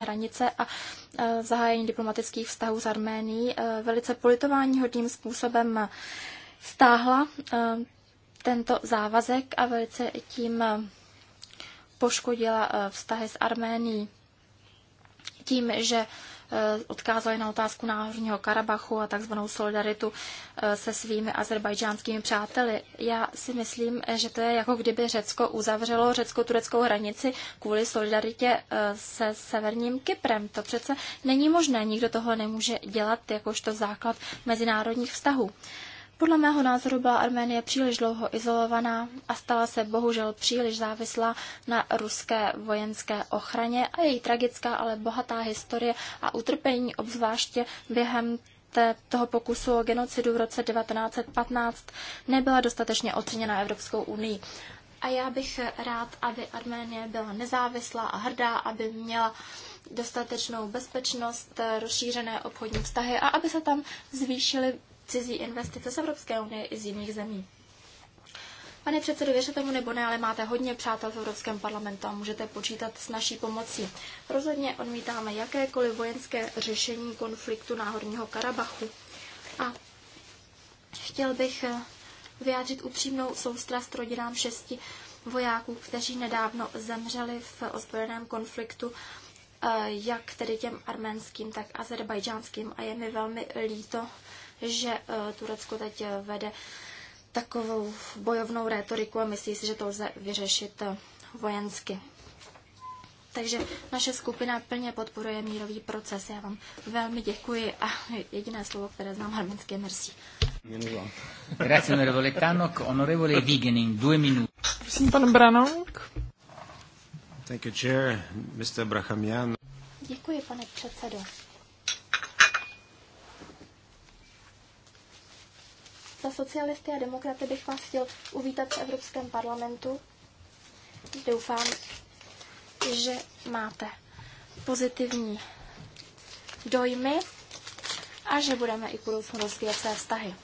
hranice a e, zahájení diplomatických vztahů s Arménií e, velice politováníhodným způsobem stáhla e, tento závazek a velice tím poškodila vztahy s Arménií tím, že Eh, odkázali na otázku Náhorního Karabachu a takzvanou solidaritu eh, se svými azerbajdžánskými přáteli. Já si myslím, že to je jako kdyby Řecko uzavřelo řecko-tureckou hranici kvůli solidaritě eh, se severním Kyprem. To přece není možné, nikdo toho nemůže dělat jakožto základ mezinárodních vztahů. Podle mého názoru byla Arménie příliš dlouho izolovaná a stala se bohužel příliš závislá na ruské vojenské ochraně a její tragická, ale bohatá historie a utrpení obzvláště během toho pokusu o genocidu v roce 1915 nebyla dostatečně oceněna Evropskou unii. A já bych rád, aby Arménie byla nezávislá a hrdá, aby měla dostatečnou bezpečnost, eh, rozšířené obchodní vztahy a aby se tam zvýšily cizí investice z Evropské unie i z jiných zemí. Pane předsedo, věřte tomu nebo ne, ale máte hodně přátel v Evropském parlamentu a můžete počítat s naší pomocí. Rozhodně odmítáme jakékoliv vojenské řešení konfliktu Náhorního Karabachu. A chtěl bych eh, vyjádřit upřímnou soustrast rodinám šesti vojáků, kteří nedávno zemřeli v ozbrojeném konfliktu, eh, jak tedy těm arménským, tak azerbajdžánským. A je mi velmi líto, že eh, Turecko teď eh, vede takovou bojovnou rétoriku a myslí si, že to lze vyřešit eh, vojensky. Takže naše skupina plně podporuje mírový proces. Já vám velmi děkuji a jediné slovo, které znám arménské je merci. Grazie, onorevole Tanok. Onorevole Vigenin, dvě minuty. Prosím, pan Branok. Thank you, chair. Mr. Brahamian. Děkuji, pane předsedo. Za socialisty a demokraty bych vás chtěl uvítat v Evropském parlamentu. Doufám, že máte pozitivní dojmy a že budeme i budoucnu rozvíjet své vztahy.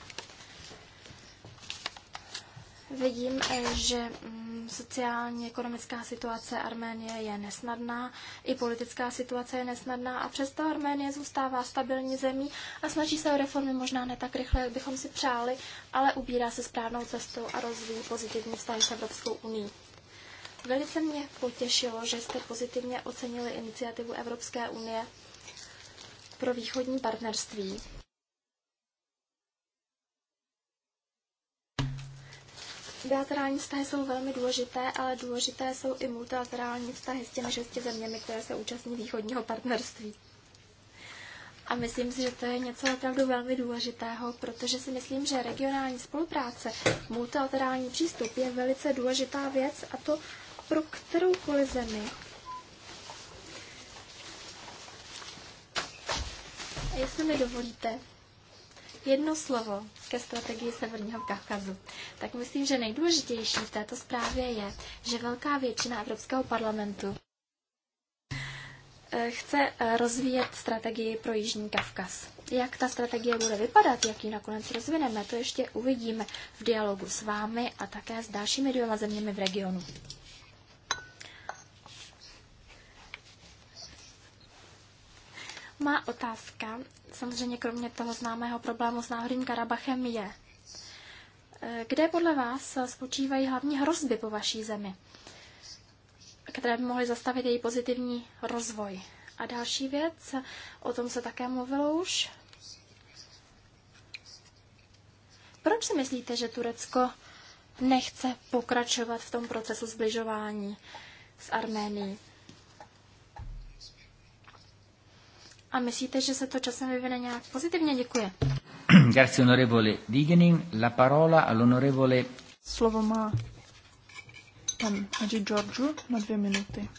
Vidím, eh, že mm, sociálně ekonomická situace Arménie je nesnadná, i politická situace je nesnadná a přesto Arménie zůstává stabilní zemí a snaží se o reformy možná ne tak rychle, jak bychom si přáli, ale ubírá se správnou cestou a rozvíjí pozitivní vztahy s Evropskou unii. Velice mě potěšilo, že jste pozitivně ocenili iniciativu Evropské unie pro východní partnerství Bilaterální vztahy jsou velmi důležité, ale důležité jsou i multilaterální vztahy s těmi šesti zeměmi, které se účastní východního partnerství. A myslím si, že to je něco opravdu velmi důležitého, protože si myslím, že regionální spolupráce, multilaterální přístup je velice důležitá věc a to pro kteroukoliv zemi. Jestli mi dovolíte, Jedno slovo ke strategii Severního Kavkazu. Tak myslím, že nejdůležitější v této zprávě je, že velká většina Evropského parlamentu eh, chce eh, rozvíjet strategii pro Jižní Kavkaz. Jak ta strategie bude vypadat, jak ji nakonec rozvineme, to ještě uvidíme v dialogu s vámi a také s dalšími dvěma zeměmi v regionu. Má otázka, samozřejmě kromě toho známého problému s Náhodným Karabachem, je, eh, kde podle vás spočívají hlavní hrozby po vaší zemi, které by mohly zastavit její pozitivní rozvoj? A další věc, o tom se také mluvilo už. Proč si myslíte, že Turecko nechce pokračovat v tom procesu zbližování s Arménií? a myslíte, že se to časem vyvine nějak pozitivně? Děkuji. Grazie onorevole Digenin. La parola all'onorevole... Slovo má pan Hadži Giorgio na dvě minuty.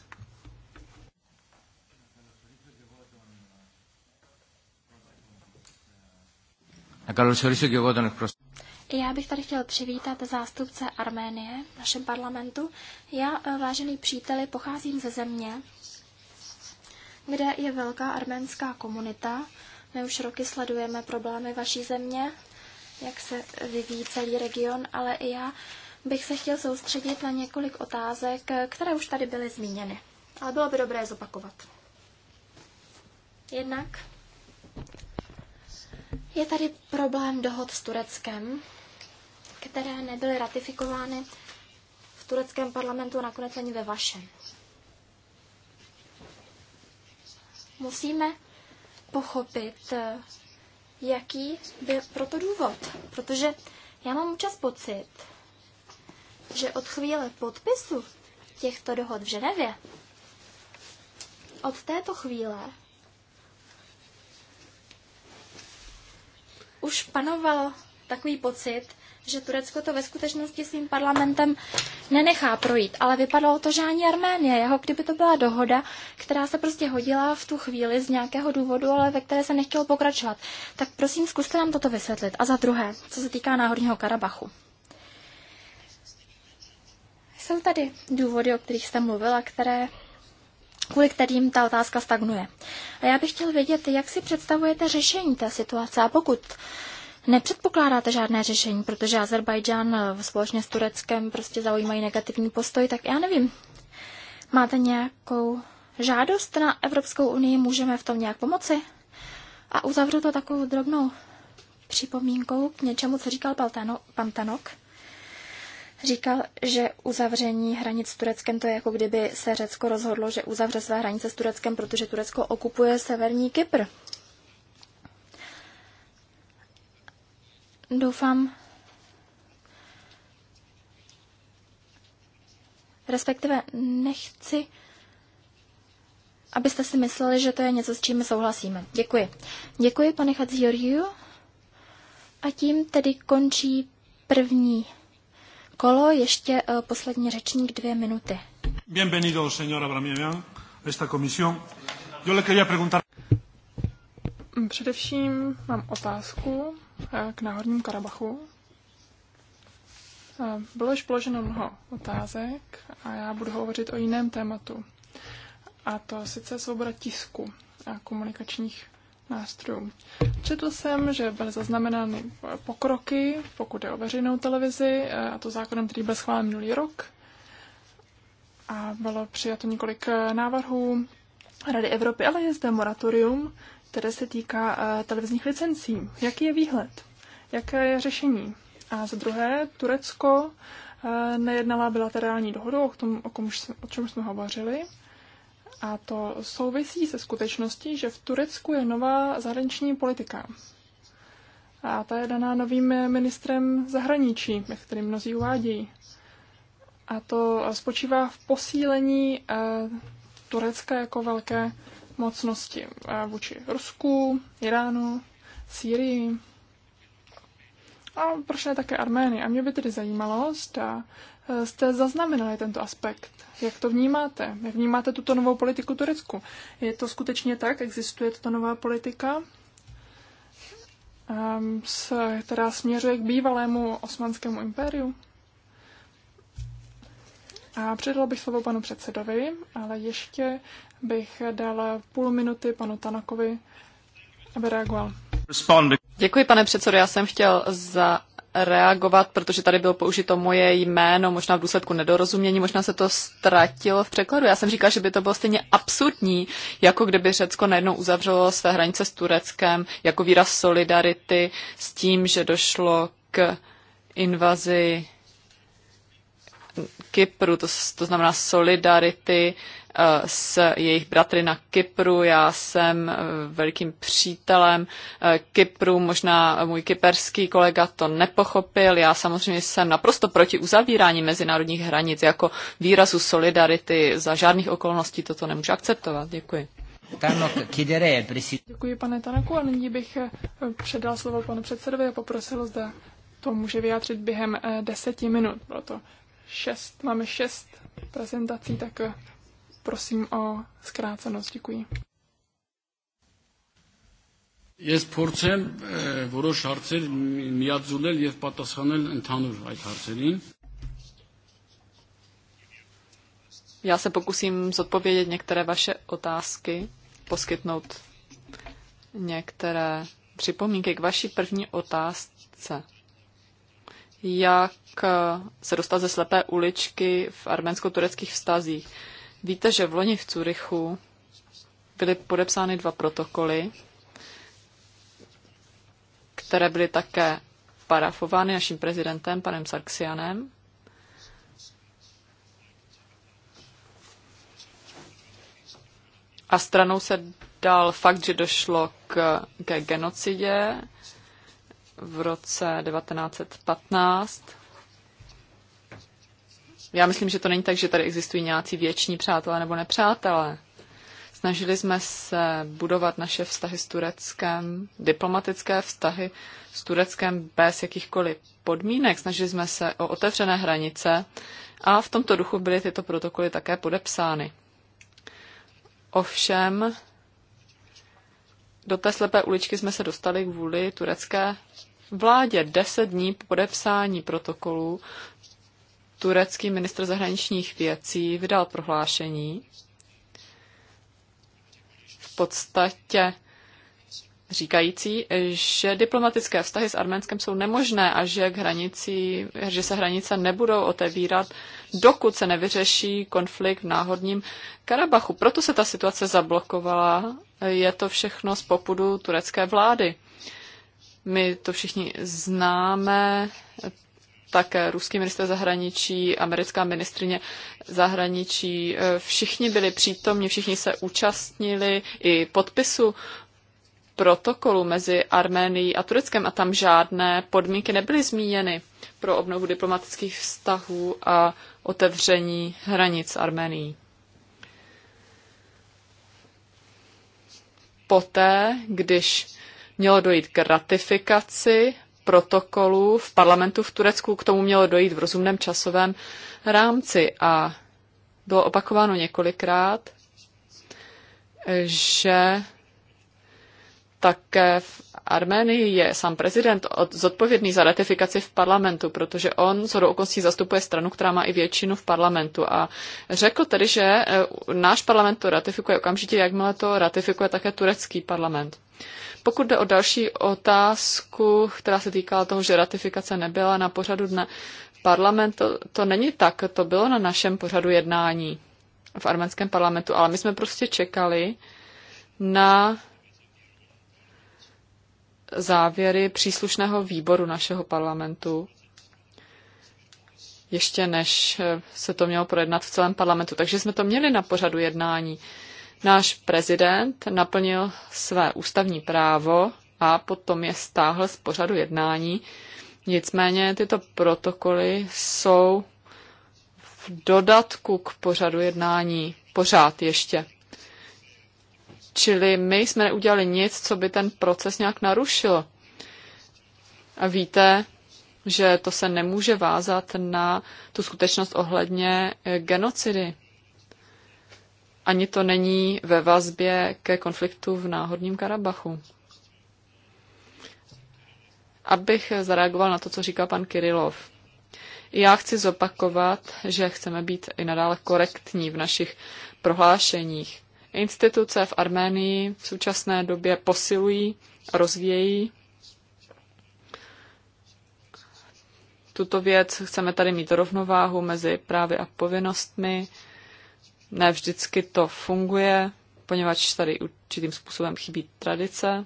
Já bych tady chtěl přivítat zástupce Arménie v našem parlamentu. Já, eh, vážený příteli, pocházím ze země, kde je velká arménská komunita. My už roky sledujeme problémy vaší země, jak se vyvíjí celý region, ale i já bych se chtěl soustředit na několik otázek, které už tady byly zmíněny. Ale bylo by dobré zopakovat. Jednak je tady problém dohod s Tureckem, které nebyly ratifikovány v tureckém parlamentu a nakonec ani ve vašem. musíme pochopit, eh, jaký byl proto důvod. Protože já mám čas pocit, že od chvíle podpisu těchto dohod v Ženevě, od této chvíle už panoval takový pocit, že Turecko to ve skutečnosti svým parlamentem nenechá projít. Ale vypadalo to, že ani Arménie, jeho kdyby to byla dohoda, která se prostě hodila v tu chvíli z nějakého důvodu, ale ve které se nechtělo pokračovat. Tak prosím, zkuste nám toto vysvětlit. A za druhé, co se týká Náhorního Karabachu. Jsou tady důvody, o kterých jste mluvila, které kvůli kterým ta otázka stagnuje. A já bych chtěl vědět, jak si představujete řešení té situace a pokud nepředpokládáte žádné řešení, protože Azerbajdžán eh, společně s Tureckem prostě zaujímají negativní postoj, tak já nevím. Máte nějakou žádost na Evropskou unii, můžeme v tom nějak pomoci? A uzavřu to takovou drobnou připomínkou k něčemu, co říkal Paltano, pan Tanok. Říkal, že uzavření hranic s Tureckem to je jako kdyby se Řecko rozhodlo, že uzavře své hranice s Tureckem, protože Turecko okupuje severní Kypr. Doufám, respektive nechci, abyste si mysleli, že to je něco, s čím souhlasíme. Děkuji. Děkuji, pane Hadzioriu. A tím tedy končí první kolo. Ještě uh, poslední řečník dvě minuty. Bienvenido, señora a esta comisión. Yo le quería preguntar... Především mám otázku eh, k Náhorním Karabachu. Eh, bylo již položeno mnoho otázek a já budu hovořit o jiném tématu. A to sice svoboda tisku a komunikačních nástrojů. Četl jsem, že byly zaznamenány pokroky, pokud je o veřejnou televizi, eh, a to zákonem, který byl schválen minulý rok. A bylo přijato několik návrhů Rady Evropy, ale je zde moratorium které se týká eh, televizních licencí. Jaký je výhled? Jaké je řešení? A za druhé, Turecko eh, nejednala bilaterální dohodu, o, tom, o, kom, o čem jsme hovořili. A to souvisí se skutečností, že v Turecku je nová zahraniční politika. A ta je daná novým ministrem zahraničí, jak který mnozí uvádějí. A to spočívá v posílení eh, Turecka jako velké mocnosti eh, vůči Rusku, Iránu, Sýrii a proč ne také Arménii. A mě by tedy zajímalo, zda eh, jste zaznamenali tento aspekt. Jak to vnímáte? Jak vnímáte tuto novou politiku Turecku? Je to skutečně tak? Existuje tato nová politika? Ehm, která směřuje k bývalému osmanskému impériu. A předala bych slovo panu předsedovi, ale ještě bych dala půl minuty panu Tanakovi, aby reagoval. Děkuji, pane předsedo. Já jsem chtěl za reagovat, protože tady bylo použito moje jméno, možná v důsledku nedorozumění, možná se to ztratilo v překladu. Já jsem říkal, že by to bylo stejně absurdní, jako kdyby Řecko najednou uzavřelo své hranice s Tureckem jako výraz solidarity s tím, že došlo k invazi Kypru, to, to znamená solidarity Eh, s jejich bratry na Kypru. Já jsem eh, velkým přítelem eh, Kypru, možná můj kyperský kolega to nepochopil. Já samozřejmě jsem naprosto proti uzavírání mezinárodních hranic jako výrazu solidarity. Za žádných okolností toto nemůžu akceptovat. Děkuji. Děkuji, pane Tanaku, a nyní bych předal slovo panu předsedovi a poprosil, zda to může vyjádřit během deseti minut. Bylo to šest, máme šest prezentací, tak prosím o zkrácenost. Děkuji. Ես փորձեմ որոշ հարցեր միաձուլել եւ պատասխանել ընդհանուր այդ հարցերին։ Já se pokusím zodpovědět některé vaše otázky, poskytnout některé připomínky k vaší první otázce. Jak se dostat ze slepé uličky v arménsko-tureckých vztazích? Víte, že v loni v Curychu byly podepsány dva protokoly, které byly také parafovány naším prezidentem, panem Sarksianem. A stranou se dal fakt, že došlo k, ke genocidě v roce 1915 já myslím, že to není tak, že tady existují nějací věční přátelé nebo nepřátelé. Snažili jsme se budovat naše vztahy s Tureckem, diplomatické vztahy s Tureckem bez jakýchkoliv podmínek. Snažili jsme se o otevřené hranice a v tomto duchu byly tyto protokoly také podepsány. Ovšem, do té slepé uličky jsme se dostali kvůli turecké vládě. Deset dní po podepsání protokolů turecký ministr zahraničních věcí vydal prohlášení. V podstatě říkající, že diplomatické vztahy s Arménskem jsou nemožné a že, k hranici, že se hranice nebudou otevírat, dokud se nevyřeší konflikt v náhodním Karabachu. Proto se ta situace zablokovala. Je to všechno z popudu turecké vlády. My to všichni známe, tak ruský minister zahraničí, americká ministrině zahraničí. Eh, všichni byli přítomni, všichni se účastnili i podpisu protokolu mezi Arménií a Tureckem a tam žádné podmínky nebyly zmíněny pro obnovu diplomatických vztahů a otevření hranic Arménií. Poté, když mělo dojít k ratifikaci protokolu v parlamentu v Turecku k tomu mělo dojít v rozumném časovém rámci a bylo opakováno několikrát, že také v Arménii je sám prezident od, zodpovědný za ratifikaci v parlamentu, protože on co do okolností zastupuje stranu, která má i většinu v parlamentu. A řekl tedy, že eh, náš parlament to ratifikuje okamžitě, jakmile to ratifikuje také turecký parlament. Pokud jde o další otázku, která se týkala toho, že ratifikace nebyla na pořadu dne, parlamentu, to, to není tak, to bylo na našem pořadu jednání v arménském parlamentu, ale my jsme prostě čekali na závěry příslušného výboru našeho parlamentu, ještě než se to mělo projednat v celém parlamentu. Takže jsme to měli na pořadu jednání. Náš prezident naplnil své ústavní právo a potom je stáhl z pořadu jednání. Nicméně tyto protokoly jsou v dodatku k pořadu jednání pořád ještě. Čili my jsme neudělali nic, co by ten proces nějak narušilo. A víte, že to se nemůže vázat na tu skutečnost ohledně eh, genocidy. Ani to není ve vazbě ke konfliktu v náhodním Karabachu. Abych zareagoval na to, co říká pan Kirilov. Já chci zopakovat, že chceme být i nadále korektní v našich prohlášeních. Instituce v Arménii v současné době posilují a rozvíjejí tuto věc. Chceme tady mít rovnováhu mezi právy a povinnostmi. Ne vždycky to funguje, poněvadž tady určitým způsobem chybí tradice.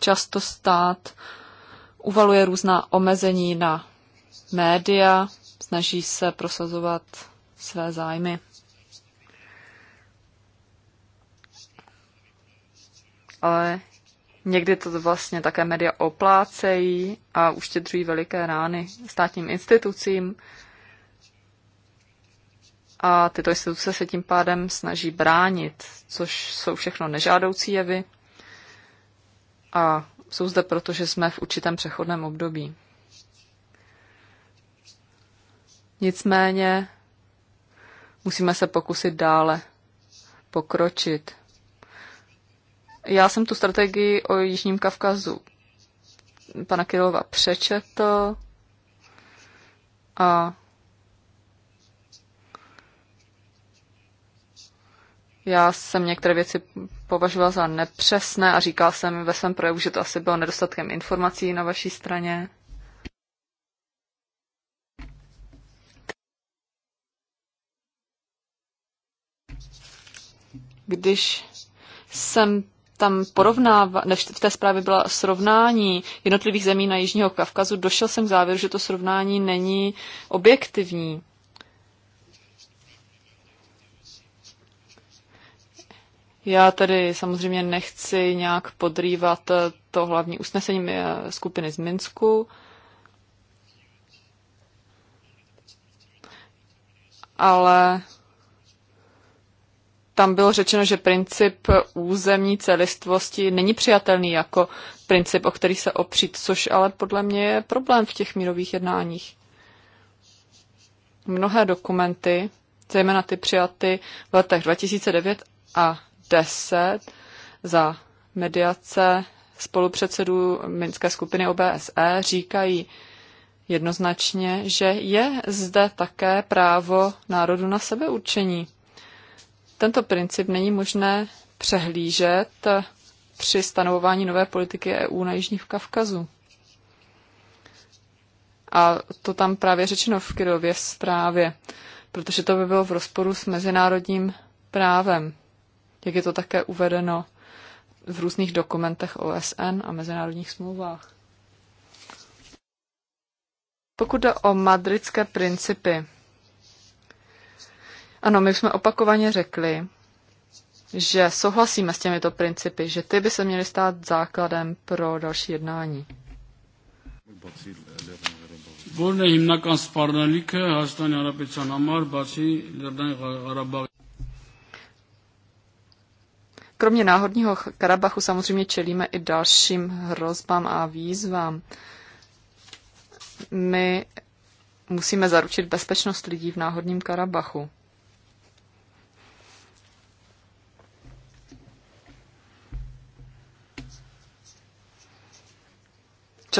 Často stát uvaluje různá omezení na média snaží se prosazovat své zájmy. Ale někdy to vlastně také média oplácejí a uštědřují veliké rány státním institucím. A tyto instituce se tím pádem snaží bránit, což jsou všechno nežádoucí jevy. A jsou zde proto, že jsme v určitém přechodném období. Nicméně musíme se pokusit dále pokročit. Já jsem tu strategii o Jižním Kavkazu pana Kilova přečetl a já jsem některé věci považoval za nepřesné a říkal jsem ve svém projevu, že to asi bylo nedostatkem informací na vaší straně. Když jsem tam porovnává, než v té zprávě byla srovnání jednotlivých zemí na Jižního Kavkazu, došel jsem k závěru, že to srovnání není objektivní. Já tedy samozřejmě nechci nějak podrývat to hlavní usnesení eh, skupiny z Minsku. Ale tam bylo řečeno, že princip územní celistvosti není přijatelný jako princip, o který se opřít, což ale podle mě je problém v těch mírových jednáních. Mnohé dokumenty, zejména ty přijaty v letech 2009 a 10 za mediace spolupředsedů Minské skupiny OBSE, říkají jednoznačně, že je zde také právo národu na sebeurčení tento princip není možné přehlížet při stanovování nové politiky EU na Jižních Kavkazu. A to tam právě řečeno v Kyrově zprávě, protože to by bylo v rozporu s mezinárodním právem, jak je to také uvedeno v různých dokumentech OSN a mezinárodních smlouvách. Pokud jde o madridské principy, ano, my jsme opakovaně řekli, že souhlasíme s těmito principy, že ty by se měly stát základem pro další jednání. Kromě náhodního Karabachu samozřejmě čelíme i dalším hrozbám a výzvám. My musíme zaručit bezpečnost lidí v náhodním Karabachu.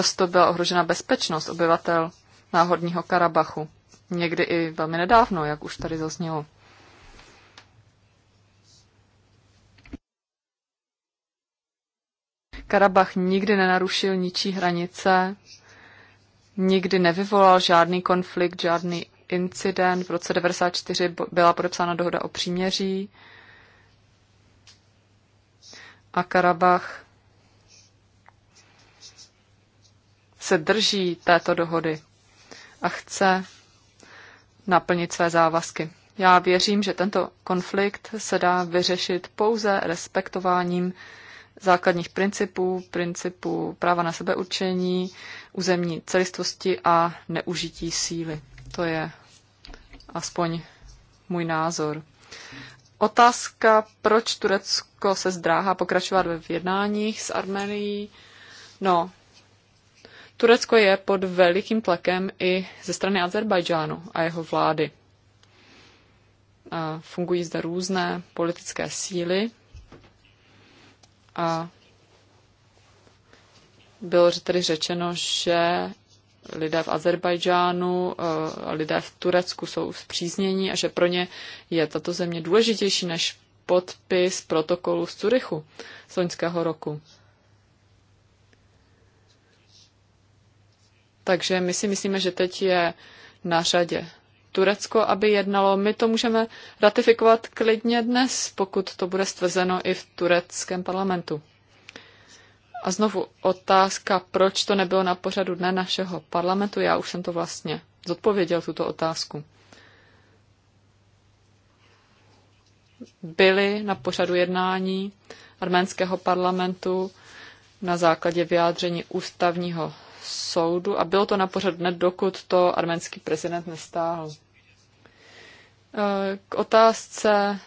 často byla ohrožena bezpečnost obyvatel náhodního Karabachu. Někdy i velmi nedávno, jak už tady zaznělo. Karabach nikdy nenarušil ničí hranice, nikdy nevyvolal žádný konflikt, žádný incident. V roce 1994 byla podepsána dohoda o příměří a Karabach se drží této dohody a chce naplnit své závazky. Já věřím, že tento konflikt se dá vyřešit pouze respektováním základních principů, principů práva na sebeurčení, územní celistvosti a neužití síly. To je aspoň můj názor. Otázka, proč Turecko se zdráhá pokračovat ve jednáních s Armenií. No, Turecko je pod velikým tlakem i ze strany Azerbajdžánu a jeho vlády. A fungují zde různé politické síly a bylo tedy řečeno, že lidé v Azerbajdžánu a eh, lidé v Turecku jsou zpříznění a že pro ně je tato země důležitější než podpis protokolu z Curychu z loňského roku. Takže my si myslíme, že teď je na řadě Turecko, aby jednalo. My to můžeme ratifikovat klidně dnes, pokud to bude stvrzeno i v tureckém parlamentu. A znovu otázka, proč to nebylo na pořadu dne našeho parlamentu. Já už jsem to vlastně zodpověděl, tuto otázku. Byly na pořadu jednání arménského parlamentu na základě vyjádření ústavního soudu a bylo to na pořad dne, dokud to arménský prezident nestáhl. Eh, k otázce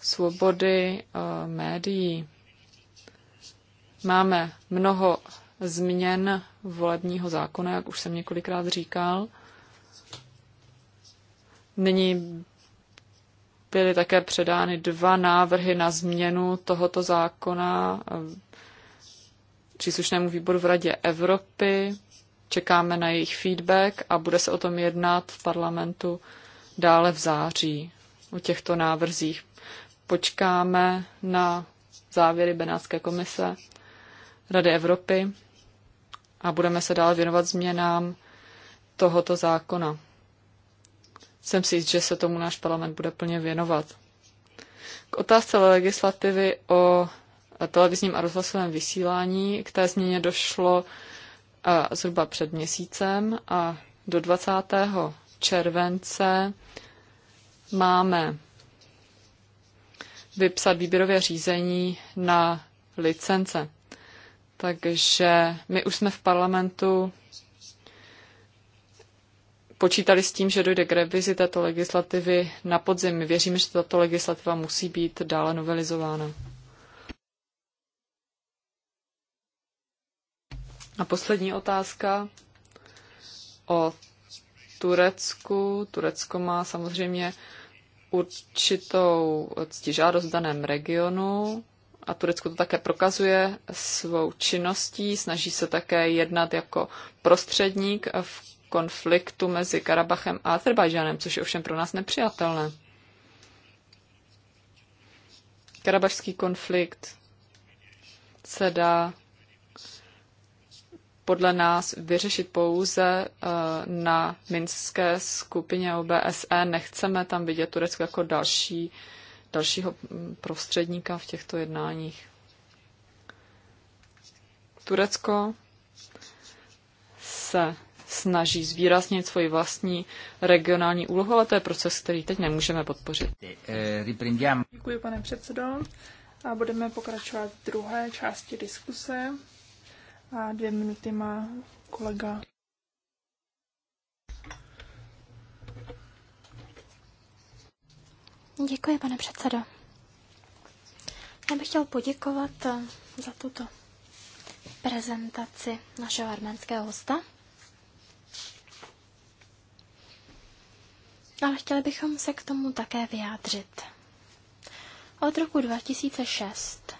svobody eh, médií. Máme mnoho změn volebního zákona, jak už jsem několikrát říkal. Nyní byly také předány dva návrhy na změnu tohoto zákona eh, příslušnému výboru v Radě Evropy. Čekáme na jejich feedback a bude se o tom jednat v parlamentu dále v září o těchto návrzích. Počkáme na závěry Benátské komise Rady Evropy a budeme se dále věnovat změnám tohoto zákona. Jsem si jist, že se tomu náš parlament bude plně věnovat. K otázce legislativy o televizním a rozhlasovém vysílání. K té změně došlo eh, zhruba před měsícem a do 20. července máme vypsat výběrové řízení na licence. Takže my už jsme v parlamentu počítali s tím, že dojde k revizi této legislativy na podzim. My věříme, že tato legislativa musí být dále novelizována. A poslední otázka o Turecku. Turecko má samozřejmě určitou ctižádost v daném regionu a Turecko to také prokazuje svou činností, snaží se také jednat jako prostředník v konfliktu mezi Karabachem a Azerbajdžánem, což je ovšem pro nás nepřijatelné. Karabašský konflikt se dá podle nás vyřešit pouze eh, na minské skupině OBSE. Nechceme tam vidět Turecko jako další, dalšího mm, prostředníka v těchto jednáních. Turecko se snaží zvýraznit svoji vlastní regionální úlohu, ale to je proces, který teď nemůžeme podpořit. Eh, Děkuji, pane předsedo. A budeme pokračovat v druhé části diskuse. A dvě minuty má kolega. Děkuji, pane předsedo. Já bych chtěl poděkovat eh, za tuto prezentaci našeho arménského hosta. Ale chtěli bychom se k tomu také vyjádřit. Od roku 2006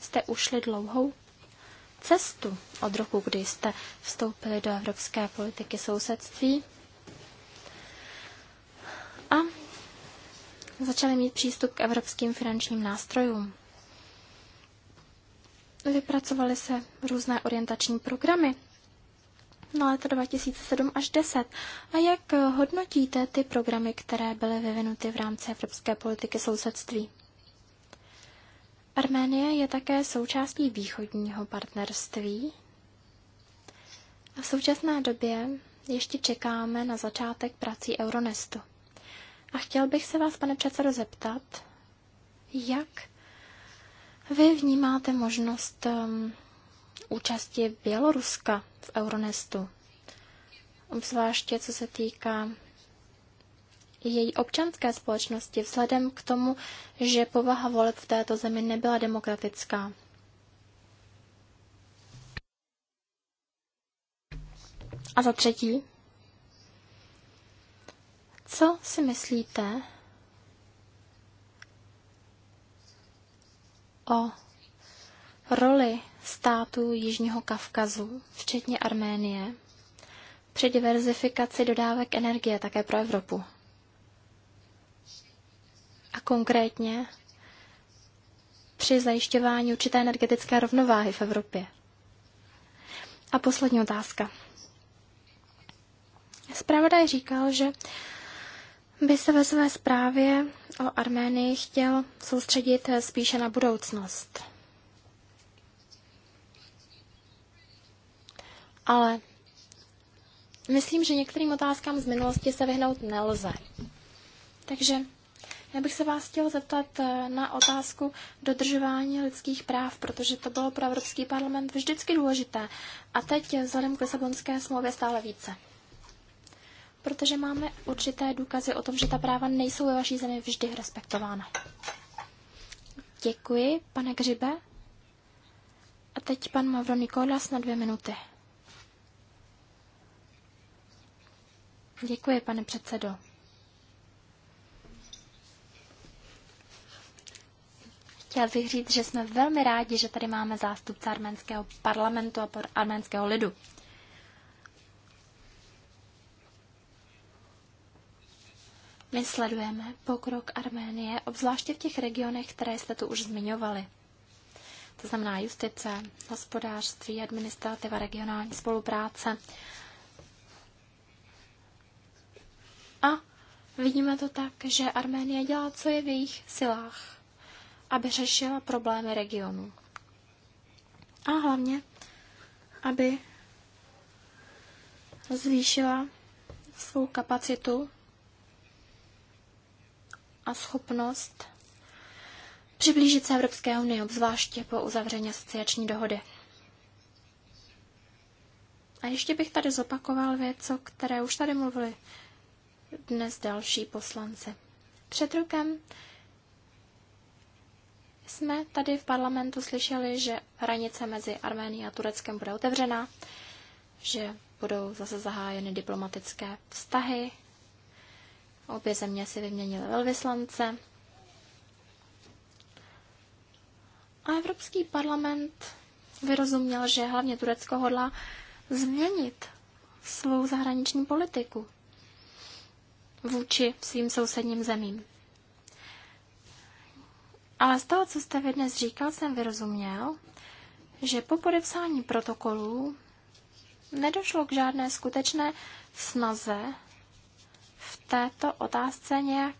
jste ušli dlouhou cestu od roku, kdy jste vstoupili do evropské politiky sousedství a začali mít přístup k evropským finančním nástrojům. Vypracovaly se různé orientační programy na leta 2007 až 10. A jak hodnotíte ty programy, které byly vyvinuty v rámci evropské politiky sousedství? Arménie je také součástí východního partnerství a v současné době ještě čekáme na začátek prací Euronestu. A chtěl bych se vás, pane předsedo, zeptat, jak vy vnímáte možnost um, účasti Běloruska v Euronestu, obzvláště co se týká její občanské společnosti vzhledem k tomu, že povaha voleb v této zemi nebyla demokratická. A za třetí, co si myslíte o roli států Jižního Kavkazu, včetně Arménie, při diverzifikaci dodávek energie také pro Evropu? a konkrétně při zajišťování určité energetické rovnováhy v Evropě. A poslední otázka. Zpravodaj říkal, že by se ve své zprávě o Arménii chtěl soustředit spíše na budoucnost. Ale myslím, že některým otázkám z minulosti se vyhnout nelze. Takže já bych se vás chtěl zeptat eh, na otázku dodržování lidských práv, protože to bylo pro Evropský parlament vždycky důležité a teď vzhledem k Lisabonské smlouvě stále více. Protože máme určité důkazy o tom, že ta práva nejsou ve vaší zemi vždy respektována. Děkuji, pane Gřibe. A teď pan Mavro Nikolas na dvě minuty. Děkuji, pane předsedo. Chtěl bych říct, že jsme velmi rádi, že tady máme zástupce arménského parlamentu a arménského lidu. My sledujeme pokrok Arménie, obzvláště v těch regionech, které jste tu už zmiňovali. To znamená justice, hospodářství, administrativa, regionální spolupráce. A vidíme to tak, že Arménie dělá, co je v jejich silách aby řešila problémy regionu. A hlavně, aby zvýšila svou kapacitu a schopnost přiblížit se Evropské unii, obzvláště po uzavření asociační dohody. A ještě bych tady zopakoval věc, o které už tady mluvili dnes další poslanci. Před rokem jsme tady v parlamentu slyšeli, že hranice mezi Arménií a Tureckem bude otevřena, že budou zase zahájeny diplomatické vztahy. Obě země si vyměnily velvyslance. A Evropský parlament vyrozuměl, že hlavně Turecko hodlá změnit svou zahraniční politiku vůči svým sousedním zemím. Ale z toho, co jste vy dnes říkal, jsem vyrozuměl, že po podepsání protokolů nedošlo k žádné skutečné snaze v této otázce nějak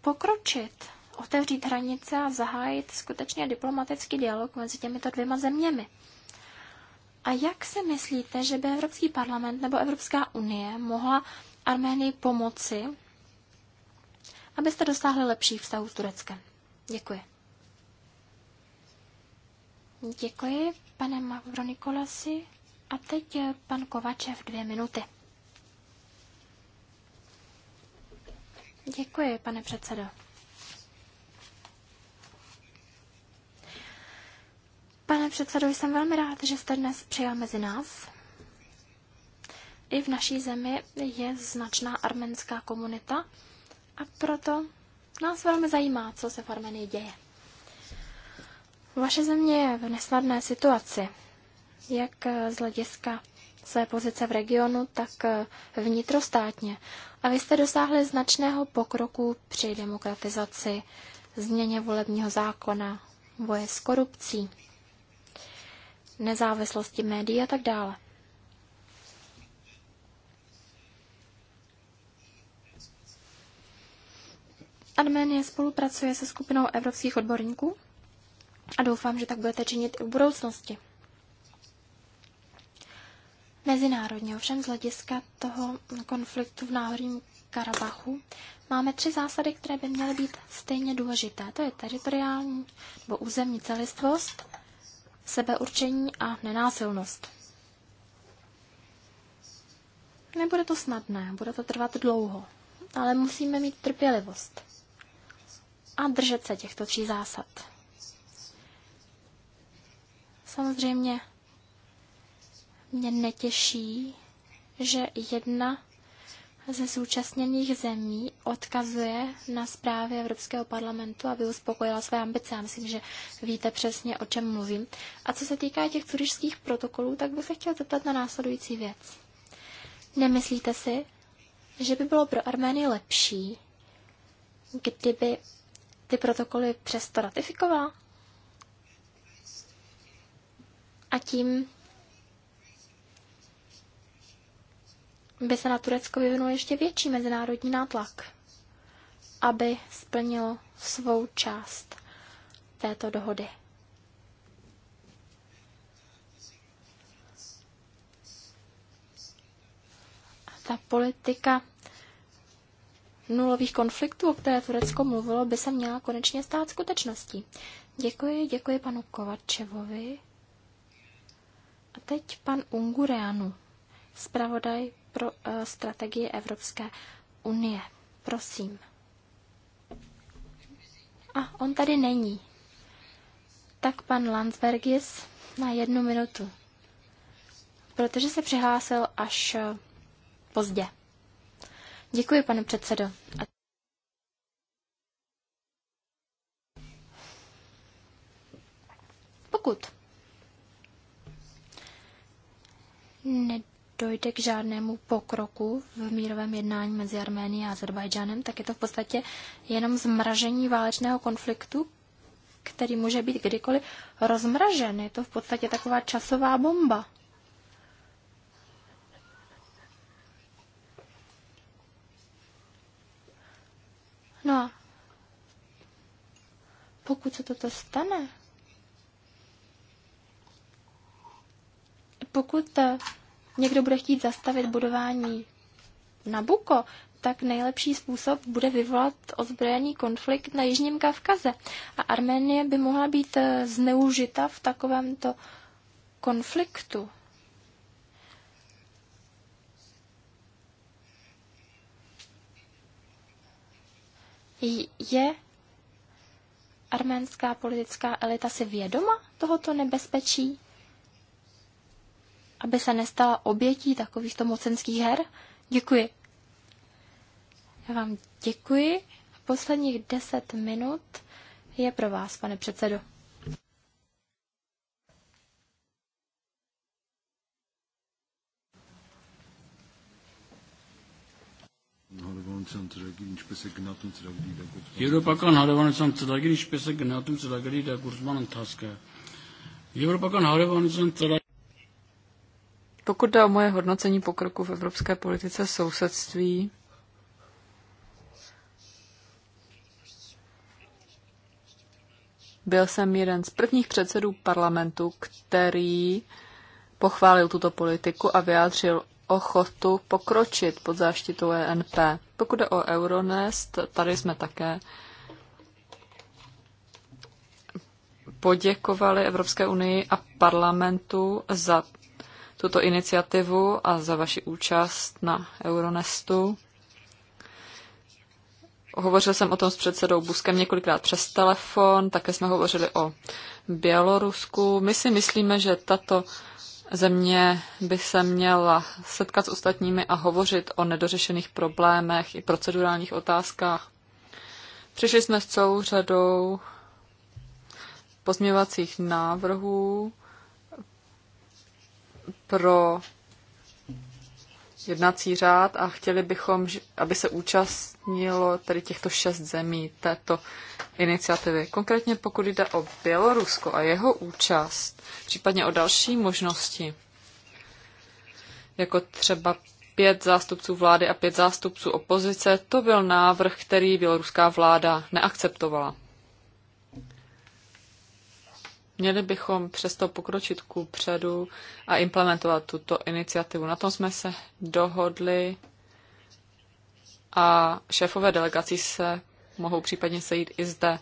pokročit, otevřít hranice a zahájit skutečně diplomatický dialog mezi těmito dvěma zeměmi. A jak si myslíte, že by Evropský parlament nebo Evropská unie mohla Arménii pomoci, abyste dosáhli lepších vztahů s Tureckem? Děkuji. Děkuji, pane Mavronikolasi. A teď eh, pan Kovačev dvě minuty. Děkuji, pane předsedo. Pane předsedo, jsem velmi rád, že jste dnes přijel mezi nás. I v naší zemi je značná arménská komunita a proto Nás velmi zajímá, co se v Armenii děje. Vaše země je v nesnadné situaci, jak eh, z hlediska své pozice v regionu, tak eh, vnitrostátně. A vy jste dosáhli značného pokroku při demokratizaci, změně volebního zákona, boje s korupcí, nezávislosti médií a tak dále. Arménie spolupracuje se skupinou evropských odborníků a doufám, že tak budete činit i v budoucnosti. Mezinárodně ovšem z hlediska toho konfliktu v Náhorním Karabachu máme tři zásady, které by měly být stejně důležité. To je teritoriální nebo územní celistvost, sebeurčení a nenásilnost. Nebude to snadné, bude to trvat dlouho, ale musíme mít trpělivost a držet se těchto tří zásad. Samozřejmě mě netěší, že jedna ze zúčastněných zemí odkazuje na zprávy Evropského parlamentu, aby uspokojila své ambice. Já myslím, že víte přesně, o čem mluvím. A co se týká těch turistických protokolů, tak bych se chtěl zeptat na následující věc. Nemyslíte si, že by bylo pro Arménii lepší, kdyby ty protokoly přesto ratifikovala. A tím by se na Turecko vyvinul ještě větší mezinárodní nátlak, aby splnilo svou část této dohody. ta politika nulových konfliktů, o které Turecko mluvilo, by se měla konečně stát skutečností. Děkuji, děkuji panu Kovačevovi. A teď pan Ungureanu, zpravodaj pro uh, eh, strategii Evropské unie. Prosím. A on tady není. Tak pan Landsbergis na jednu minutu, protože se přihlásil až eh, pozdě. Děkuji, pane předsedo. Pokud nedojde k žádnému pokroku v mírovém jednání mezi Arménií a Azerbajdžánem, tak je to v podstatě jenom zmražení válečného konfliktu, který může být kdykoliv rozmražen. Je to v podstatě taková časová bomba. No a pokud se toto stane, pokud eh, někdo bude chtít zastavit budování Nabuko, tak nejlepší způsob bude vyvolat ozbrojený konflikt na Jižním Kavkaze. A Arménie by mohla být eh, zneužita v takovémto konfliktu. Je arménská politická elita si vědoma tohoto nebezpečí? Aby se nestala obětí takovýchto mocenských her? Děkuji. Já vám děkuji. Posledních deset minut je pro vás, pane předsedo. Pokud dá moje hodnocení pokroku v evropské politice sousedství, byl jsem jeden z prvních předsedů parlamentu, který pochválil tuto politiku a vyjádřil ochotu pokročit pod záštitou ENP. Pokud jde o Euronest, tady jsme také poděkovali Evropské unii a parlamentu za tuto iniciativu a za vaši účast na Euronestu. Hovořil jsem o tom s předsedou Buskem několikrát přes telefon, také jsme hovořili o Bělorusku. My si myslíme, že tato Země by se měla setkat s ostatními a hovořit o nedořešených problémech i procedurálních otázkách. Přišli jsme s celou řadou pozměvacích návrhů pro jednací řád a chtěli bychom, aby se účastnilo tady těchto šest zemí této iniciativy. Konkrétně pokud jde o Bělorusko a jeho účast, případně o další možnosti, jako třeba pět zástupců vlády a pět zástupců opozice, to byl návrh, který běloruská vláda neakceptovala. Měli bychom přesto pokročit ku předu a implementovat tuto iniciativu. Na tom jsme se dohodli a šéfové delegací se mohou případně sejít i zde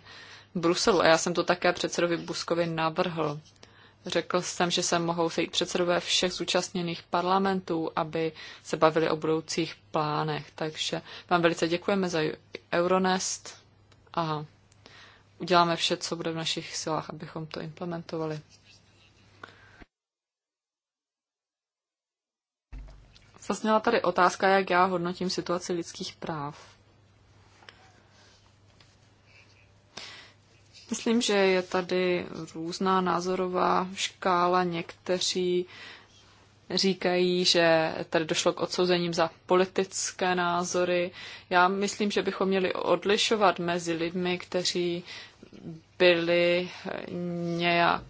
v Bruselu. A já jsem to také předsedovi Buskovi navrhl. Řekl jsem, že se mohou sejít předsedové všech zúčastněných parlamentů, aby se bavili o budoucích plánech. Takže vám velice děkujeme za Euronest Aha uděláme vše, co bude v našich silách, abychom to implementovali. Zazněla tady otázka, jak já hodnotím situaci lidských práv. Myslím, že je tady různá názorová škála. Někteří říkají, že tady došlo k odsouzením za politické názory. Já myslím, že bychom měli odlišovat mezi lidmi, kteří byli nějak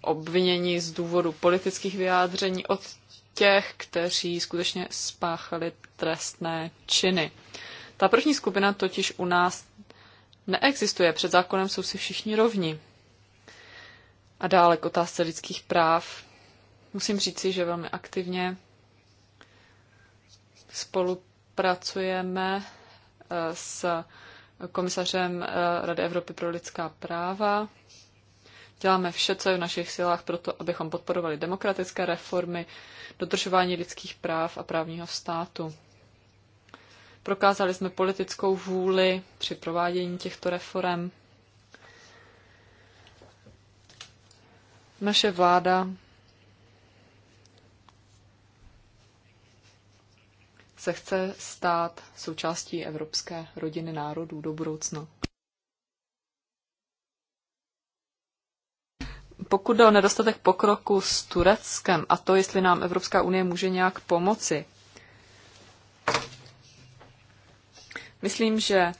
obviněni z důvodu politických vyjádření od těch, kteří skutečně spáchali trestné činy. Ta první skupina totiž u nás neexistuje. Před zákonem jsou si všichni rovni. A dále k otázce lidských práv. Musím říci, že velmi aktivně spolupracujeme eh, s komisařem eh, Rady Evropy pro lidská práva. Děláme vše, co je v našich silách pro to, abychom podporovali demokratické reformy, dodržování lidských práv a právního státu. Prokázali jsme politickou vůli při provádění těchto reform. Naše vláda se chce stát součástí evropské rodiny národů do budoucna. Pokud jde o nedostatek pokroku s Tureckem a to, jestli nám Evropská unie může nějak pomoci, myslím, že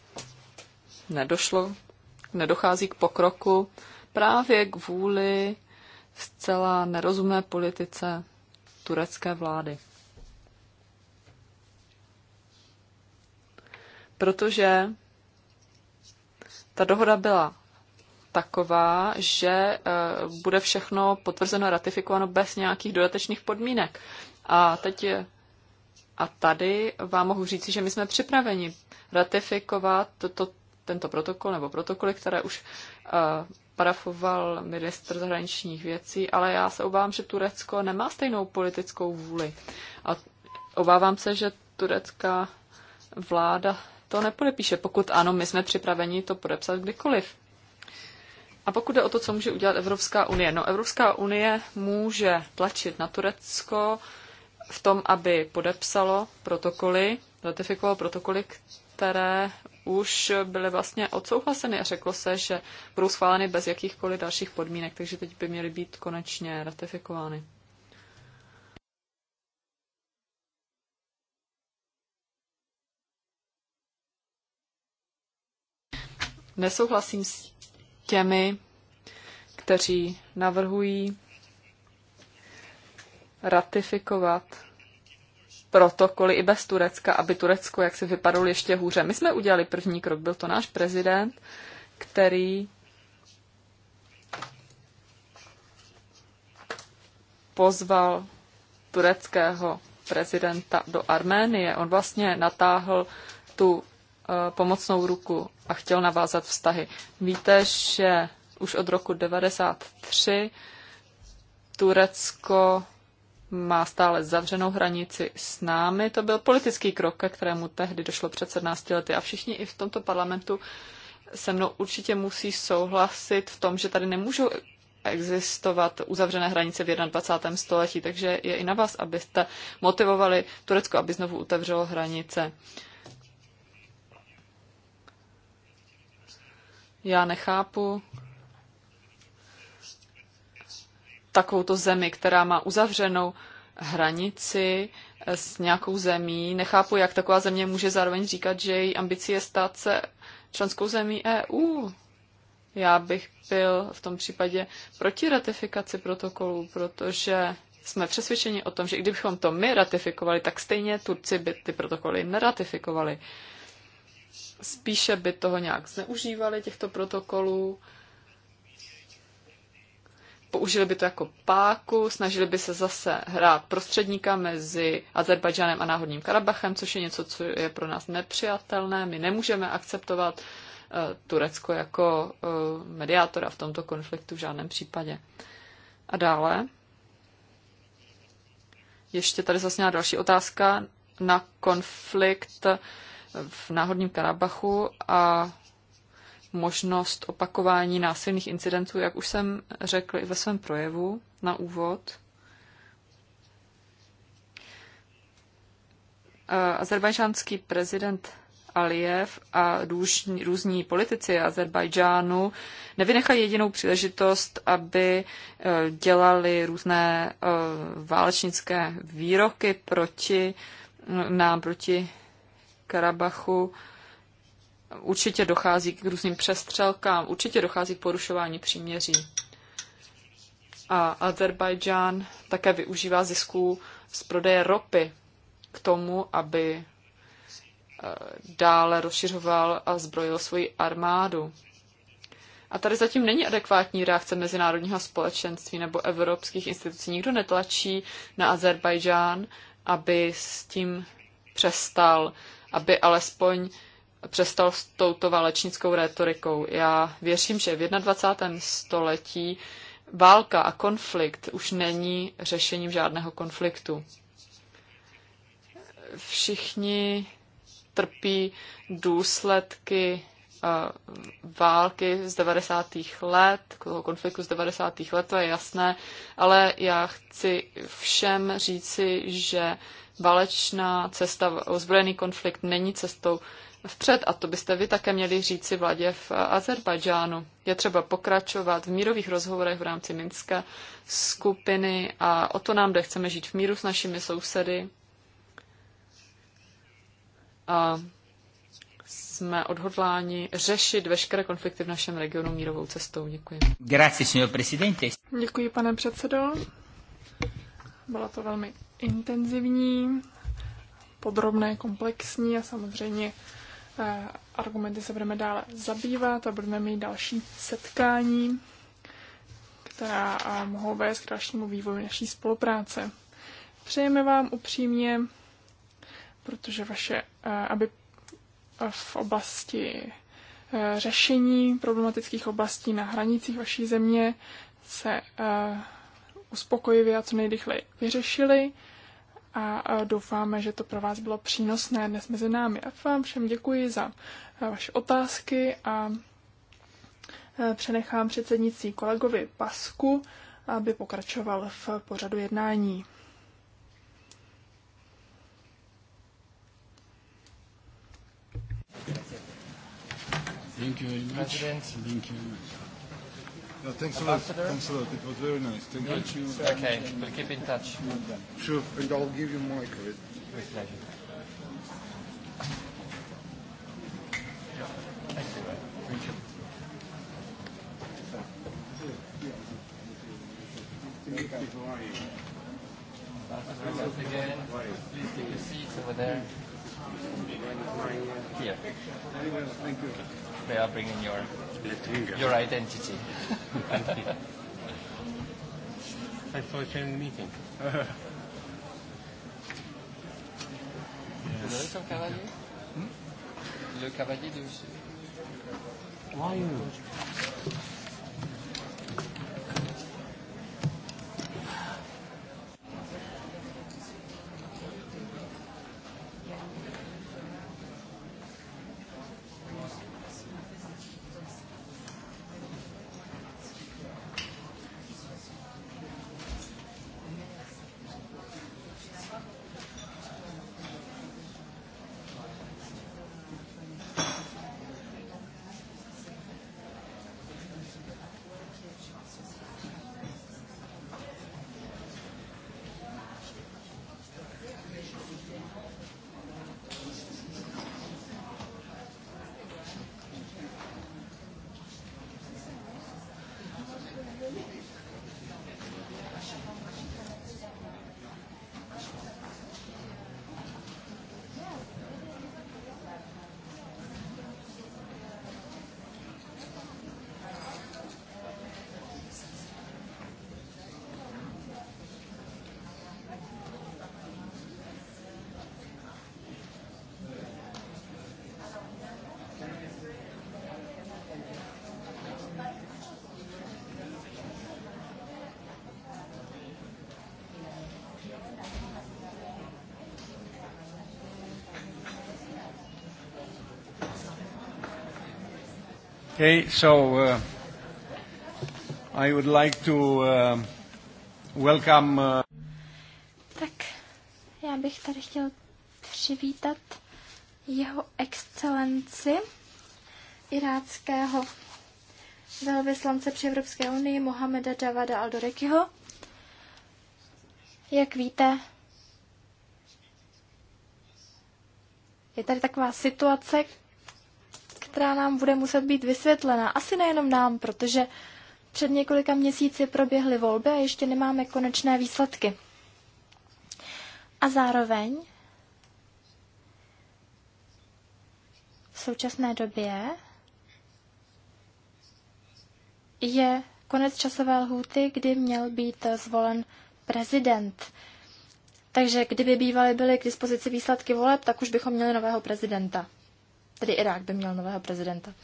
nedošlo, nedochází k pokroku právě kvůli zcela nerozumné politice turecké vlády. protože ta dohoda byla taková, že eh, bude všechno potvrzeno, ratifikováno bez nějakých dodatečných podmínek. A teď a tady vám mohu říct, že my jsme připraveni ratifikovat toto, tento protokol nebo protokoly, které už uh, parafoval ministr zahraničních věcí, ale já se obávám, že Turecko nemá stejnou politickou vůli. A obávám se, že turecká vláda to nepodepíše. Pokud ano, my jsme připraveni to podepsat kdykoliv. A pokud jde o to, co může udělat Evropská unie, no Evropská unie může tlačit na Turecko v tom, aby podepsalo protokoly, ratifikovalo protokoly, které už byly vlastně odsouhlaseny a řeklo se, že budou schváleny bez jakýchkoliv dalších podmínek, takže teď by měly být konečně ratifikovány. nesouhlasím s těmi, kteří navrhují ratifikovat protokoly i bez Turecka, aby Turecko jak se vypadalo ještě hůře. My jsme udělali první krok, byl to náš prezident, který pozval tureckého prezidenta do Arménie. On vlastně natáhl tu Eh, pomocnou ruku a chtěl navázat vztahy. Víte, že už od roku 1993 Turecko má stále zavřenou hranici s námi. To byl politický krok, ke kterému tehdy došlo před 17 lety. A všichni i v tomto parlamentu se mnou určitě musí souhlasit v tom, že tady nemůžou existovat uzavřené hranice v 21. století, takže je i na vás, abyste motivovali Turecko, aby znovu otevřelo hranice. Uh, Já nechápu takovouto zemi, která má uzavřenou hranici s nějakou zemí. Nechápu, jak taková země může zároveň říkat, že její ambicí je stát se členskou zemí EU. Já bych byl v tom případě proti ratifikaci protokolu, protože jsme přesvědčeni o tom, že i kdybychom to my ratifikovali, tak stejně Turci by ty protokoly neratifikovali spíše by toho nějak zneužívali, těchto protokolů, použili by to jako páku, snažili by se zase hrát prostředníka mezi Azerbajdžanem a Náhodním Karabachem, což je něco, co je pro nás nepřijatelné. My nemůžeme akceptovat eh, Turecko jako eh, mediátora v tomto konfliktu v žádném případě. A dále. Ještě tady zasněla další otázka na konflikt v náhodním Karabachu a možnost opakování násilných incidentů, jak už jsem řekl i ve svém projevu na úvod. Eh, azerbajdžánský prezident Aliyev a různí, různí politici Azerbajdžánu nevynechají jedinou příležitost, aby eh, dělali různé eh, válečnické výroky proti nám, proti Karabachu určitě dochází k různým přestřelkám, určitě dochází k porušování příměří. A Azerbajdžán také využívá zisků z prodeje ropy k tomu, aby eh, dále rozšiřoval a zbrojil svoji armádu. A tady zatím není adekvátní reakce mezinárodního společenství nebo evropských institucí. Nikdo netlačí na Azerbajdžán, aby s tím přestal aby alespoň přestal s touto válečnickou rétorikou. Já věřím, že v 21. století válka a konflikt už není řešením žádného konfliktu. Všichni trpí důsledky eh, války z 90. let, toho konfliktu z 90. let, to je jasné, ale já chci všem říci, že Válečná cesta, ozbrojený konflikt není cestou vpřed a to byste vy také měli říci vládě v Azerbajdžánu. Je třeba pokračovat v mírových rozhovorech v rámci Minska skupiny a o to nám jde. Chceme žít v míru s našimi sousedy a jsme odhodláni řešit veškeré konflikty v našem regionu mírovou cestou. Děkuji. Děkuji, pane předsedo. Bylo to velmi intenzivní, podrobné, komplexní a samozřejmě eh, argumenty se budeme dále zabývat a budeme mít další setkání, která eh, mohou vést k dalšímu vývoji naší spolupráce. Přejeme vám upřímně, protože vaše, eh, aby v oblasti řešení problematických oblastí na hranicích vaší země se uspokojivě a co nejrychleji vyřešili a doufáme, že to pro vás bylo přínosné dnes mezi námi. A vám všem děkuji za eh, vaše otázky a eh, přenechám předsednicí kolegovi Pasku, aby pokračoval v pořadu jednání. Thank you very much. Thank you. No, thanks Ambassador. a lot. Thanks a lot. It was very nice. Thank Good. you. Okay, we'll keep in touch. Sure, and I'll give you my credit. With pleasure. Thank you. Thank you. please take your seats over there. Here. Thank you. They are bringing your your identity. Thank you. Thanks for attending the meeting. yes. Hmm? Le cavalier? de monsieur. cavalier de... Why you? Okay, so uh, I would like to uh, welcome. Uh... Tak já bych tady chtěl přivítat jeho excelenci iráckého velvyslance při Evropské unii Mohameda Javada Aldorekiho. Jak víte, je tady taková situace, která nám bude muset být vysvětlena. Asi nejenom nám, protože před několika měsíci proběhly volby a ještě nemáme konečné výsledky. A zároveň v současné době je konec časové lhůty, kdy měl být zvolen prezident. Takže kdyby bývaly byly k dispozici výsledky voleb, tak už bychom měli nového prezidenta tedy Irák by měl nového prezidenta.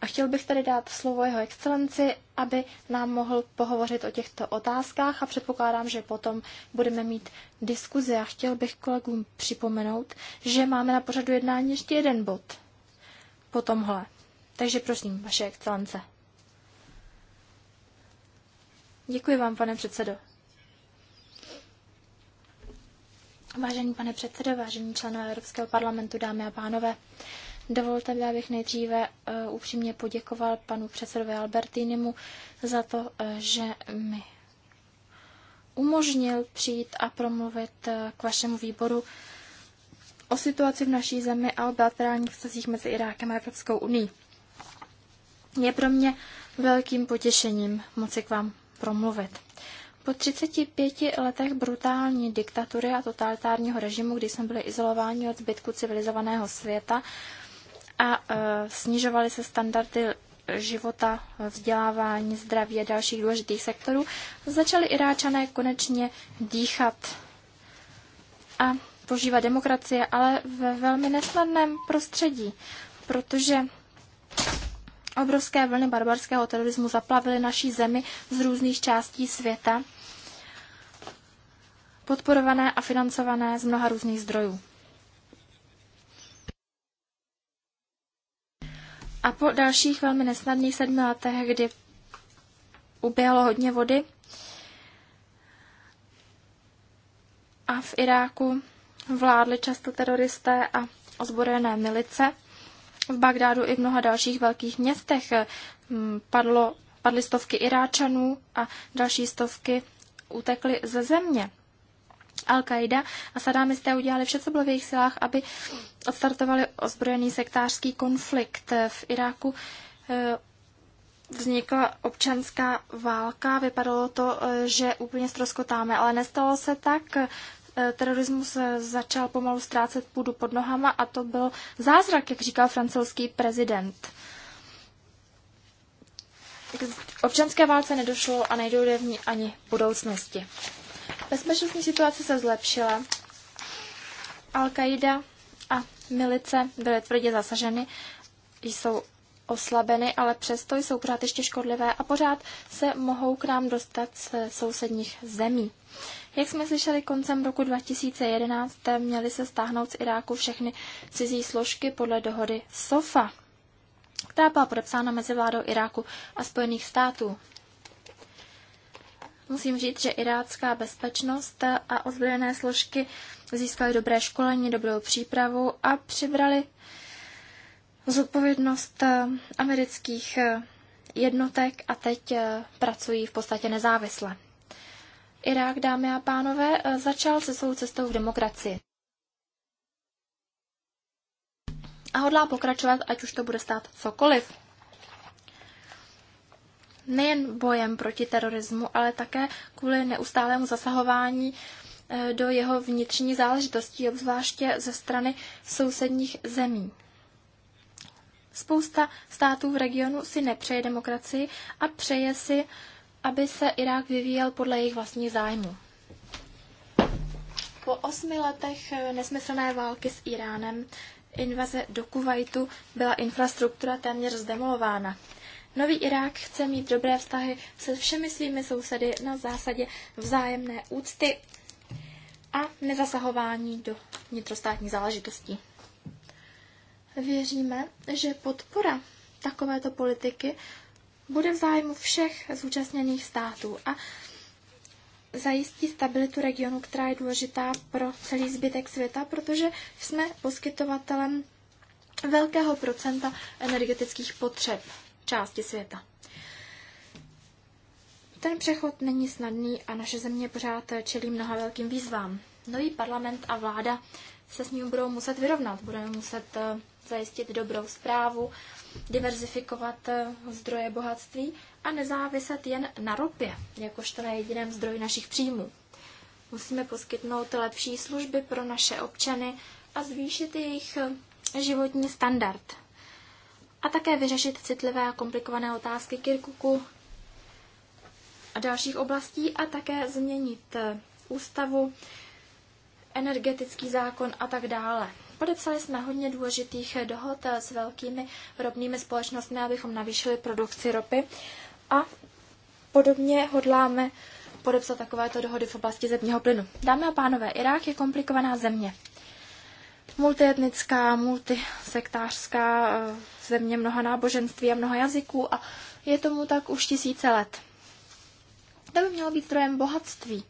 A chtěl bych tady dát slovo jeho excelenci, aby nám mohl pohovořit o těchto otázkách a předpokládám, že potom budeme mít diskuzi a chtěl bych kolegům připomenout, že máme na pořadu jednání ještě jeden bod po tomhle. Takže prosím, vaše excelence. Děkuji vám, pane předsedo. Vážený pane předsedo, vážení členové Evropského parlamentu, dámy a pánové, Dovolte mi, abych nejdříve eh, upřímně poděkoval panu předsedovi Albertinimu za to, eh, že mi umožnil přijít a promluvit eh, k vašemu výboru o situaci v naší zemi a o bilaterálních vztazích mezi Irákem a Evropskou uní. Je pro mě velkým potěšením moci k vám promluvit. Po 35 letech brutální diktatury a totalitárního režimu, kdy jsme byli izolováni od zbytku civilizovaného světa, a e, snižovaly se standardy života, vzdělávání, zdraví a dalších důležitých sektorů, začali Iráčané konečně dýchat a požívat demokracie, ale ve velmi nesnadném prostředí, protože obrovské vlny barbarského terorismu zaplavily naší zemi z různých částí světa, podporované a financované z mnoha různých zdrojů. A po dalších velmi nesnadných sedmi letech, kdy uběhlo hodně vody a v Iráku vládli často teroristé a ozbrojené milice, v Bagdádu i v mnoha dalších velkých městech mm, padlo, padly stovky Iráčanů a další stovky utekly ze země. Al-Qaida a sadámisté udělali vše, co bylo v jejich silách, aby odstartovali ozbrojený sektářský konflikt v Iráku. Eh, vznikla občanská válka, vypadalo to, eh, že úplně ztroskotáme, ale nestalo se tak. Eh, terorismus začal pomalu ztrácet půdu pod nohama a to byl zázrak, jak říkal francouzský prezident. K občanské válce nedošlo a nejde v ní ani v budoucnosti. Bezpečnostní situace se zlepšila. Al-Qaida a milice byly tvrdě zasaženy, jsou oslabeny, ale přesto jsou pořád ještě škodlivé a pořád se mohou k nám dostat z sousedních zemí. Jak jsme slyšeli koncem roku 2011, měly se stáhnout z Iráku všechny cizí složky podle dohody SOFA, která byla podepsána mezi vládou Iráku a Spojených států. Musím říct, že irácká bezpečnost a ozbrojené složky získaly dobré školení, dobrou přípravu a přibrali zodpovědnost eh, amerických eh, jednotek a teď eh, pracují v podstatě nezávisle. Irák, dámy a pánové, začal se svou cestou v demokracii. A hodlá pokračovat, ať už to bude stát cokoliv nejen bojem proti terorismu, ale také kvůli neustálému zasahování eh, do jeho vnitřní záležitostí, obzvláště ze strany sousedních zemí. Spousta států v regionu si nepřeje demokracii a přeje si, aby se Irák vyvíjel podle jejich vlastních zájmů. Po osmi letech eh, nesmyslné války s Iránem, invaze do Kuwaitu byla infrastruktura téměř zdemolována. Nový Irák chce mít dobré vztahy se všemi svými sousedy na zásadě vzájemné úcty a nezasahování do vnitrostátních záležitostí. Věříme, že podpora takovéto politiky bude v zájmu všech zúčastněných států a zajistí stabilitu regionu, která je důležitá pro celý zbytek světa, protože jsme poskytovatelem velkého procenta energetických potřeb části světa. Ten přechod není snadný a naše země pořád čelí mnoha velkým výzvám. Nový parlament a vláda se s ním budou muset vyrovnat. Budeme muset eh, zajistit dobrou zprávu, diverzifikovat eh, zdroje bohatství a nezáviset jen na ropě, jakožto na jediném zdroji našich příjmů. Musíme poskytnout lepší služby pro naše občany a zvýšit jejich eh, životní standard a také vyřešit citlivé a komplikované otázky Kirkuku a dalších oblastí a také změnit eh, ústavu, energetický zákon a tak dále. Podepsali jsme hodně důležitých eh, dohod eh, s velkými ropnými společnostmi, abychom navýšili produkci ropy a podobně hodláme podepsat takovéto dohody v oblasti zemního plynu. Dámy a pánové, Irák je komplikovaná země multietnická, multisektářská eh, země mnoha náboženství a mnoha jazyků a je tomu tak už tisíce let. To by mělo být zdrojem bohatství.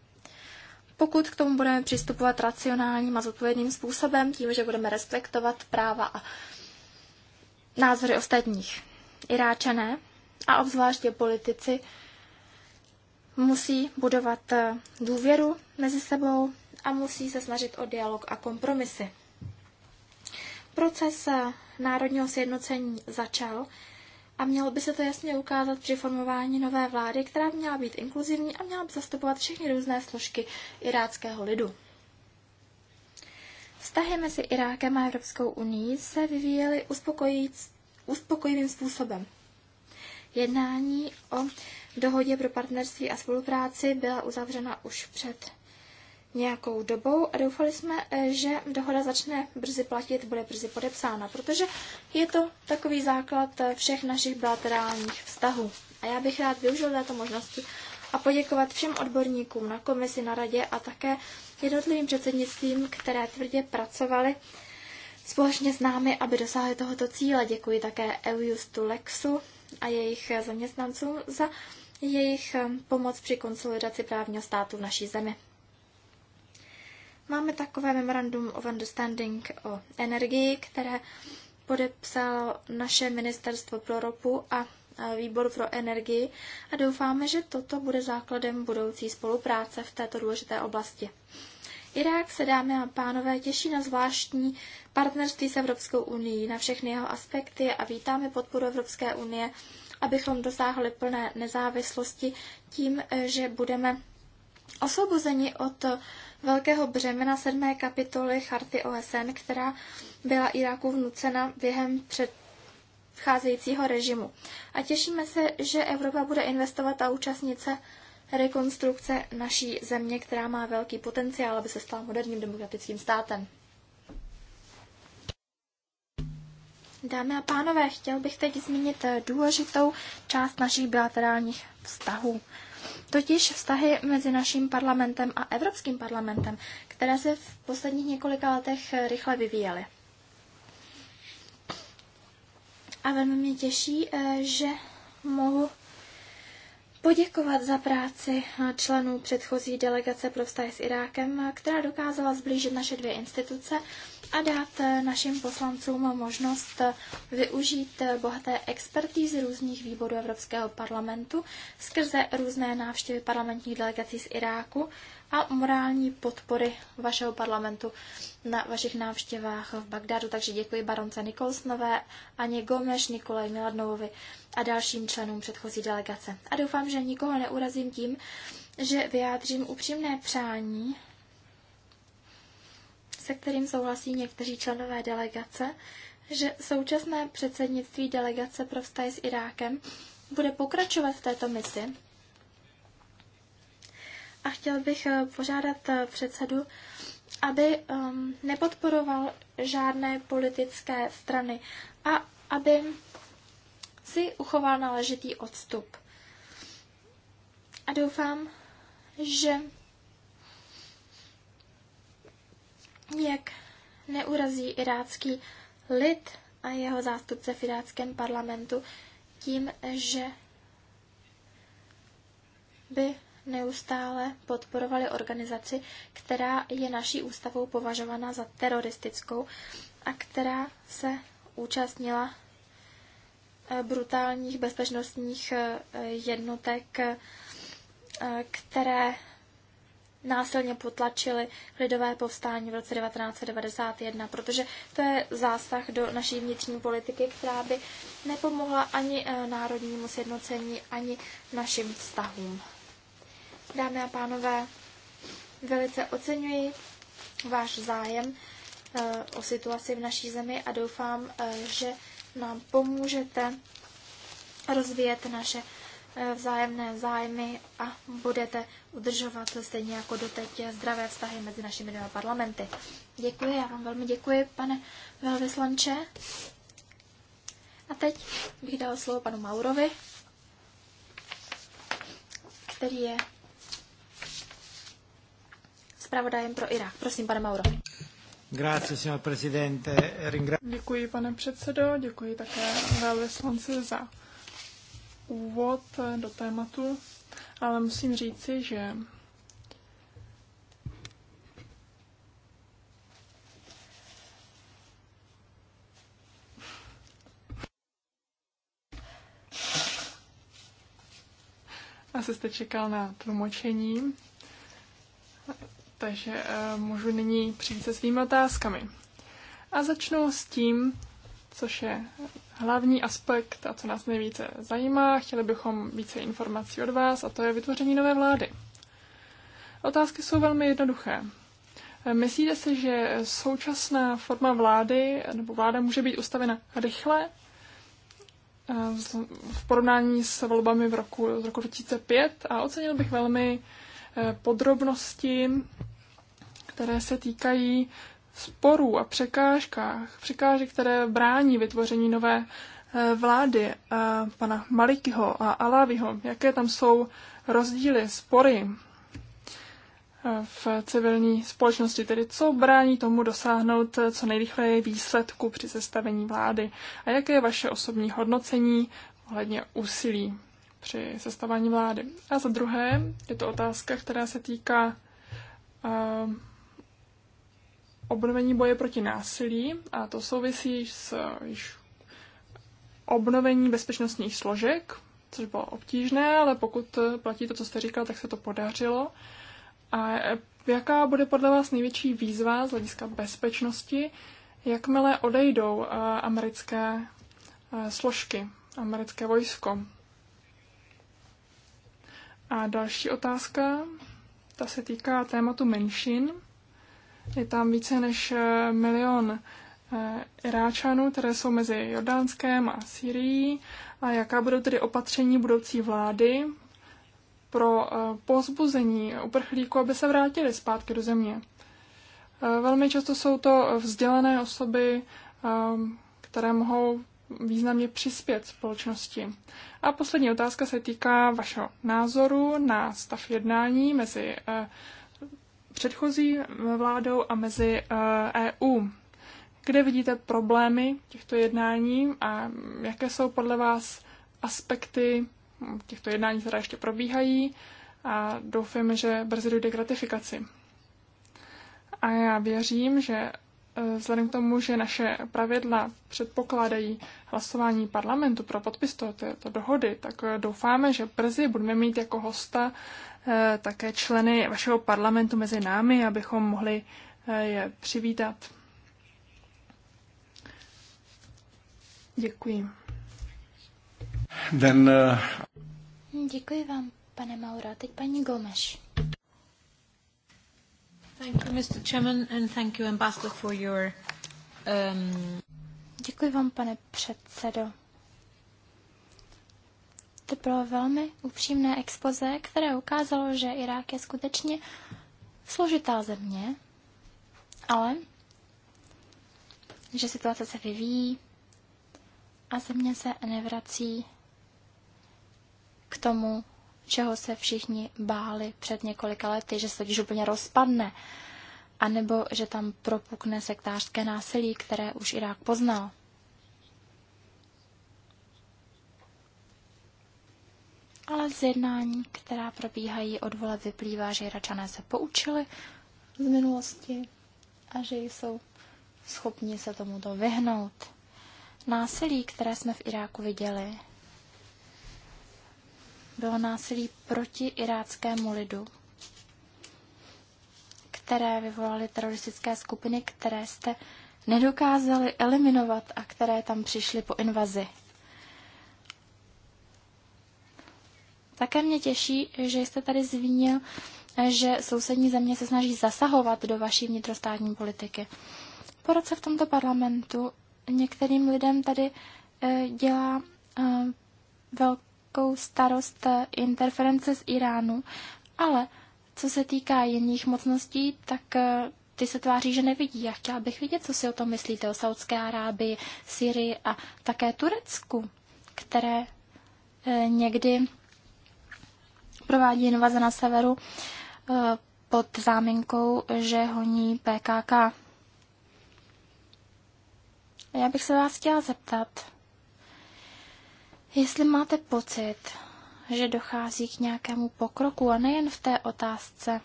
Pokud k tomu budeme přistupovat racionálním a zodpovědným způsobem, tím, že budeme respektovat práva a názory ostatních. Iráčané a obzvláště politici musí budovat eh, důvěru mezi sebou a musí se snažit o dialog a kompromisy. Proces eh, národního sjednocení začal a mělo by se to jasně ukázat při formování nové vlády, která by měla být inkluzivní a měla by zastupovat všechny různé složky iráckého lidu. Vztahy mezi Irákem a Evropskou unii se vyvíjely uspokojivým způsobem. Jednání o dohodě pro partnerství a spolupráci byla uzavřena už před nějakou dobou a doufali jsme, eh, že dohoda začne brzy platit, bude brzy podepsána, protože je to takový základ eh, všech našich bilaterálních vztahů. A já bych rád využil této možnosti a poděkovat všem odborníkům na komisi, na radě a také jednotlivým předsednictvím, které tvrdě pracovali společně s námi, aby dosáhli tohoto cíle. Děkuji také Eujustu Lexu a jejich zaměstnancům za jejich eh, pomoc při konsolidaci právního státu v naší zemi. Máme takové memorandum of understanding o energii, které podepsalo naše ministerstvo pro ropu a výbor pro energii a doufáme, že toto bude základem budoucí spolupráce v této důležité oblasti. Irák se, dámy a pánové, těší na zvláštní partnerství s Evropskou unii na všechny jeho aspekty a vítáme podporu Evropské unie, abychom dosáhli plné nezávislosti tím, že budeme osvobození od velkého břemena sedmé kapitoly Charty OSN, která byla Iráku vnucena během před vcházejícího režimu. A těšíme se, že Evropa bude investovat a účastnit se rekonstrukce naší země, která má velký potenciál, aby se stala moderním demokratickým státem. Dámy a pánové, chtěl bych teď zmínit důležitou část našich bilaterálních vztahů totiž vztahy mezi naším parlamentem a Evropským parlamentem, které se v posledních několika letech eh, rychle vyvíjely. A velmi mě těší, eh, že mohu poděkovat za práci členů předchozí delegace pro vztahy s Irákem, která dokázala zblížit naše dvě instituce a dát našim poslancům možnost využít bohaté expertízy různých výborů Evropského parlamentu skrze různé návštěvy parlamentních delegací z Iráku a morální podpory vašeho parlamentu na vašich návštěvách v Bagdádu. Takže děkuji baronce Nikolsnové, Aně Gomeš, Nikolaj Miladnovovi a dalším členům předchozí delegace. A doufám, že nikoho neurazím tím, že vyjádřím upřímné přání, se kterým souhlasí někteří členové delegace, že současné předsednictví delegace pro vztahy s Irákem bude pokračovat v této misi a chtěl bych eh, požádat eh, předsedu, aby ehm, nepodporoval žádné politické strany a aby si uchoval náležitý odstup. A doufám, že jak neurazí irácký lid a jeho zástupce v iráckém parlamentu tím, že by neustále podporovali organizaci, která je naší ústavou považovaná za teroristickou a která se účastnila eh, brutálních bezpečnostních eh, jednotek, eh, které násilně potlačili lidové povstání v roce 1991, protože to je zásah do naší vnitřní politiky, která by nepomohla ani národnímu sjednocení, ani našim vztahům. Dámy a pánové, velice oceňuji váš zájem eh, o situaci v naší zemi a doufám, eh, že nám pomůžete rozvíjet naše eh, vzájemné zájmy a budete udržovat stejně jako doteď zdravé vztahy mezi našimi dvěma parlamenty. Děkuji, já vám velmi děkuji, pane velvyslanče. A teď bych dal slovo panu Maurovi, který je zpravodajem pro Irák. Prosím, pane Mauro. Grazie, signor presidente. Ringra... Děkuji, pane předsedo, děkuji také velvyslanci za úvod do tématu, ale musím říci, že Asi jste čekal na tlumočení takže eh, můžu nyní přijít se svými otázkami. A začnu s tím, což je hlavní aspekt a co nás nejvíce zajímá. Chtěli bychom více informací od vás a to je vytvoření nové vlády. Otázky jsou velmi jednoduché. Eh, myslíte si, že současná forma vlády nebo vláda může být ustavena rychle eh, v porovnání s volbami v roku, z roku 2005 a ocenil bych velmi Eh, podrobnosti, které se týkají sporů a překážkách, překážek, které brání vytvoření nové eh, vlády eh, pana Malikyho a Alaviho, jaké tam jsou rozdíly, spory v civilní společnosti, tedy co brání tomu dosáhnout co nejrychleji výsledku při sestavení vlády a jaké je vaše osobní hodnocení ohledně úsilí při sestavání vlády. A za druhé, je to otázka, která se týká uh, obnovení boje proti násilí a to souvisí s již obnovení bezpečnostních složek, což bylo obtížné, ale pokud platí to, co jste říkal, tak se to podařilo. A jaká bude podle vás největší výzva z hlediska bezpečnosti, jakmile odejdou eh, americké eh, složky, americké vojsko? A další otázka, ta se týká tématu menšin. Je tam více než eh, milion eh, Iráčanů, které jsou mezi Jordánskem a Syrií. A jaká budou tedy opatření budoucí vlády pro eh, pozbuzení uprchlíků, aby se vrátili zpátky do země? Velmi často jsou to vzdělané osoby, které mohou významně přispět společnosti. A poslední otázka se týká vašeho názoru na stav jednání mezi eh, předchozí eh, vládou a mezi EU. Eh, e Kde vidíte problémy těchto jednání a jaké jsou podle vás aspekty těchto jednání, které ještě probíhají a doufáme, že brzy dojde k ratifikaci. A já věřím, že vzhledem k tomu, že naše pravidla předpokládají hlasování parlamentu pro podpis této dohody, tak eh, doufáme, že brzy budeme mít jako hosta eh, také členy vašeho parlamentu mezi námi, abychom mohli eh, je přivítat. Děkuji. Then, uh... Děkuji vám, pane Mauro. Teď paní Gomeš. Děkuji vám, pane předsedo. To bylo velmi upřímné expoze, které ukázalo, že Irák je skutečně složitá země, ale že situace se vyvíjí a země se nevrací k tomu, čeho se všichni báli před několika lety, že se totiž úplně rozpadne, anebo že tam propukne sektářské násilí, které už Irák poznal. Ale z jednání, která probíhají od vole, vyplývá, že Iračané se poučili z minulosti a že jsou schopni se tomuto vyhnout. Násilí, které jsme v Iráku viděli, bylo násilí proti iráckému lidu, které vyvolaly teroristické skupiny, které jste nedokázali eliminovat a které tam přišly po invazi. Také mě těší, že jste tady zmínil, že sousední země se snaží zasahovat do vaší vnitrostátní politiky. Po roce v tomto parlamentu některým lidem tady eh, dělá eh, velký velkou starost eh, interference z Iránu, ale co se týká jiných mocností, tak eh, ty se tváří, že nevidí. Já chtěla bych vidět, co si o tom myslíte o Saudské Arábii, Syrii a také Turecku, které eh, někdy provádí invaze na severu pod záminkou, že honí PKK. Já bych se vás chtěla zeptat, Jestli máte pocit, že dochází k nějakému pokroku, a nejen v té otázce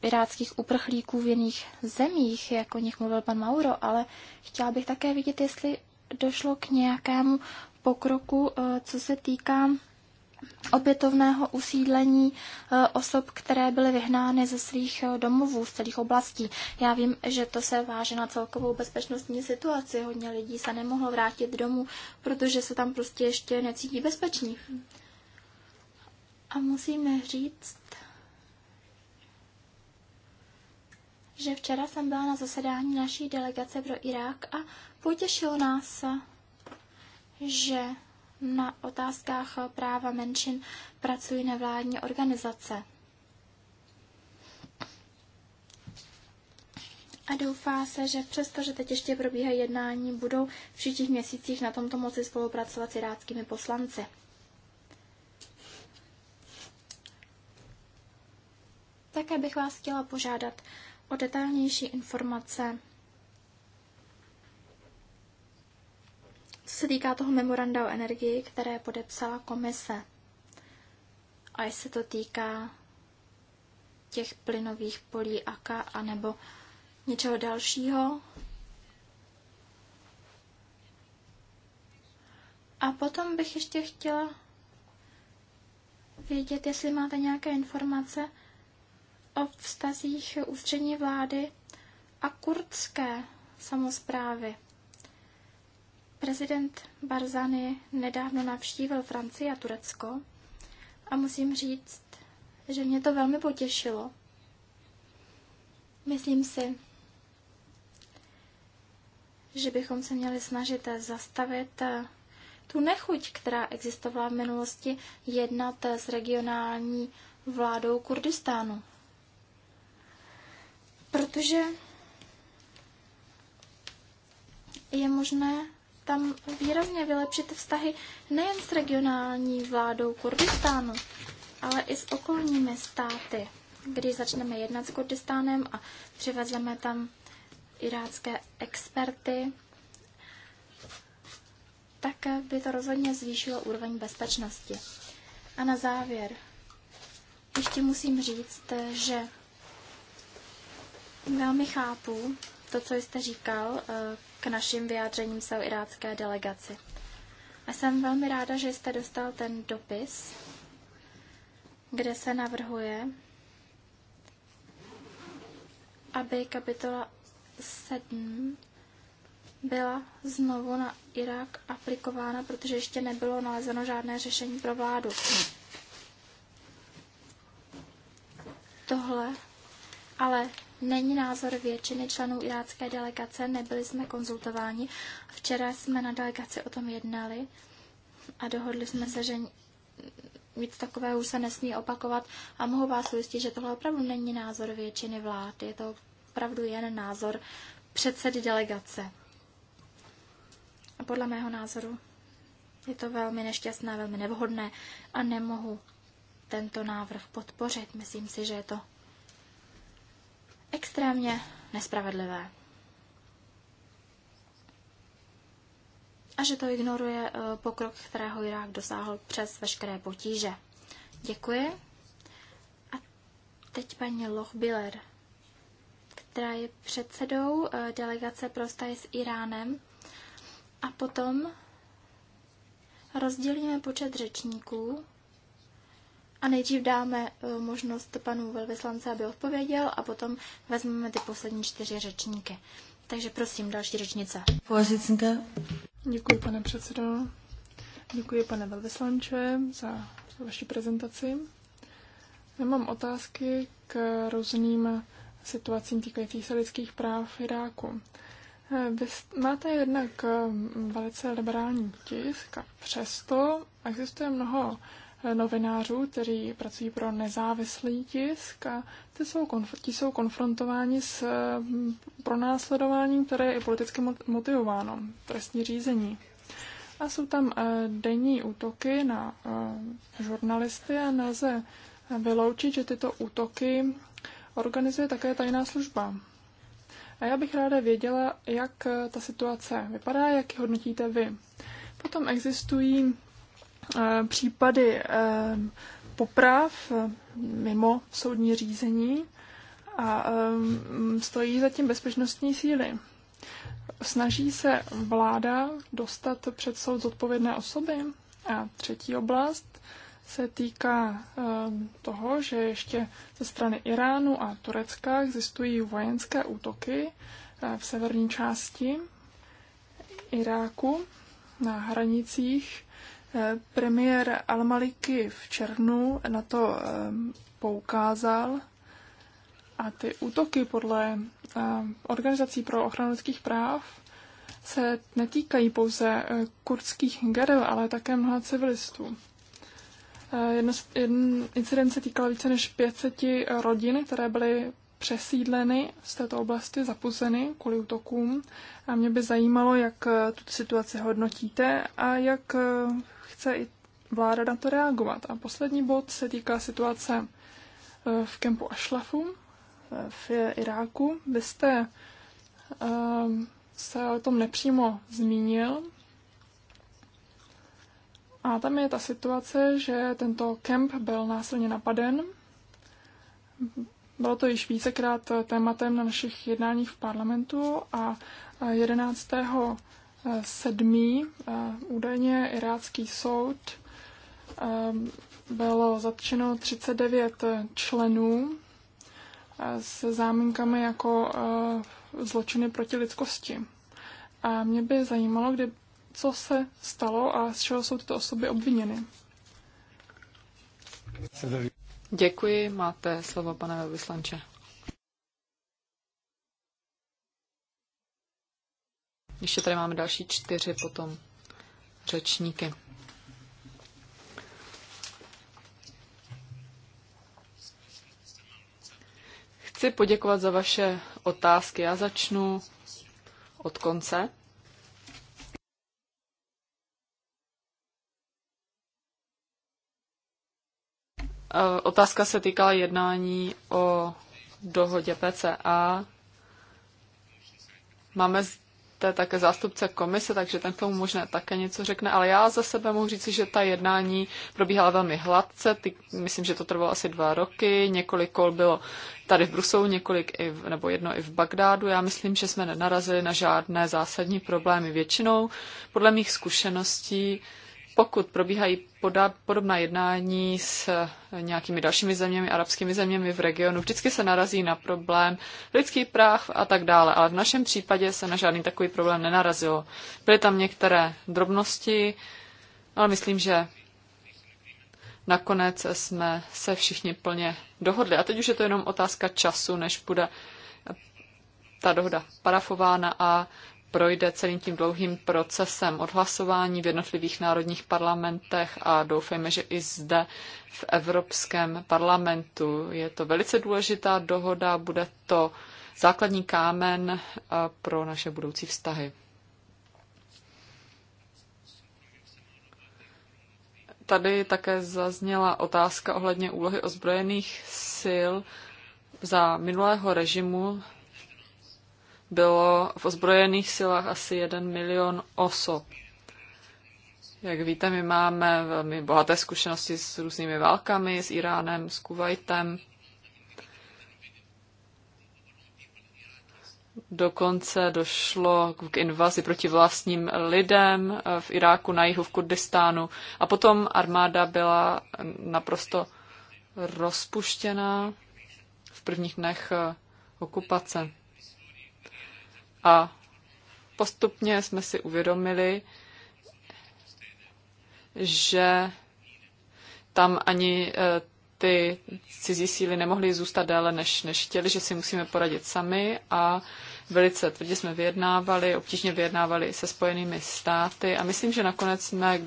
pirátských uprchlíků v jiných zemích, jako o nich mluvil pan Mauro, ale chtěla bych také vidět, jestli došlo k nějakému pokroku, eh, co se týká opětovného usídlení eh, osob, které byly vyhnány ze svých eh, domovů, z celých oblastí. Já vím, že to se váže na celkovou bezpečnostní situaci. Hodně lidí se nemohlo vrátit domů, protože se tam prostě ještě necítí bezpeční. A musíme říct, že včera jsem byla na zasedání naší delegace pro Irák a potěšilo nás, že na otázkách práva menšin pracují nevládní organizace. A doufá se, že přesto, že teď ještě probíhají jednání, budou v příštích měsících na tomto moci spolupracovat s iráckými poslanci. Také bych vás chtěla požádat o detailnější informace se týká toho memoranda o energii, které podepsala komise, a jestli to týká těch plynových polí AKA anebo něčeho dalšího. A potom bych ještě chtěla vědět, jestli máte nějaké informace o vztazích ústřední vlády a kurdské samozprávy. Prezident Barzany nedávno navštívil Francii a Turecko a musím říct, že mě to velmi potěšilo. Myslím si, že bychom se měli snažit zastavit eh, tu nechuť, která existovala v minulosti, jednat eh, s regionální vládou Kurdistánu. Protože je možné tam výrazně vylepšit vztahy nejen s regionální vládou Kurdistánu, ale i s okolními státy. Když začneme jednat s Kurdistánem a přivezeme tam irácké experty, tak by to rozhodně zvýšilo úroveň bezpečnosti. A na závěr ještě musím říct, že velmi chápu to, co jste říkal eh, k našim vyjádřením se o irácké delegaci. A jsem velmi ráda, že jste dostal ten dopis, kde se navrhuje, aby kapitola 7 byla znovu na Irák aplikována, protože ještě nebylo nalezeno žádné řešení pro vládu. Tohle ale není názor většiny členů irácké delegace, nebyli jsme konzultováni. Včera jsme na delegaci o tom jednali a dohodli jsme se, že nic takového už se nesmí opakovat a mohu vás ujistit, že tohle opravdu není názor většiny vlád, je to opravdu jen názor předsedy delegace. A podle mého názoru je to velmi nešťastné, velmi nevhodné a nemohu tento návrh podpořit. Myslím si, že je to extrémně nespravedlivé. A že to ignoruje eh, pokrok, kterého Irák dosáhl přes veškeré potíže. Děkuji. A teď paní Lochbiller, která je předsedou eh, delegace pro s Iránem. A potom rozdělíme počet řečníků a nejdřív dáme e, možnost panu velvyslance, aby odpověděl a potom vezmeme ty poslední čtyři řečníky. Takže prosím, další řečnice. Pořícnka. Děkuji, pane předsedo. Děkuji, pane velvyslanče, za vaši prezentaci. Já mám otázky k různým situacím týkajících se lidských práv v Iráku. E, vy máte jednak e, velice liberální tisk a přesto existuje mnoho novinářů, kteří pracují pro nezávislý tisk a ty jsou, konf- ti jsou konfrontováni s mm, pronásledováním, které je i politicky motivováno, trestní řízení. A jsou tam eh, denní útoky na eh, žurnalisty a nelze vyloučit, že tyto útoky organizuje také tajná služba. A já bych ráda věděla, jak eh, ta situace vypadá, jak ji hodnotíte vy. Potom existují Eh, případy eh, poprav eh, mimo soudní řízení a stojí zatím bezpečnostní síly. Snaží se vláda dostat před soud zodpovědné osoby? A třetí oblast se týká toho, že ještě ze strany Iránu a Turecka existují vojenské útoky v severní části Iráku na hranicích Eh, premiér Al-Maliki v červnu na to ehm, poukázal a ty útoky podle ehm, organizací pro ochranu lidských práv se netýkají pouze eh, kurdských geril, ale také mnoha civilistů. Eh, jedno, jeden incident se týkal více než 500 rodin, které byly přesídleny z této oblasti, zapuzeny kvůli útokům. A mě by zajímalo, jak tu situaci hodnotíte a jak chce i vláda na to reagovat. A poslední bod se týká situace eh, v kempu Ašlafu eh, v Iráku. Vy jste ehm, se o tom nepřímo zmínil. A tam je ta situace, že tento kemp byl násilně napaden. Bylo to již vícekrát tématem na našich jednáních v parlamentu a 11 sedmý. Údajně irácký soud bylo zatčeno 39 členů se záminkami jako zločiny proti lidskosti. A mě by zajímalo, kdy, co se stalo a z čeho jsou tyto osoby obviněny. Děkuji, máte slovo, pane vyslanče. Ještě tady máme další čtyři potom řečníky. Chci poděkovat za vaše otázky. Já začnu od konce. E, otázka se týkala jednání o dohodě PCA. Máme to je také zástupce komise, takže ten k tomu možná také něco řekne, ale já za sebe mohu říci, že ta jednání probíhala velmi hladce, ty, myslím, že to trvalo asi dva roky, několik kol bylo tady v Bruselu, několik i v, nebo jedno i v Bagdádu. Já myslím, že jsme nenarazili na žádné zásadní problémy většinou. Podle mých zkušeností pokud probíhají podobná jednání s nějakými dalšími zeměmi, arabskými zeměmi v regionu, vždycky se narazí na problém lidských práv a tak dále. Ale v našem případě se na žádný takový problém nenarazilo. Byly tam některé drobnosti, ale myslím, že nakonec jsme se všichni plně dohodli. A teď už je to jenom otázka času, než bude ta dohoda parafována a projde celým tím dlouhým procesem odhlasování v jednotlivých národních parlamentech a doufejme, že i zde v Evropském parlamentu. Je to velice důležitá dohoda, bude to základní kámen eh, pro naše budoucí vztahy. Tady také zazněla otázka ohledně úlohy ozbrojených sil. Za minulého režimu bylo v ozbrojených silách asi 1 milion osob. Jak víte, my máme velmi bohaté zkušenosti s různými válkami, s Iránem, s Kuwaitem. Dokonce došlo k invazi proti vlastním lidem eh, v Iráku, na jihu, v Kurdistánu. A potom armáda byla naprosto rozpuštěná v prvních dnech eh, okupace. A postupně jsme si uvědomili, že tam ani e, ty cizí síly nemohly zůstat déle, než, než chtěli, že si musíme poradit sami a velice tvrdě jsme vyjednávali, obtížně vyjednávali se spojenými státy a myslím, že nakonec jsme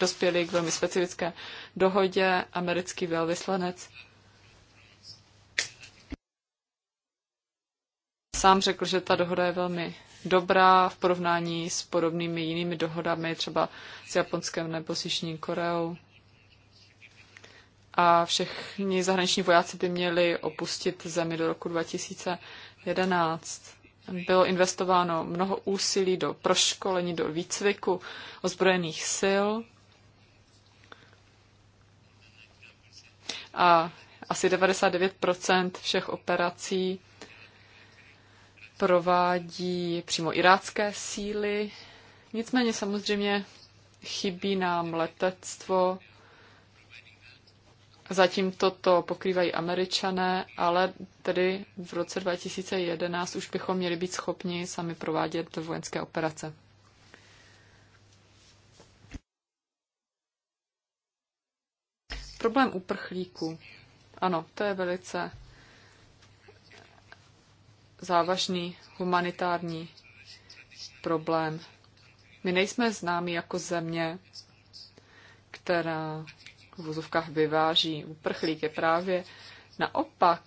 dospěli k velmi specifické dohodě. Americký velvyslanec sám řekl, že ta dohoda je velmi dobrá v porovnání s podobnými jinými dohodami, třeba s Japonskem nebo s Jižní Koreou. A všichni zahraniční vojáci by měli opustit zemi do roku 2011. Bylo investováno mnoho úsilí do proškolení, do výcviku ozbrojených sil. A asi 99 všech operací provádí přímo irácké síly. Nicméně samozřejmě chybí nám letectvo. Zatím toto pokrývají američané, ale tedy v roce 2011 už bychom měli být schopni sami provádět vojenské operace. Problém uprchlíků. Ano, to je velice závažný humanitární problém. My nejsme známi jako země, která v vozovkách vyváží uprchlíky. Právě naopak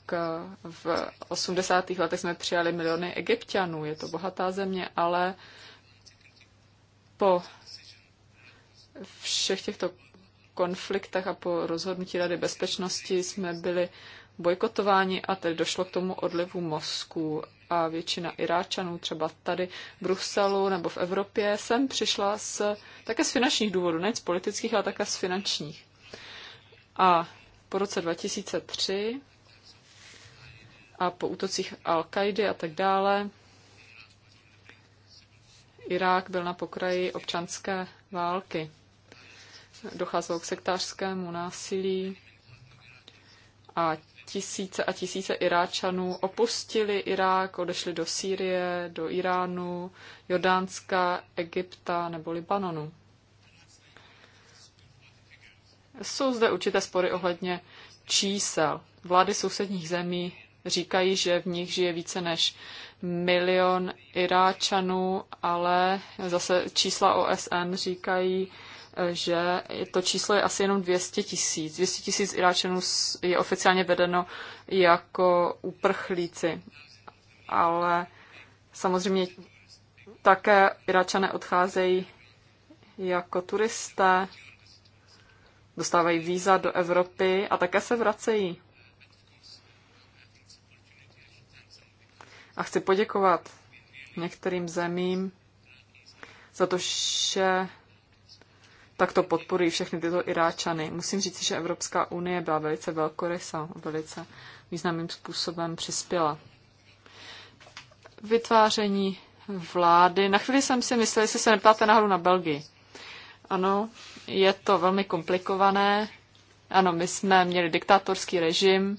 v 80. letech jsme přijali miliony egyptianů. Je to bohatá země, ale po všech těchto konfliktech a po rozhodnutí Rady bezpečnosti jsme byli bojkotováni a tedy došlo k tomu odlivu mozků. A většina Iráčanů třeba tady v Bruselu nebo v Evropě sem přišla s, také z finančních důvodů, ne z politických, ale také z finančních. A po roce 2003 a po útocích Al-Kaidy a tak dále, Irák byl na pokraji občanské války. Docházelo k sektářskému násilí a Tisíce a tisíce Iráčanů opustili Irák, odešli do Sýrie, do Iránu, Jordánska, Egypta nebo Libanonu. Jsou zde určité spory ohledně čísel. Vlády sousedních zemí říkají, že v nich žije více než milion Iráčanů, ale zase čísla OSN říkají že to číslo je asi jenom 200 tisíc. 200 tisíc Iráčanů je oficiálně vedeno jako uprchlíci, ale samozřejmě také Iráčané odcházejí jako turisté, dostávají víza do Evropy a také se vracejí. A chci poděkovat některým zemím za to, že tak to podporují všechny tyto Iráčany. Musím říct, že Evropská unie byla velice velkorysá, velice významným způsobem přispěla. Vytváření vlády. Na chvíli jsem si myslel, jestli se neptáte nahoru na Belgii. Ano, je to velmi komplikované. Ano, my jsme měli diktátorský režim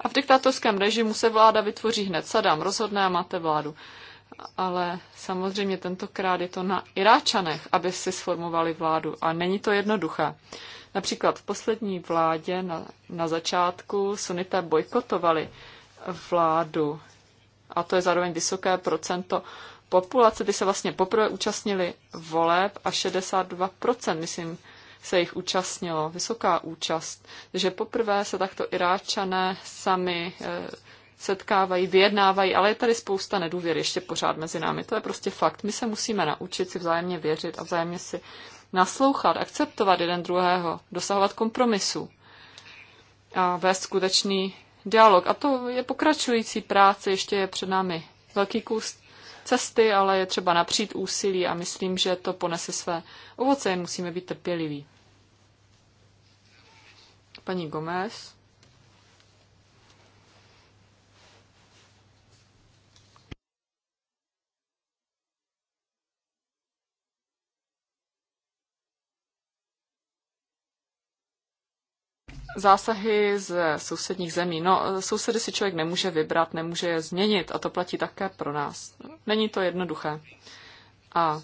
a v diktátorském režimu se vláda vytvoří hned. Sadám rozhodne a máte vládu ale samozřejmě tentokrát je to na Iráčanech, aby si sformovali vládu a není to jednoduché. Například v poslední vládě na, na začátku sunité bojkotovali vládu a to je zároveň vysoké procento populace. Ty se vlastně poprvé účastnili voleb a 62%, myslím, se jich účastnilo, vysoká účast. Takže poprvé se takto Iráčané sami eh, setkávají, vyjednávají, ale je tady spousta nedůvěry ještě pořád mezi námi. To je prostě fakt. My se musíme naučit si vzájemně věřit a vzájemně si naslouchat, akceptovat jeden druhého, dosahovat kompromisu a vést skutečný dialog. A to je pokračující práce, ještě je před námi velký kus cesty, ale je třeba napřít úsilí a myslím, že to ponese své ovoce, musíme být trpěliví. Paní Gomez. Zásahy z sousedních zemí. No, sousedy si člověk nemůže vybrat, nemůže je změnit a to platí také pro nás. Není to jednoduché. A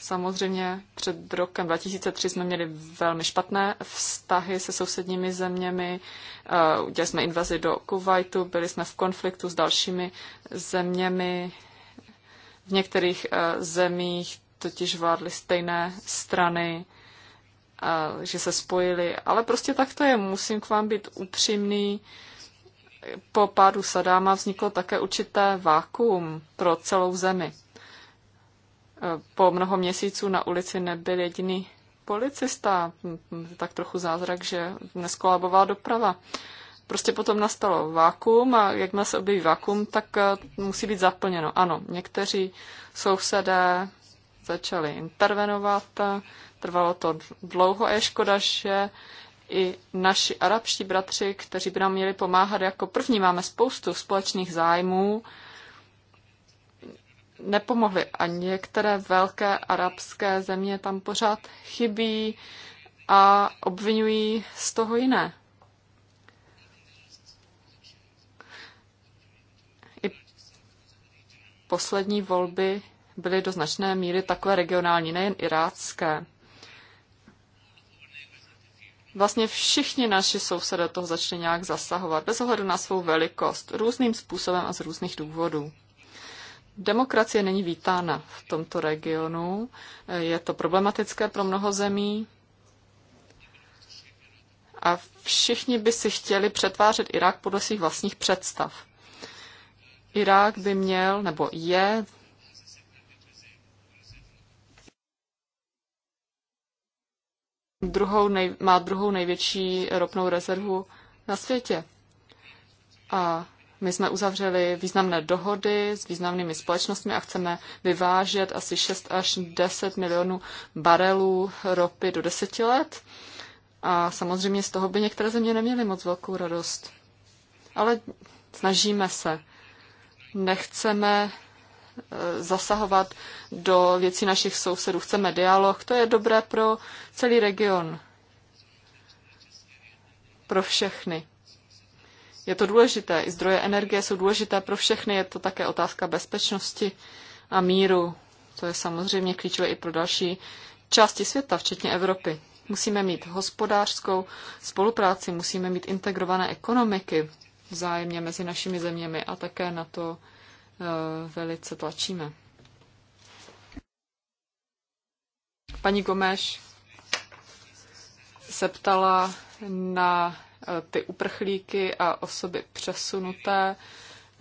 samozřejmě před rokem 2003 jsme měli velmi špatné vztahy se sousedními zeměmi. Eh, udělali jsme invazi do Kuwaitu, byli jsme v konfliktu s dalšími zeměmi. V některých eh, zemích totiž vládly stejné strany a že se spojili, ale prostě tak to je. Musím k vám být upřímný. Po pádu Sadáma vzniklo také určité vákuum pro celou zemi. E, po mnoho měsíců na ulici nebyl jediný policista, tak trochu zázrak, že neskolabovala doprava. Prostě potom nastalo vákum a jakmile se objeví vákum, tak e, musí být zaplněno. Ano, někteří sousedé začali intervenovat, Trvalo to dlouho a je škoda, že i naši arabští bratři, kteří by nám měli pomáhat jako první, máme spoustu společných zájmů, nepomohli a některé velké arabské země tam pořád chybí a obvinují z toho jiné. poslední volby byly do značné míry takové regionální, nejen irácké vlastně všichni naši sousedé toho začali nějak zasahovat, bez ohledu na svou velikost, různým způsobem a z různých důvodů. Demokracie není vítána v tomto regionu, je to problematické pro mnoho zemí a všichni by si chtěli přetvářet Irák podle svých vlastních představ. Irák by měl, nebo je druhou nej, má druhou největší ropnou rezervu na světě. A my jsme uzavřeli významné dohody s významnými společnostmi a chceme vyvážet asi 6 až 10 milionů barelů ropy do deseti let. A samozřejmě z toho by některé země neměly moc velkou radost. Ale snažíme se. Nechceme Eh, zasahovat do věcí našich sousedů. Chceme dialog, to je dobré pro celý region, pro všechny. Je to důležité, i zdroje energie jsou důležité pro všechny, je to také otázka bezpečnosti a míru. To je samozřejmě klíčové i pro další části světa, včetně Evropy. Musíme mít hospodářskou spolupráci, musíme mít integrované ekonomiky vzájemně mezi našimi zeměmi a také na to, Eh, velice tlačíme. Paní Gomeš se ptala na eh, ty uprchlíky a osoby přesunuté,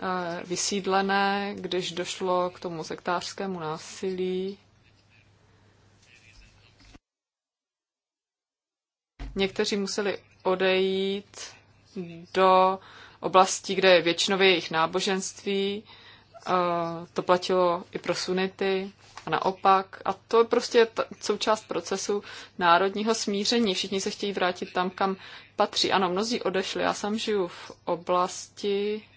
eh, vysídlené, když došlo k tomu sektářskému násilí. Někteří museli odejít do oblastí, kde je většinově jejich náboženství, to platilo i pro sunity a naopak. A to je prostě ta součást procesu národního smíření. Všichni se chtějí vrátit tam, kam patří. Ano, mnozí odešli. Já sám žiju v oblasti,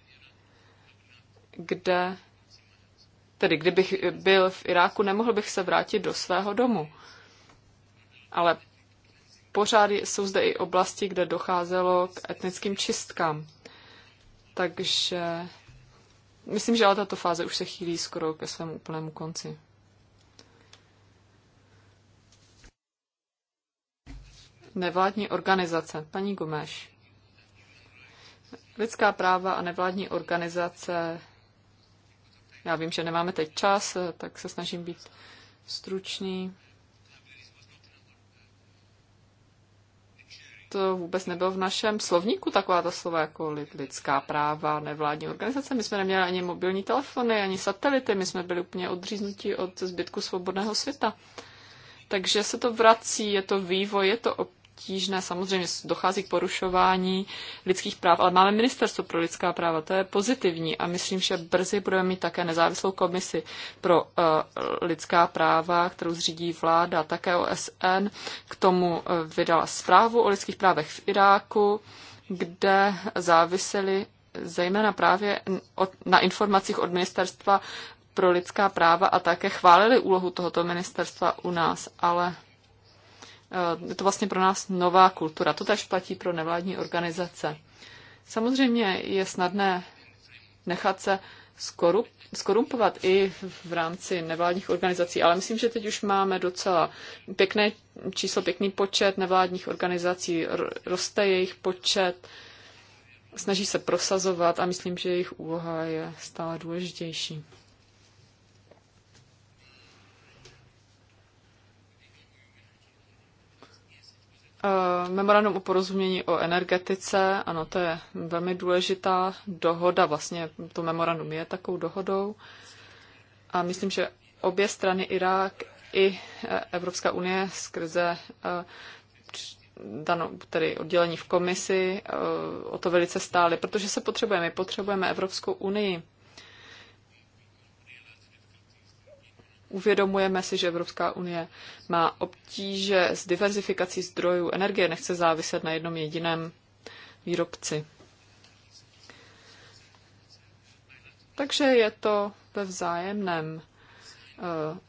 kde, tedy kdybych byl v Iráku, nemohl bych se vrátit do svého domu. Ale pořád jsou zde i oblasti, kde docházelo k etnickým čistkám. Takže Myslím, že ale tato fáze už se chýlí skoro ke svému úplnému konci. Nevládní organizace. Paní Gomeš. Lidská práva a nevládní organizace. Já vím, že nemáme teď čas, eh, tak se snažím být stručný. to vůbec nebylo v našem slovníku taková ta slova jako lidská práva, nevládní organizace. My jsme neměli ani mobilní telefony, ani satelity, my jsme byli úplně odříznutí od zbytku svobodného světa. Takže se to vrací, je to vývoj, je to obtížné. Samozřejmě dochází k porušování lidských práv, ale máme Ministerstvo pro lidská práva, to je pozitivní a myslím, že brzy budeme mít také nezávislou komisi pro uh, lidská práva, kterou zřídí vláda, také OSN. K tomu eh, vydala zprávu o lidských právech v Iráku, kde závisely zejména právě od, na informacích od ministerstva pro lidská práva a také chválili úlohu tohoto ministerstva u nás, ale Eh, je to vlastně pro nás nová kultura. To tež platí pro nevládní organizace. Samozřejmě je snadné nechat se skorup, skorumpovat i v rámci nevládních organizací, ale myslím, že teď už máme docela pěkné číslo, pěkný počet nevládních organizací, roste jejich počet, snaží se prosazovat a myslím, že jejich úloha je stále důležitější. Eh, memorandum o porozumění o energetice, ano, to je velmi důležitá dohoda, vlastně to memorandum je takovou dohodou. A myslím, že obě strany Irák i eh, Evropská unie skrze eh, danou, tedy oddělení v komisi o to velice stály, protože se potřebujeme. My potřebujeme Evropskou unii Uvědomujeme si, že Evropská unie má obtíže s diverzifikací zdrojů energie, nechce záviset na jednom jediném výrobci. Takže je to ve vzájemném eh,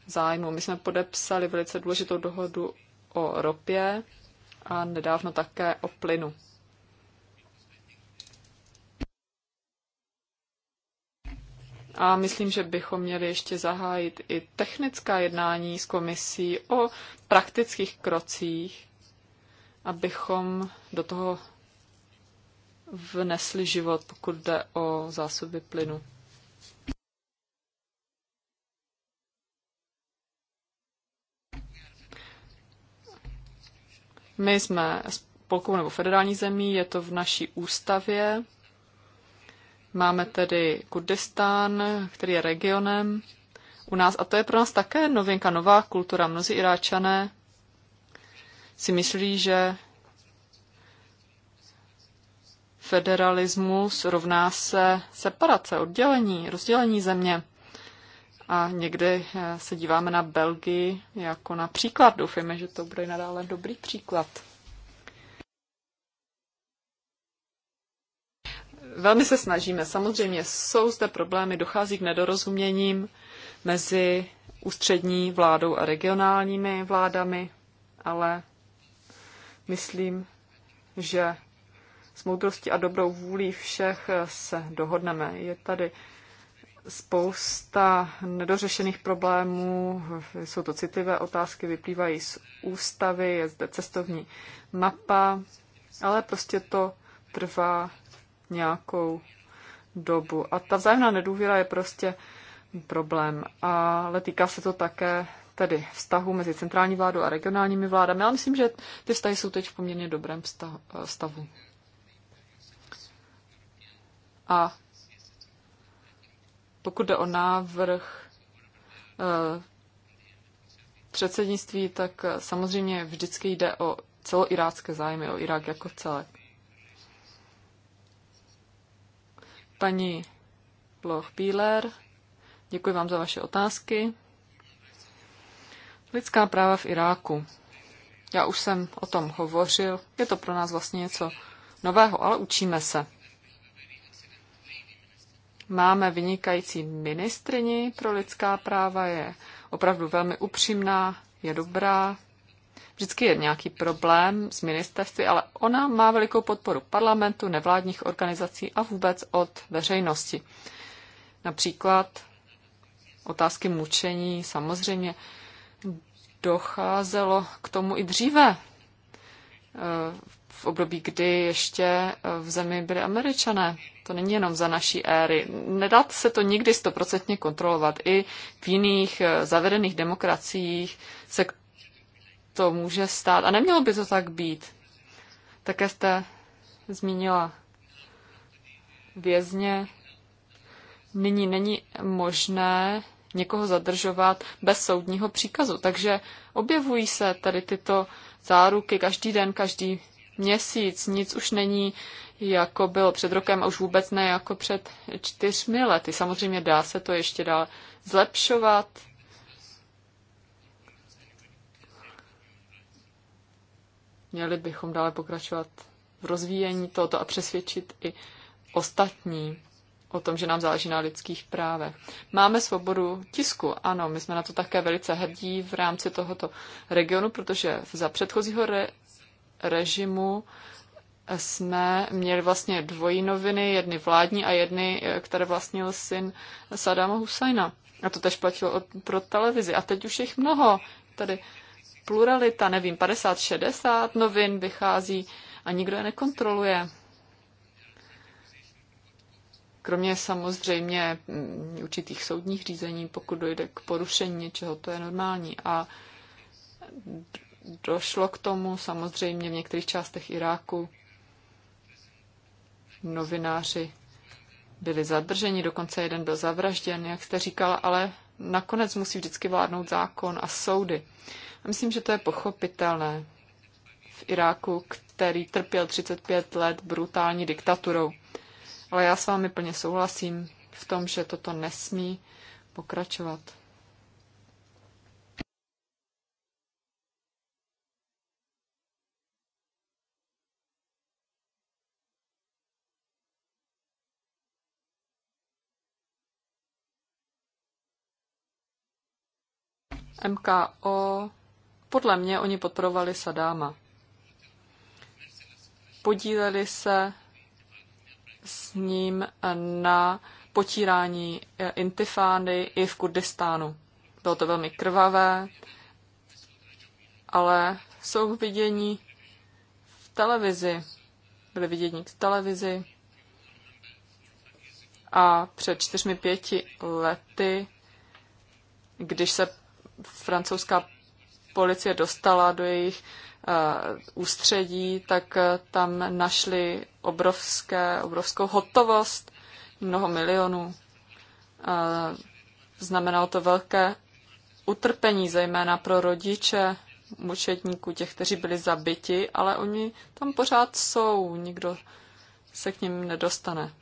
zájmu. My jsme podepsali velice důležitou dohodu o ropě a nedávno také o plynu. A myslím, že bychom měli ještě zahájit i technická jednání s komisí o praktických krocích, abychom do toho vnesli život, pokud jde o zásoby plynu. My jsme spolkovou nebo federální zemí, je to v naší ústavě. Máme tedy Kurdistán, který je regionem u nás a to je pro nás také novinka, nová kultura. Mnozí Iráčané si myslí, že federalismus rovná se separace, oddělení, rozdělení země. A někdy eh, se díváme na Belgii jako na příklad. Doufejme, že to bude nadále dobrý příklad. velmi se snažíme. Samozřejmě jsou zde problémy, dochází k nedorozuměním mezi ústřední vládou a regionálními vládami, ale myslím, že s moudrostí a dobrou vůlí všech se dohodneme. Je tady spousta nedořešených problémů, jsou to citlivé otázky, vyplývají z ústavy, je zde cestovní mapa, ale prostě to trvá nějakou dobu. A ta vzájemná nedůvěra je prostě problém. Ale týká se to také tedy vztahu mezi centrální vládou a regionálními vládami. Já myslím, že ty vztahy jsou teď v poměrně dobrém stavu. A pokud jde o návrh eh, předsednictví, tak eh, samozřejmě vždycky jde o celoirácké zájmy, o Irák jako celek. Paní Bloch Bíler, děkuji vám za vaše otázky. Lidská práva v Iráku. Já už jsem o tom hovořil. Je to pro nás vlastně něco nového, ale učíme se. Máme vynikající ministrini pro lidská práva, je opravdu velmi upřímná, je dobrá, Vždycky je nějaký problém s ministerství, ale ona má velikou podporu parlamentu, nevládních organizací a vůbec od veřejnosti. Například otázky mučení, samozřejmě docházelo k tomu i dříve, eh, v období, kdy ještě eh, v zemi byli američané. To není jenom za naší éry. Nedá se to nikdy stoprocentně kontrolovat. I v jiných eh, zavedených demokraciích se k to může stát. A nemělo by to tak být. Také jste zmínila vězně. Nyní není možné někoho zadržovat bez soudního příkazu. Takže objevují se tady tyto záruky každý den, každý měsíc. Nic už není, jako bylo před rokem a už vůbec ne jako před čtyřmi lety. Samozřejmě dá se to ještě dál zlepšovat Měli bychom dále pokračovat v rozvíjení tohoto a přesvědčit i ostatní o tom, že nám záleží na lidských právech. Máme svobodu tisku, ano, my jsme na to také velice hrdí v rámci tohoto regionu, protože za předchozího re- režimu jsme měli vlastně dvojí noviny, jedny vládní a jedny, eh, které vlastnil syn Sadama Husajna. A to tež platilo pro televizi. A teď už jich mnoho. Tady pluralita, nevím, 50-60 novin vychází a nikdo je nekontroluje. Kromě samozřejmě mm, určitých soudních řízení, pokud dojde k porušení něčeho, to je normální. A došlo k tomu samozřejmě v některých částech Iráku. Novináři byli zadrženi, dokonce jeden byl zavražděn, jak jste říkala, ale nakonec musí vždycky vládnout zákon a soudy. A myslím, že to je pochopitelné v Iráku, který trpěl 35 let brutální diktaturou. Ale já s vámi plně souhlasím v tom, že toto nesmí pokračovat. MKO podle mě oni podporovali Sadáma. Podíleli se s ním na potírání eh, intifády i v Kurdistánu. Bylo to velmi krvavé, ale jsou vidění v televizi. Byli vidění v televizi. A před čtyřmi pěti lety, když se francouzská policie dostala do jejich eh, ústředí, tak eh, tam našli obrovské, obrovskou hotovost, mnoho milionů. Eh, znamenalo to velké utrpení, zejména pro rodiče mučetníků, těch, kteří byli zabiti, ale oni tam pořád jsou, nikdo se k ním nedostane.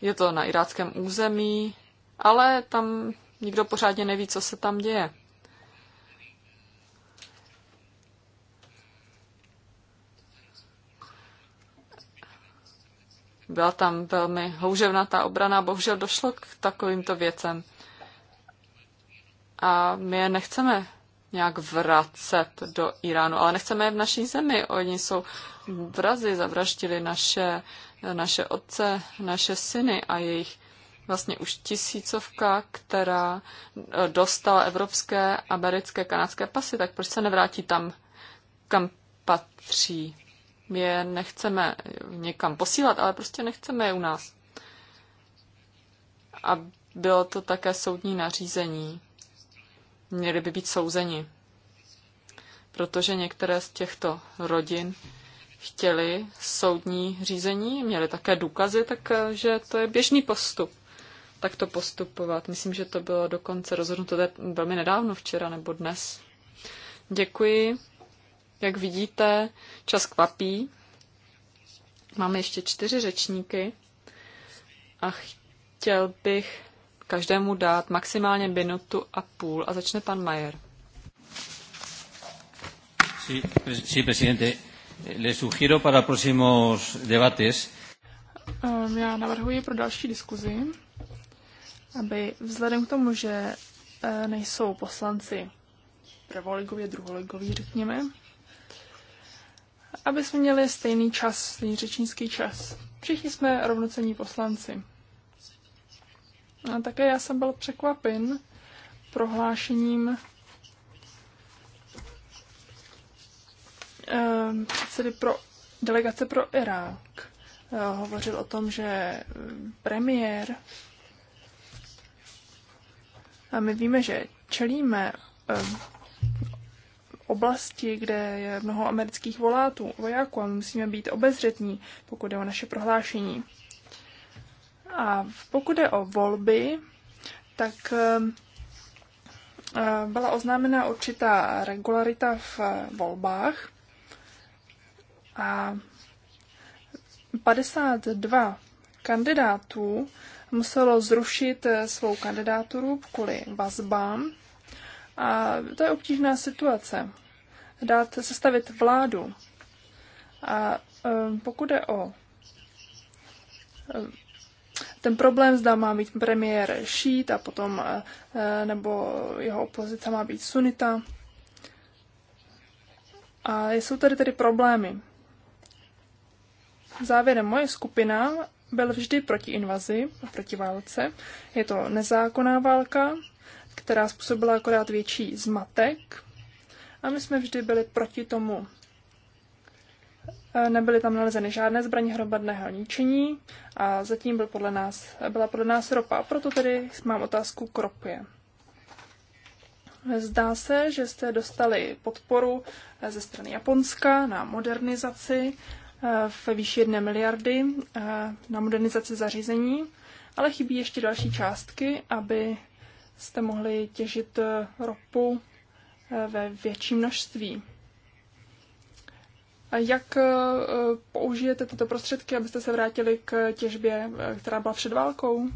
Je to na iráckém území, ale tam nikdo pořádně neví, co se tam děje. Byla tam velmi houževnatá obrana, bohužel došlo k takovýmto věcem. A my je nechceme nějak vracet do Iránu, ale nechceme je v naší zemi. Oni jsou vrazy, zavraždili naše, naše otce, naše syny a jejich vlastně už tisícovka, která dostala evropské, americké, kanadské pasy, tak proč se nevrátí tam, kam patří? je nechceme někam posílat, ale prostě nechceme je u nás. A bylo to také soudní nařízení. Měli by být souzeni. Protože některé z těchto rodin chtěli soudní řízení, měli také důkazy, takže eh, to je běžný postup. Tak to postupovat. Myslím, že to bylo dokonce rozhodnuto velmi nedávno, včera nebo dnes. Děkuji. Jak vidíte, čas kvapí. Máme ještě čtyři řečníky a chtěl bych každému dát maximálně minutu a půl. A začne pan Majer. Sí, sí, presidente. Le sugiero para próximos debates. Ehm, já navrhuji pro další diskuzi, aby vzhledem k tomu, že eh, nejsou poslanci prvoligově, druholigoví, řekněme, aby jsme měli stejný čas, stejný řečnický čas. Všichni jsme rovnocení poslanci. A také já jsem byl překvapen prohlášením eh, předsedy pro delegace pro Irák. Eh, hovořil o tom, že eh, premiér a my víme, že čelíme oblasti, kde je mnoho amerických volátů, vojáků a my musíme být obezřetní, pokud je o naše prohlášení. A pokud je o volby, tak eh, eh, byla oznámena určitá regularita v eh, volbách a 52 kandidátů muselo zrušit svou kandidaturu kvůli vazbám a to je obtížná situace. Dát sestavit vládu. A um, pokud je o um, ten problém, zda má být premiér šít a potom uh, uh, nebo jeho opozice má být sunita. A jsou tady tedy problémy. Závěrem moje skupina byl vždy proti invazi, proti válce. Je to nezákonná válka, která způsobila akorát větší zmatek. A my jsme vždy byli proti tomu. E, nebyly tam nalezeny žádné zbraně hromadného ničení a zatím byl podle nás, byla podle nás ropa. Proto tedy mám otázku k ropě. Zdá se, že jste dostali podporu e, ze strany Japonska na modernizaci ve výši 1 miliardy e, na modernizaci zařízení, ale chybí ještě další částky, aby jste mohli těžit ropu eh, ve větším množství. A jak eh, použijete tyto prostředky, abyste se vrátili k těžbě, eh, která byla před válkou?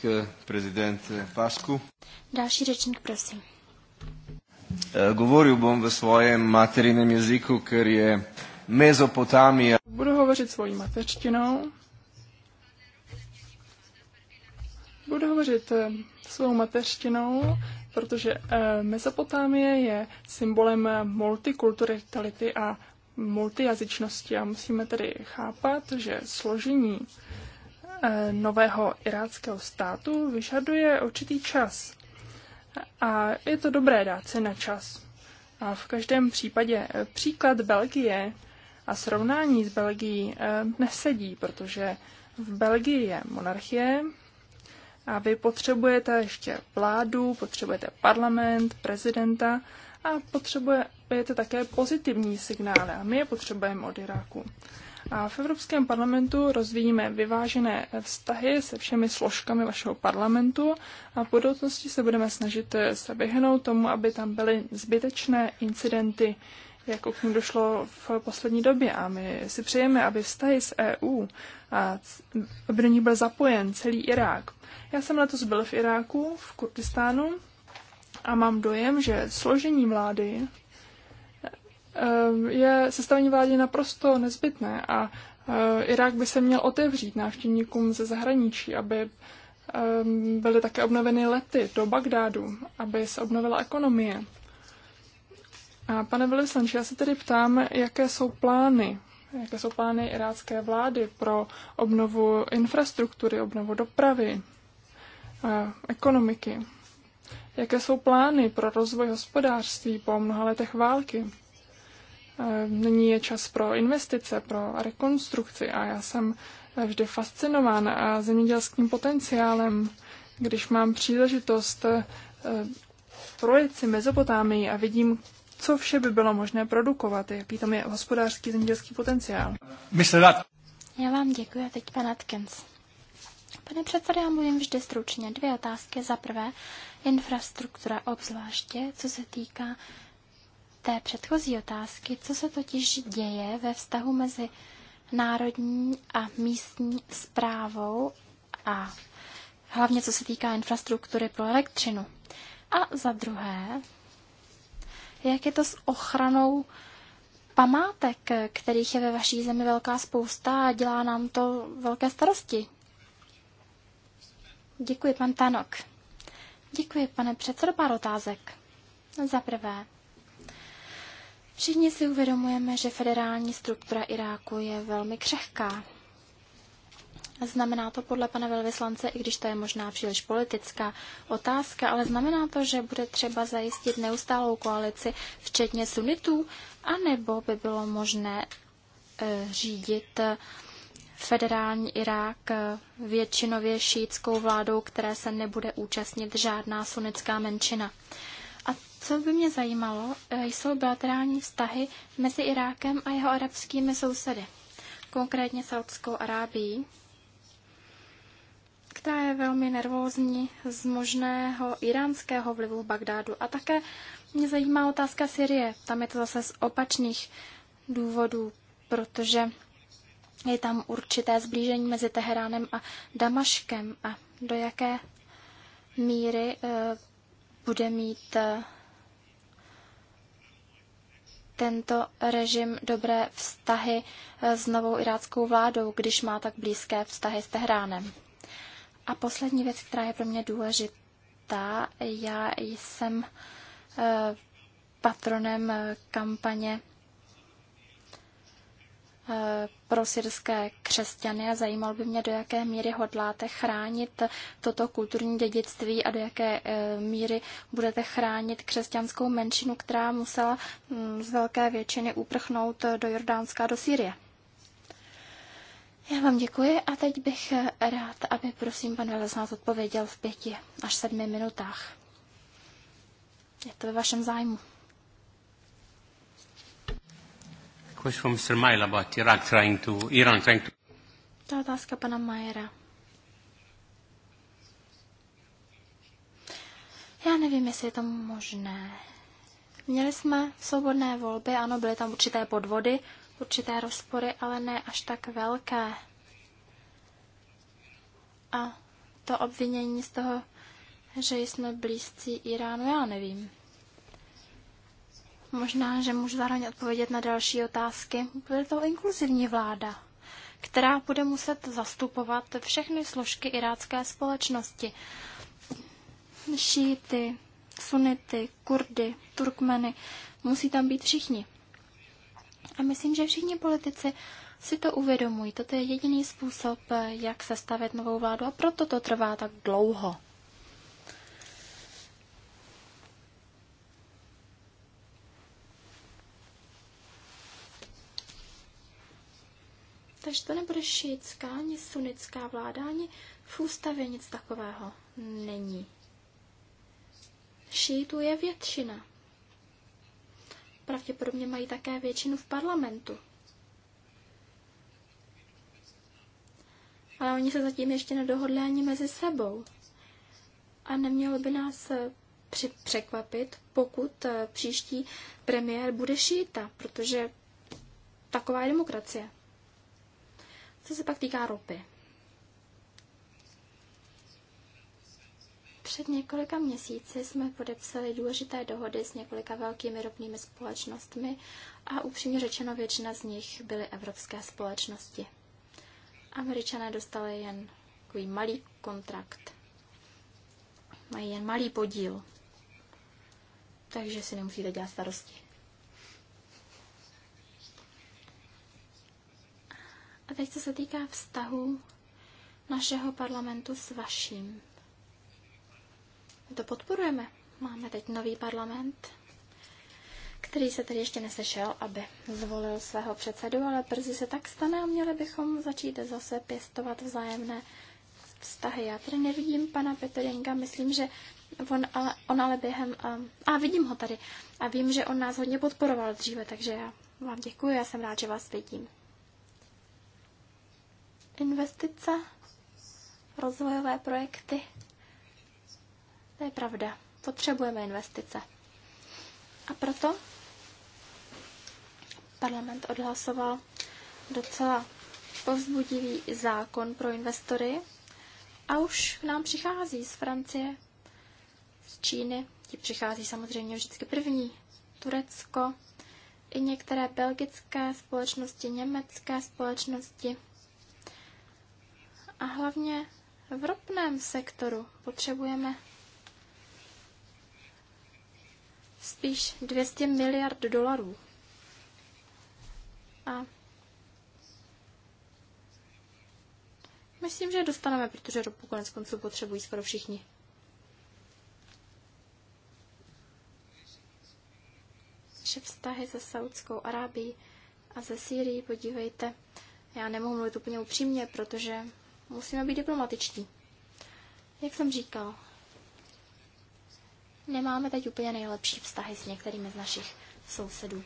K prezident Pasku. Další řečník, prosím. Govoril bom ve svém materinem jazyku, který je Mezopotámia. Budu hovořit svojí mateřštinou, Budu hovořit eh, svou mateřštinou, protože eh, Mezopotámie je symbolem eh, multikulturality a multijazyčnosti a musíme tedy chápat, že složení nového iráckého státu vyžaduje určitý čas. A je to dobré dát se na čas. A v každém případě příklad Belgie a srovnání s Belgií nesedí, protože v Belgii je monarchie, a vy potřebujete ještě vládu, potřebujete parlament, prezidenta a potřebujete také pozitivní signály. A my je potřebujeme od Iráku. A v Evropském parlamentu rozvíjíme vyvážené vztahy se všemi složkami vašeho parlamentu a v budoucnosti se budeme snažit se vyhnout tomu, aby tam byly zbytečné incidenty, jako k ním došlo v poslední době. A my si přejeme, aby vztahy s EU a aby do ní byl zapojen celý Irák. Já jsem letos byl v Iráku, v Kurdistánu a mám dojem, že složení vlády e, je sestavení vlády naprosto nezbytné a e, Irák by se měl otevřít návštěvníkům ze zahraničí, aby e, byly také obnoveny lety do Bagdádu, aby se obnovila ekonomie. A pane Velislanče, já se tedy ptám, jaké jsou plány jaké jsou plány irácké vlády pro obnovu infrastruktury, obnovu dopravy, eh, ekonomiky. Jaké jsou plány pro rozvoj hospodářství po mnoha letech války? Eh, nyní je čas pro investice, pro rekonstrukci a já jsem eh, vždy fascinován a zemědělským potenciálem. Když mám příležitost projet si Mezopotámii a vidím, co vše by bylo možné produkovat, jaký tam je hospodářský zemědělský potenciál. Mr. Já vám děkuji a teď pan Atkins. Pane předsedo, já mluvím vždy stručně. Dvě otázky. Za prvé, infrastruktura obzvláště, co se týká té předchozí otázky, co se totiž děje ve vztahu mezi národní a místní zprávou a hlavně co se týká infrastruktury pro elektřinu. A za druhé, jak je to s ochranou památek, kterých je ve vaší zemi velká spousta a dělá nám to velké starosti? Děkuji, pan Tanok. Děkuji, pane předsedo, pár otázek. Za prvé, všichni si uvědomujeme, že federální struktura Iráku je velmi křehká. Znamená to podle pana velvyslance, i když to je možná příliš politická otázka, ale znamená to, že bude třeba zajistit neustálou koalici, včetně sunitů, anebo by bylo možné e, řídit eh, federální Irák eh, většinově šítskou vládou, které se nebude účastnit žádná sunická menšina. A co by mě zajímalo, jsou bilaterální vztahy mezi Irákem a jeho arabskými sousedy, konkrétně Saudskou Arábií, která je velmi nervózní z možného iránského vlivu v Bagdádu. A také mě zajímá otázka Syrie. Tam je to zase z opačných důvodů, protože je tam určité zblížení mezi Teheránem a Damaškem a do jaké míry eh, bude mít eh, tento režim dobré vztahy eh, s novou iráckou vládou, když má tak blízké vztahy s Tehránem. A poslední věc, která je pro mě důležitá, já jsem eh, patronem eh, kampaně eh, pro syrské křesťany a zajímal by mě, do jaké míry hodláte chránit toto kulturní dědictví a do jaké míry budete chránit křesťanskou menšinu, která musela mm, z velké většiny uprchnout do Jordánska a do Sýrie. Já vám děkuji a teď bych eh, rád, aby prosím pan Velesnát odpověděl v pěti až sedmi minutách. Je to ve vašem zájmu. To je otázka pana Majera. Já nevím, jestli je to možné. Měli jsme svobodné volby, ano, byly tam určité podvody, určité rozpory, ale ne až tak velké. A to obvinění z toho, že jsme blízcí Iránu, já nevím. Možná, že můžu zároveň odpovědět na další otázky. Bude to inkluzivní vláda, která bude muset zastupovat všechny složky irácké společnosti. Šíty, sunity, kurdy, turkmeny, musí tam být všichni. A myslím, že všichni politici si to uvědomují. Toto je jediný způsob, jak sestavit novou vládu a proto to trvá tak dlouho. Takže to nebude šítská, ani sunická vláda, ani v ústavě nic takového není. Šítů je většina, pravděpodobně mají také většinu v parlamentu. Ale oni se zatím ještě nedohodli ani mezi sebou. A nemělo by nás eh, překvapit, pokud eh, příští premiér bude šíta, protože taková je demokracie. Co se pak týká ropy? Před několika měsíci jsme podepsali důležité dohody s několika velkými ropnými společnostmi a upřímně řečeno většina z nich byly evropské společnosti. Američané dostali jen takový malý kontrakt. Mají jen malý podíl. Takže si nemusíte dělat starosti. A teď, co se týká vztahu našeho parlamentu s vaším. My to podporujeme. Máme teď nový parlament, který se tedy ještě nesešel, aby zvolil svého předsedu, ale brzy se tak stane a měli bychom začít zase pěstovat vzájemné vztahy. Já tady nevidím pana Petrinka, myslím, že on ale, on ale během... A, um, a vidím ho tady a vím, že on nás hodně podporoval dříve, takže já vám děkuji, já jsem rád, že vás vidím. Investice, rozvojové projekty. To je pravda. Potřebujeme investice. A proto parlament odhlasoval docela povzbudivý zákon pro investory a už k nám přichází z Francie, z Číny, ti přichází samozřejmě vždycky první, Turecko, i některé belgické společnosti, německé společnosti. A hlavně v ropném sektoru potřebujeme spíš 200 miliard dolarů. A myslím, že dostaneme, protože ropu konec konců potřebují skoro všichni. Že vztahy se Saudskou Arábií a ze Sýrií, podívejte, já nemohu mluvit úplně upřímně, protože musíme být diplomatičtí. Jak jsem říkal, nemáme teď úplně nejlepší vztahy s některými z našich sousedů.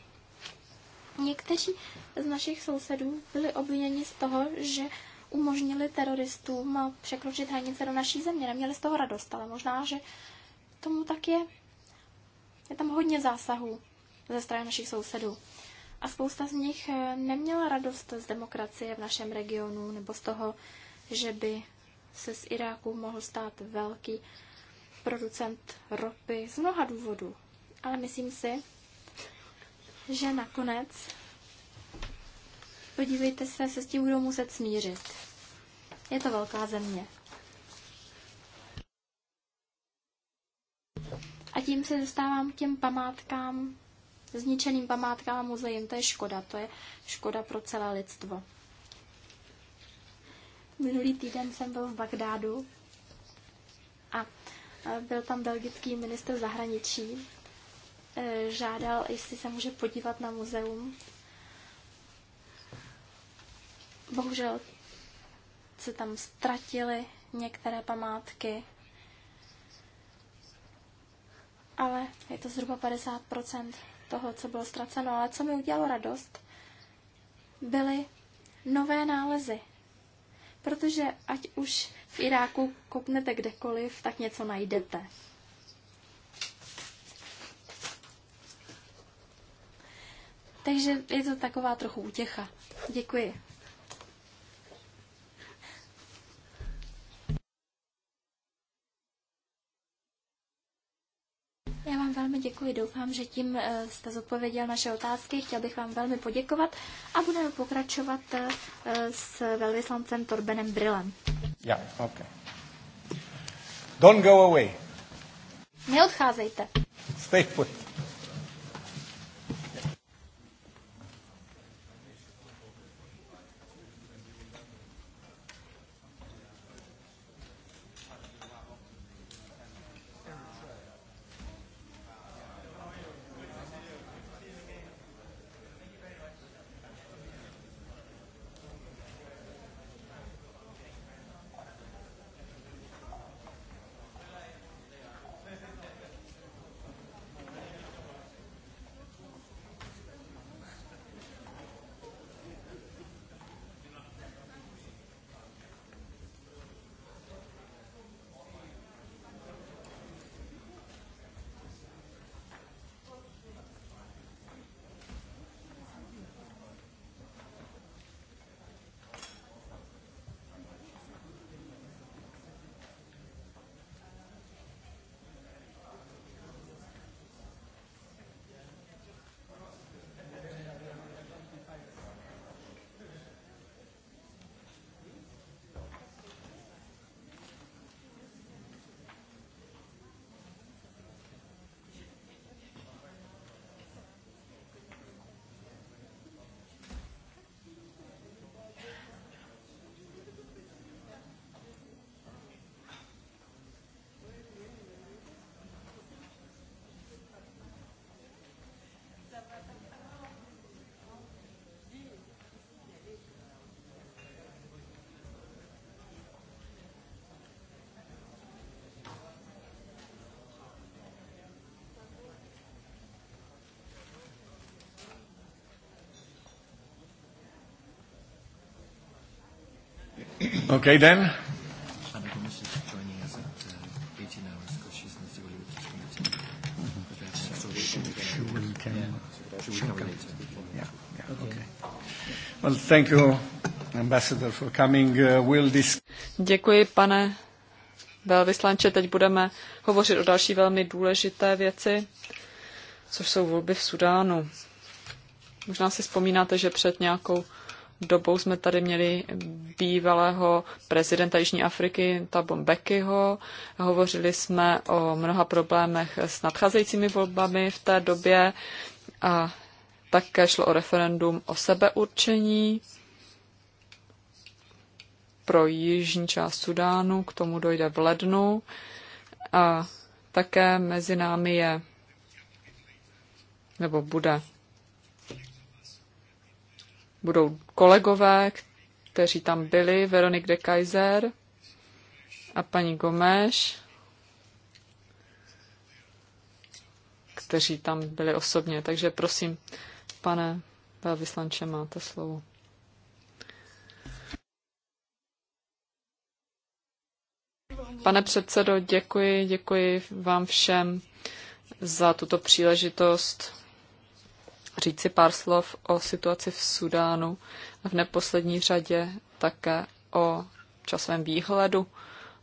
Někteří z našich sousedů byli obviněni z toho, že umožnili teroristům překročit hranice do naší země. Neměli z toho radost, ale možná, že tomu tak je. Je tam hodně zásahů ze strany našich sousedů. A spousta z nich eh, neměla radost z demokracie v našem regionu nebo z toho, že by se z Iráku mohl stát velký producent ropy z mnoha důvodů. Ale myslím si, že nakonec, podívejte se, se s tím budou muset smířit. Je to velká země. A tím se dostávám k těm památkám, zničeným památkám a muzeím. To je škoda, to je škoda pro celé lidstvo. Minulý týden jsem byl v Bagdádu a byl tam belgický minister zahraničí, eh, žádal, jestli se může podívat na muzeum. Bohužel se tam ztratily některé památky, ale je to zhruba 50% toho, co bylo ztraceno. Ale co mi udělalo radost, byly nové nálezy, protože ať už v Iráku kopnete kdekoliv, tak něco najdete. Takže je to taková trochu útěcha. Děkuji. Děkuji, doufám, že tím eh, jste zodpověděl naše otázky. Chtěl bych vám velmi poděkovat a budeme pokračovat eh, s velvyslancem Torbenem Brillem. Yeah, okay. Don't go away. Neodcházejte. Stay put. Okay then. Eh, well, thank you, Ambassador, for coming. Uh, we'll Děkuji, pane velvyslanče. Teď budeme hovořit o další velmi důležité věci, což jsou volby v Sudánu. Možná si vzpomínáte, že před nějakou dobou jsme tady měli bývalého prezidenta Jižní Afriky, Tabon Bekyho. Hovořili jsme o mnoha problémech s nadcházejícími volbami v té době a také šlo o referendum o sebeurčení pro jižní část Sudánu, k tomu dojde v lednu. A také mezi námi je, nebo bude budou kolegové, kteří tam byli, Veronik de Kaiser a paní Gomeš, kteří tam byli osobně. Takže prosím, pane velvyslanče, máte slovo. Pane předsedo, děkuji, děkuji vám všem za tuto příležitost říci pár slov o situaci v Sudánu a v neposlední řadě také o časovém výhledu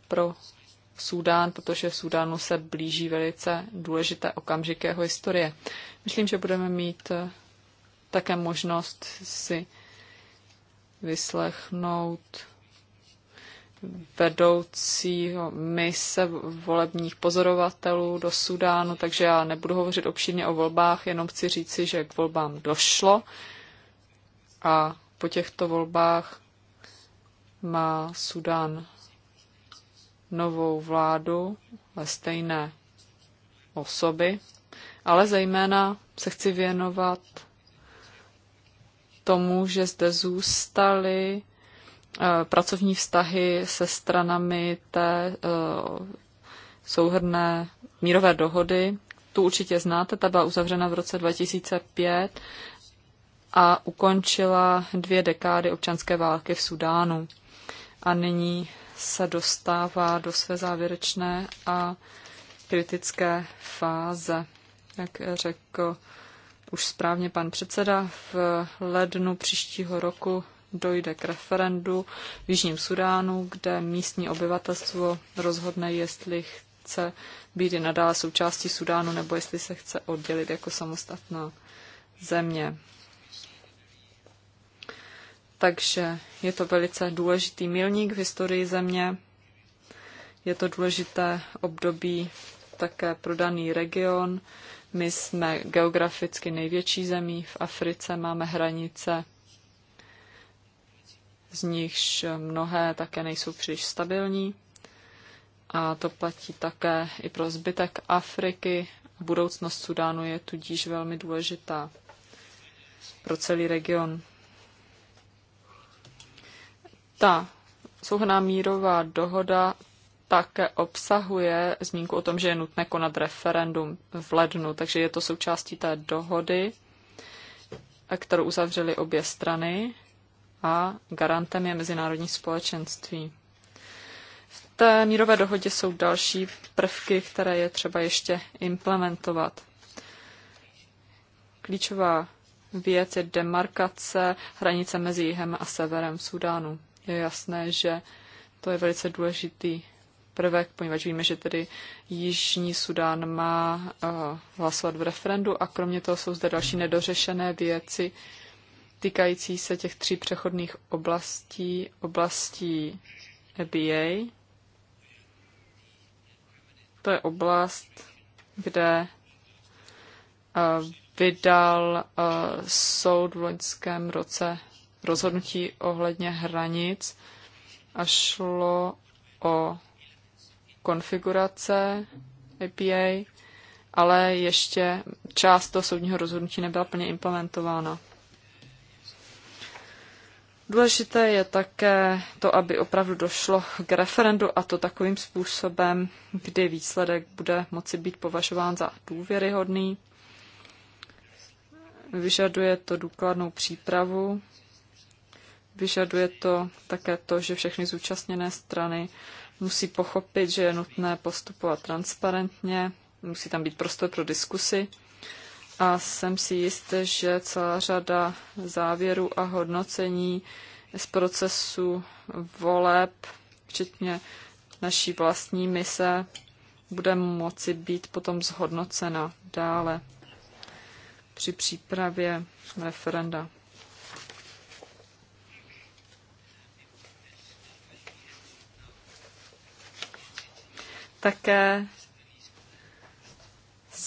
pro Súdán, protože v Súdánu se blíží velice důležité okamžiky jeho historie. Myslím, že budeme mít eh, také možnost si vyslechnout vedoucího mise volebních pozorovatelů do Sudánu, takže já nebudu hovořit obšírně o volbách, jenom chci říci, že k volbám došlo a po těchto volbách má Sudán novou vládu ve stejné osoby, ale zejména se chci věnovat tomu, že zde zůstaly Eh, pracovní vztahy se stranami té eh, souhrné mírové dohody. Tu určitě znáte, ta byla uzavřena v roce 2005 a ukončila dvě dekády občanské války v Sudánu. A nyní se dostává do své závěrečné a kritické fáze. Jak řekl už správně pan předseda, v lednu příštího roku dojde k referendu v Jižním Sudánu, kde místní obyvatelstvo rozhodne, jestli chce být i nadále součástí Sudánu nebo jestli se chce oddělit jako samostatná země. Takže je to velice důležitý milník v historii země. Je to důležité období také pro daný region. My jsme geograficky největší zemí v Africe, máme hranice z nichž mnohé také nejsou příliš stabilní. A to platí také i pro zbytek Afriky. Budoucnost Sudánu je tudíž velmi důležitá pro celý region. Ta souhná mírová dohoda také obsahuje zmínku o tom, že je nutné konat referendum v lednu, takže je to součástí té dohody, kterou uzavřely obě strany a garantem je mezinárodní společenství. V té mírové dohodě jsou další prvky, které je třeba ještě implementovat. Klíčová věc je demarkace hranice mezi jihem a severem Sudánu. Je jasné, že to je velice důležitý prvek, poněvadž víme, že tedy Jižní Sudán má uh, hlasovat v referendu a kromě toho jsou zde další nedořešené věci, týkající se těch tří přechodných oblastí, oblastí EBA. To je oblast, kde eh, vydal eh, soud v loňském roce rozhodnutí ohledně hranic a šlo o konfigurace EPA, ale ještě část toho soudního rozhodnutí nebyla plně implementována. Důležité je také to, aby opravdu došlo k referendu a to takovým způsobem, kdy výsledek bude moci být považován za důvěryhodný. Vyžaduje to důkladnou přípravu, vyžaduje to také to, že všechny zúčastněné strany musí pochopit, že je nutné postupovat transparentně, musí tam být prostor pro diskusy a jsem si jist, že celá řada závěrů a hodnocení z procesu voleb, včetně naší vlastní mise, bude moci být potom zhodnocena dále při přípravě referenda. Také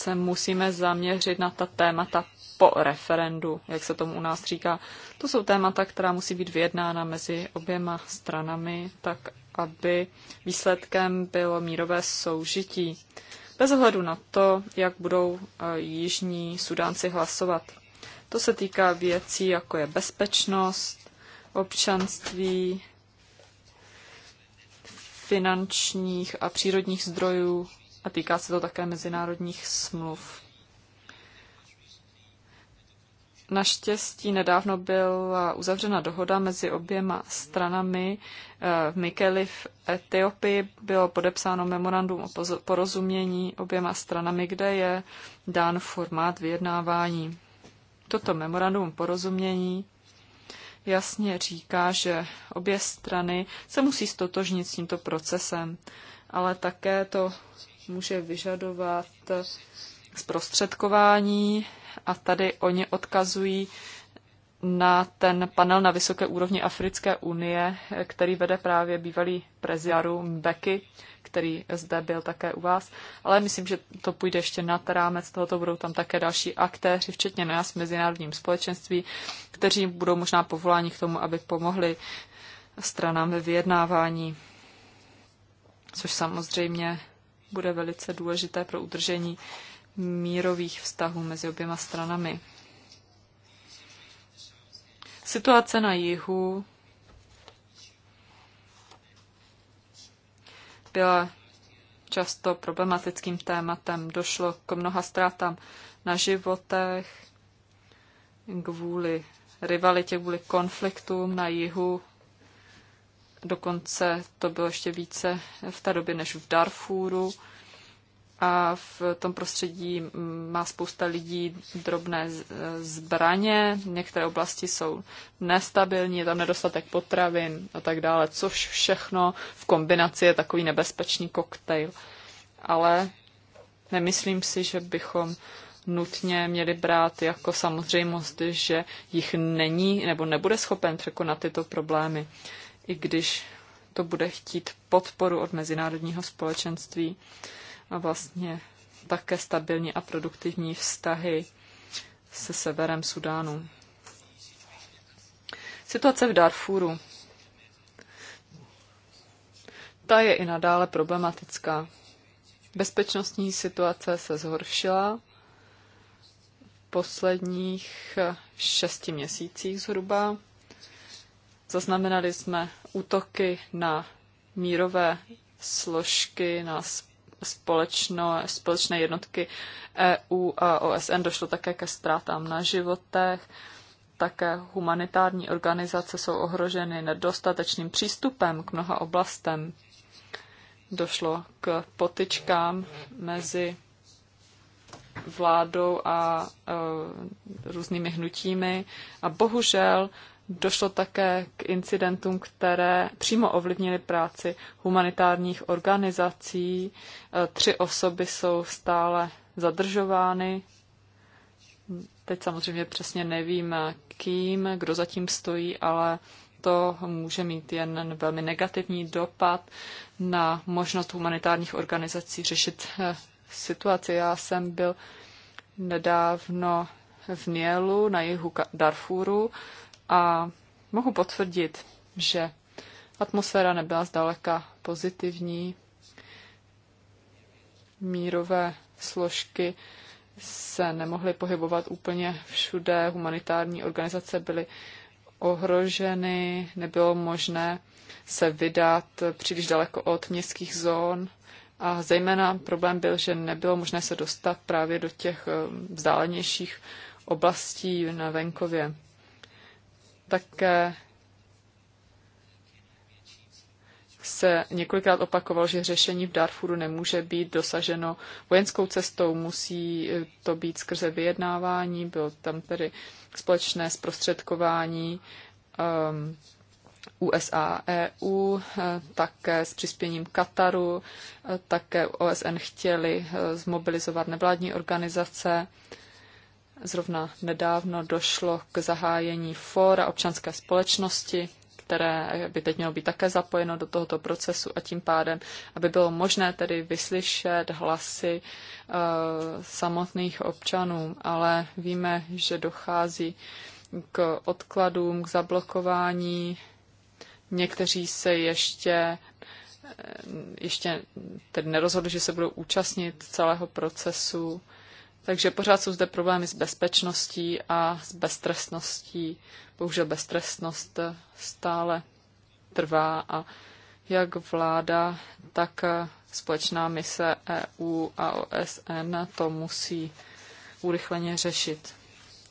se musíme zaměřit na ta témata po referendu, jak se tomu u nás říká. To jsou témata, která musí být vyjednána mezi oběma stranami, tak aby výsledkem bylo mírové soužití. Bez ohledu na to, jak budou e, jižní Sudánci hlasovat. To se týká věcí, jako je bezpečnost, občanství, finančních a přírodních zdrojů, a týká se to také mezinárodních smluv. Naštěstí nedávno byla uzavřena dohoda mezi oběma stranami. Eh, v Mikeli v Etiopii bylo podepsáno memorandum o porozumění oběma stranami, kde je dán formát vyjednávání. Toto memorandum porozumění jasně říká, že obě strany se musí stotožnit s tímto procesem, ale také to může vyžadovat zprostředkování a tady oni odkazují na ten panel na vysoké úrovni Africké unie, který vede právě bývalý preziaru Mbeki, který zde byl také u vás. Ale myslím, že to půjde ještě nad rámec tohoto. Budou tam také další aktéři, včetně nás v mezinárodním společenství, kteří budou možná povoláni k tomu, aby pomohli stranám ve vyjednávání. Což samozřejmě bude velice důležité pro udržení mírových vztahů mezi oběma stranami. Situace na jihu byla často problematickým tématem. Došlo k mnoha ztrátám na životech kvůli rivalitě, kvůli konfliktům na jihu Dokonce to bylo ještě více v té době než v Darfuru. A v tom prostředí má spousta lidí drobné zbraně, některé oblasti jsou nestabilní, je tam nedostatek potravin a tak dále, což všechno v kombinaci je takový nebezpečný koktejl. Ale nemyslím si, že bychom nutně měli brát jako samozřejmost, že jich není nebo nebude schopen překonat tyto problémy i když to bude chtít podporu od mezinárodního společenství a vlastně také stabilní a produktivní vztahy se severem Sudánu. Situace v Darfuru. Ta je i nadále problematická. Bezpečnostní situace se zhoršila v posledních šesti měsících zhruba. Zaznamenali jsme útoky na mírové složky, na společno, společné jednotky EU a OSN. Došlo také ke ztrátám na životech. Také humanitární organizace jsou ohroženy nedostatečným přístupem k mnoha oblastem. Došlo k potyčkám mezi vládou a e, různými hnutími a bohužel Došlo také k incidentům, které přímo ovlivnily práci humanitárních organizací. E, tři osoby jsou stále zadržovány. Teď samozřejmě přesně nevím, kým, kdo zatím stojí, ale to může mít jen velmi negativní dopad na možnost humanitárních organizací řešit e, situaci. Já jsem byl nedávno v Nielu na jihu Darfuru a mohu potvrdit, že atmosféra nebyla zdaleka pozitivní. Mírové složky se nemohly pohybovat úplně všude, humanitární organizace byly ohroženy, nebylo možné se vydat příliš daleko od městských zón a zejména problém byl, že nebylo možné se dostat právě do těch eh, vzdálenějších oblastí na venkově. Také se několikrát opakoval, že řešení v Darfuru nemůže být dosaženo vojenskou cestou, musí eh, to být skrze vyjednávání, bylo tam tedy společné zprostředkování um, ehm, USA a EU, eh, také s přispěním Kataru, eh, také OSN chtěli zmobilizovat nevládní organizace Zrovna nedávno došlo k zahájení fóra občanské společnosti, které by teď mělo být také zapojeno do tohoto procesu a tím pádem, aby bylo možné tedy vyslyšet hlasy uh, samotných občanů, ale víme, že dochází k odkladům, k zablokování. Někteří se ještě eh, ještě tedy nerozhodli, že se budou účastnit celého procesu takže pořád jsou zde problémy s bezpečností a s beztrestností. Bohužel beztrestnost stále trvá a jak vláda, tak společná mise EU a OSN to musí urychleně řešit.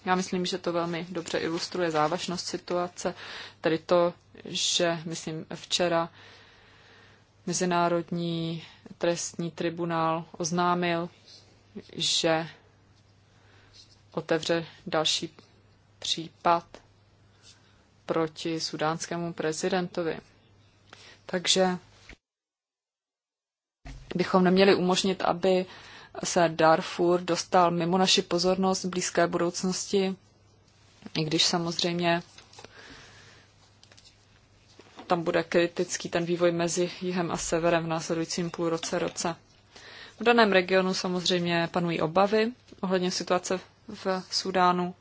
Já myslím, že to velmi dobře ilustruje závažnost situace, tedy to, že, myslím, včera Mezinárodní trestní tribunál oznámil, že otevře další případ proti sudánskému prezidentovi. Takže bychom neměli umožnit, aby se Darfur dostal mimo naši pozornost v blízké budoucnosti, i když samozřejmě tam bude kritický ten vývoj mezi jihem a severem v následujícím půl roce roce. V daném regionu samozřejmě panují obavy ohledně situace v Sudánu.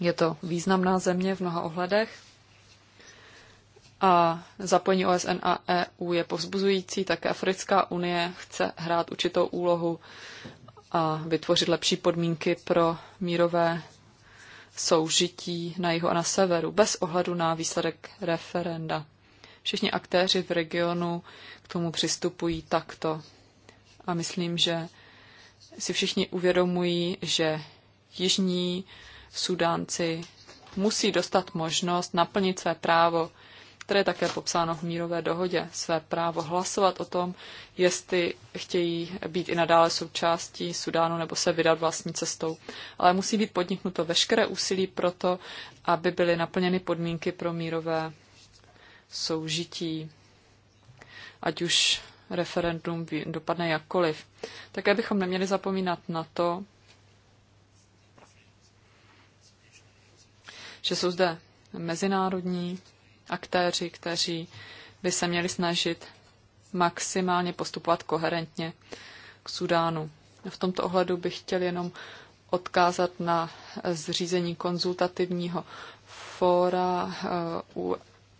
Je to významná země v mnoha ohledech a zapojení OSN a EU je povzbuzující, Tak Africká unie chce hrát určitou úlohu a vytvořit lepší podmínky pro mírové soužití na jihu a na severu, bez ohledu na výsledek referenda. Všichni aktéři v regionu k tomu přistupují takto. A myslím, že si všichni uvědomují, že jižní Sudánci musí dostat možnost naplnit své právo, které je také popsáno v mírové dohodě, své právo hlasovat o tom, jestli chtějí být i nadále součástí Sudánu nebo se vydat vlastní cestou. Ale musí být podniknuto veškeré úsilí pro to, aby byly naplněny podmínky pro mírové soužití, ať už referendum dopadne jakkoliv. Také bychom neměli zapomínat na to, že jsou zde mezinárodní aktéři, kteří by se měli snažit maximálně postupovat koherentně k Sudánu. V tomto ohledu bych chtěl jenom odkázat na zřízení konzultativního fóra eh,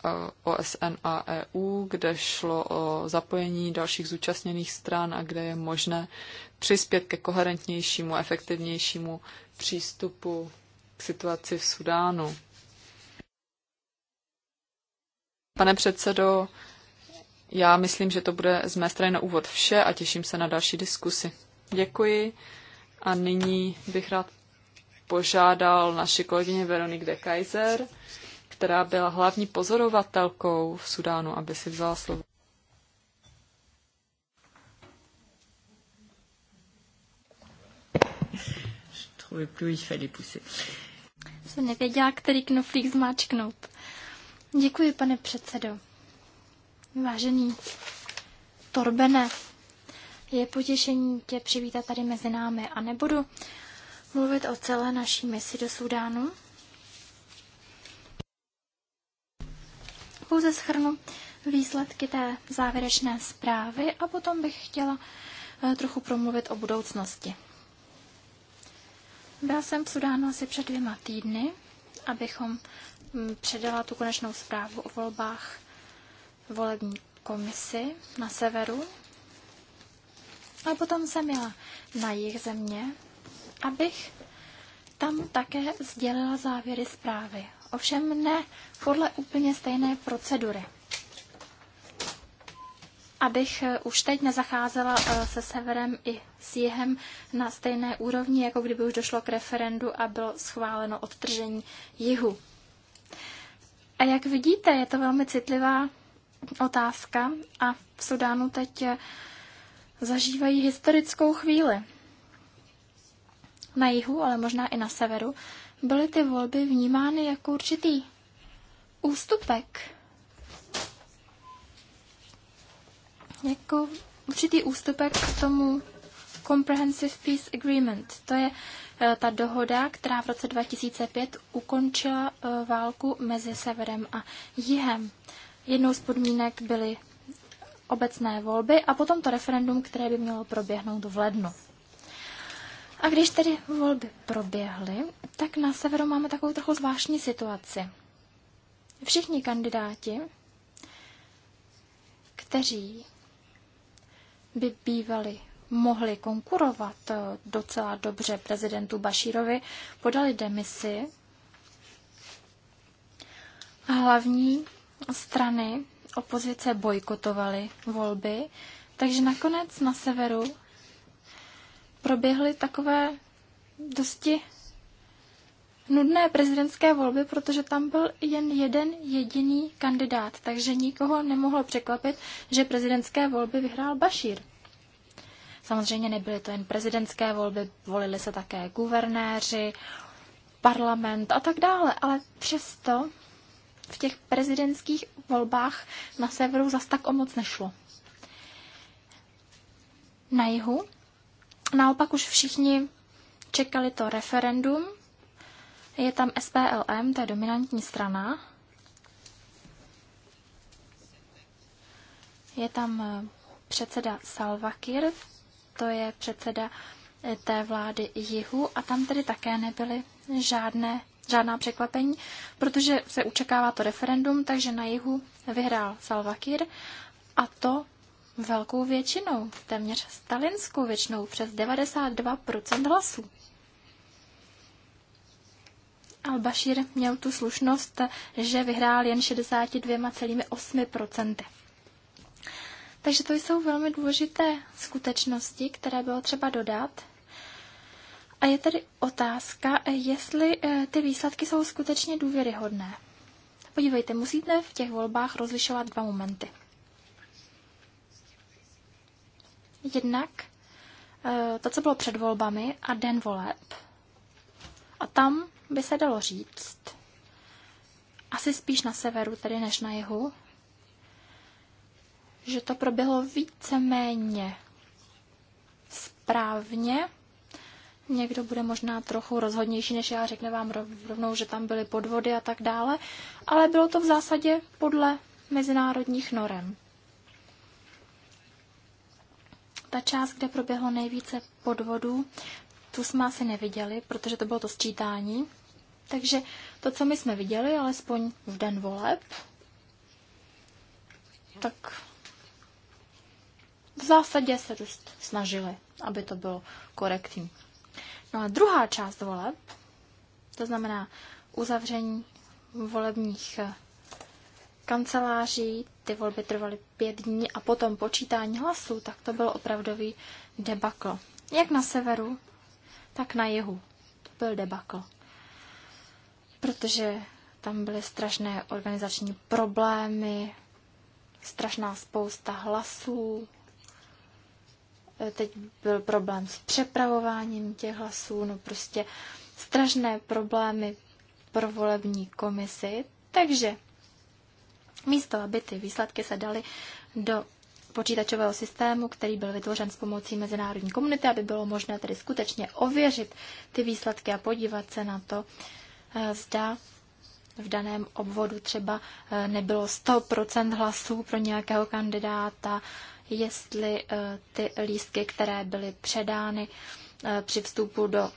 Eh, OSN a EU, kde šlo o zapojení dalších zúčastněných stran a kde je možné přispět ke koherentnějšímu, efektivnějšímu přístupu k situaci v Sudánu. Pane předsedo, já myslím, že to bude z mé strany na úvod vše a těším se na další diskusy. Děkuji a nyní bych rád požádal naši kolegyně Veronik de Kaiser, která byla hlavní pozorovatelkou v Sudánu, aby si vzala slovo. Jsem nevěděla, který knoflík zmáčknout. Děkuji, pane předsedo. Vážený Torbene, je potěšení tě přivítat tady mezi námi a nebudu mluvit o celé naší misi do Sudánu, pouze schrnu výsledky té závěrečné zprávy a potom bych chtěla eh, trochu promluvit o budoucnosti. Byla jsem v Sudánu asi před dvěma týdny, abychom hm, předala tu konečnou zprávu o volbách volební komisi na severu. A potom jsem jela na jejich země, abych tam také sdělila závěry zprávy Ovšem ne podle úplně stejné procedury. Abych eh, už teď nezacházela eh, se severem i s jihem na stejné úrovni, jako kdyby už došlo k referendu a bylo schváleno odtržení jihu. A jak vidíte, je to velmi citlivá otázka a v Sudánu teď eh, zažívají historickou chvíli. Na jihu, ale možná i na severu, byly ty volby vnímány jako určitý ústupek. Jako určitý ústupek k tomu Comprehensive Peace Agreement. To je eh, ta dohoda, která v roce 2005 ukončila eh, válku mezi severem a jihem. Jednou z podmínek byly obecné volby a potom to referendum, které by mělo proběhnout v lednu. A když tedy volby proběhly, tak na severu máme takovou trochu zvláštní situaci. Všichni kandidáti, kteří by bývali mohli konkurovat eh, docela dobře prezidentu Bašírovi, podali demisi. A hlavní strany opozice bojkotovaly volby, takže nakonec na severu proběhly takové dosti nudné prezidentské volby, protože tam byl jen jeden jediný kandidát, takže nikoho nemohlo překvapit, že prezidentské volby vyhrál Bašír. Samozřejmě nebyly to jen prezidentské volby, volili se také guvernéři, parlament a tak dále, ale přesto v těch prezidentských volbách na severu zas tak o moc nešlo. Na jihu Naopak už všichni čekali to referendum. Je tam SPLM, to je dominantní strana. Je tam eh, předseda Salva to je předseda eh, té vlády jihu a tam tedy také nebyly žádné, žádná překvapení, protože se učekává to referendum, takže na jihu vyhrál Salva a to velkou většinou, téměř stalinskou většinou, přes 92% hlasů. Al-Bashir měl tu slušnost, že vyhrál jen 62,8%. Takže to jsou velmi důležité skutečnosti, které bylo třeba dodat. A je tedy otázka, jestli eh, ty výsledky jsou skutečně důvěryhodné. Podívejte, musíte v těch volbách rozlišovat dva momenty. Jednak eh, to, co bylo před volbami a den voleb. A tam by se dalo říct, asi spíš na severu tedy než na jihu, že to proběhlo víceméně správně. Někdo bude možná trochu rozhodnější než já, řekne vám rovnou, že tam byly podvody a tak dále, ale bylo to v zásadě podle mezinárodních norem. Ta část, kde proběhlo nejvíce podvodů, tu jsme asi neviděli, protože to bylo to sčítání. Takže to, co my jsme viděli, alespoň v den voleb, tak v zásadě se dost snažili, aby to bylo korektní. No a druhá část voleb, to znamená uzavření volebních eh, kanceláří, ty volby trvaly pět dní a potom počítání hlasů, tak to byl opravdový debakl. Jak na severu, tak na jihu. To byl debakl. Protože tam byly strašné organizační problémy, strašná spousta hlasů. E, teď byl problém s přepravováním těch hlasů, no prostě strašné problémy pro volební komisi. Takže Místo, aby ty výsledky se daly do počítačového systému, který byl vytvořen s pomocí mezinárodní komunity, aby bylo možné tedy skutečně ověřit ty výsledky a podívat se na to, eh, zda v daném obvodu třeba eh, nebylo 100% hlasů pro nějakého kandidáta, jestli eh, ty lístky, které byly předány při vstupu do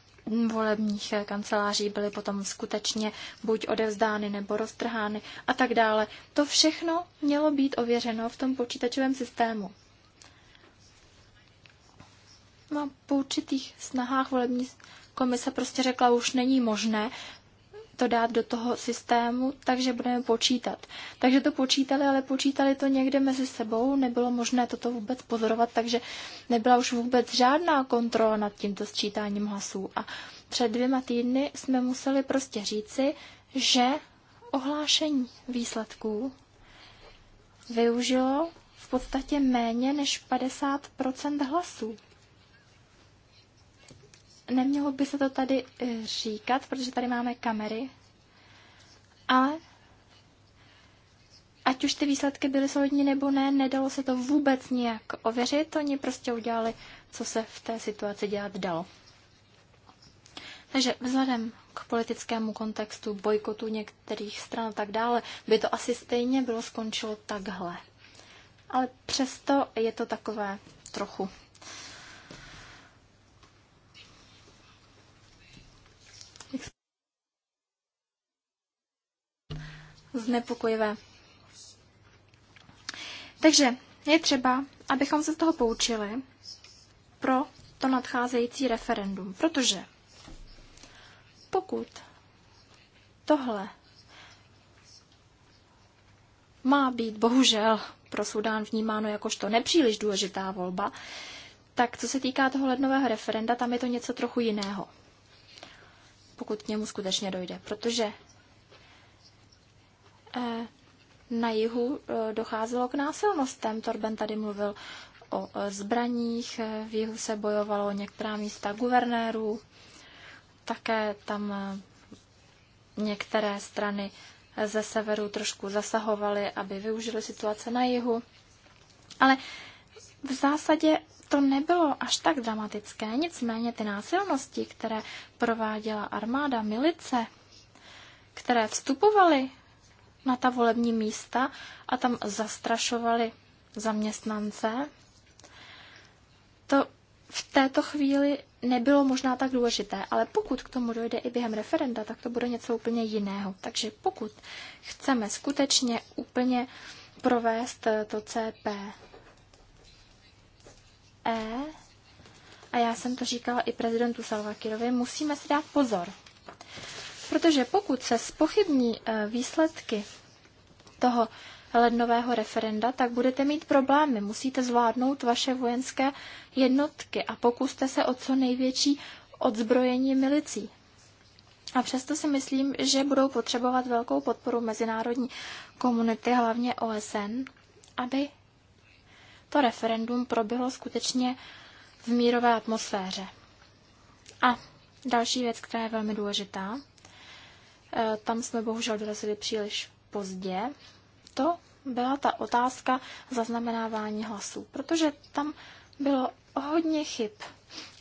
volebních eh, kanceláří byly potom skutečně buď odevzdány nebo roztrhány a tak dále. To všechno mělo být ověřeno v tom počítačovém systému. No, po určitých snahách volební komise prostě řekla, už není možné to dát do toho systému, takže budeme počítat. Takže to počítali, ale počítali to někde mezi sebou, nebylo možné toto vůbec pozorovat, takže nebyla už vůbec žádná kontrola nad tímto sčítáním hlasů. A před dvěma týdny jsme museli prostě říci, že ohlášení výsledků využilo v podstatě méně než 50 hlasů. Nemělo by se to tady eh, říkat, protože tady máme kamery, ale ať už ty výsledky byly solidní nebo ne, nedalo se to vůbec nijak ověřit, oni prostě udělali, co se v té situaci dělat dalo. Takže vzhledem k politickému kontextu, bojkotu některých stran a tak dále, by to asi stejně bylo skončilo takhle. Ale přesto je to takové trochu znepokojivé. Takže je třeba, abychom se z toho poučili pro to nadcházející referendum, protože pokud tohle má být bohužel pro Sudán vnímáno jakožto nepříliš důležitá volba, tak co se týká toho lednového referenda, tam je to něco trochu jiného, pokud k němu skutečně dojde, protože Eh, na jihu eh, docházelo k násilnostem. Torben tady mluvil o eh, zbraních, v jihu se bojovalo některá místa guvernérů, také tam některé strany ze severu trošku zasahovaly, aby využili situace na jihu. Ale v zásadě to nebylo až tak dramatické, nicméně ty násilnosti, které prováděla armáda, milice, které vstupovaly na ta volební místa a tam zastrašovali zaměstnance, to v této chvíli nebylo možná tak důležité, ale pokud k tomu dojde i během referenda, tak to bude něco úplně jiného. Takže pokud chceme skutečně úplně provést to E, a já jsem to říkala i prezidentu Salvakirovi, musíme si dát pozor. Protože pokud se spochybní eh, výsledky toho lednového referenda, tak budete mít problémy. Musíte zvládnout vaše vojenské jednotky a pokuste se o co největší odzbrojení milicí. A přesto si myslím, že budou potřebovat velkou podporu mezinárodní komunity, hlavně OSN, aby to referendum proběhlo skutečně v mírové atmosféře. A další věc, která je velmi důležitá, Eh, tam jsme bohužel dorazili příliš pozdě. To byla ta otázka zaznamenávání hlasů, protože tam bylo hodně chyb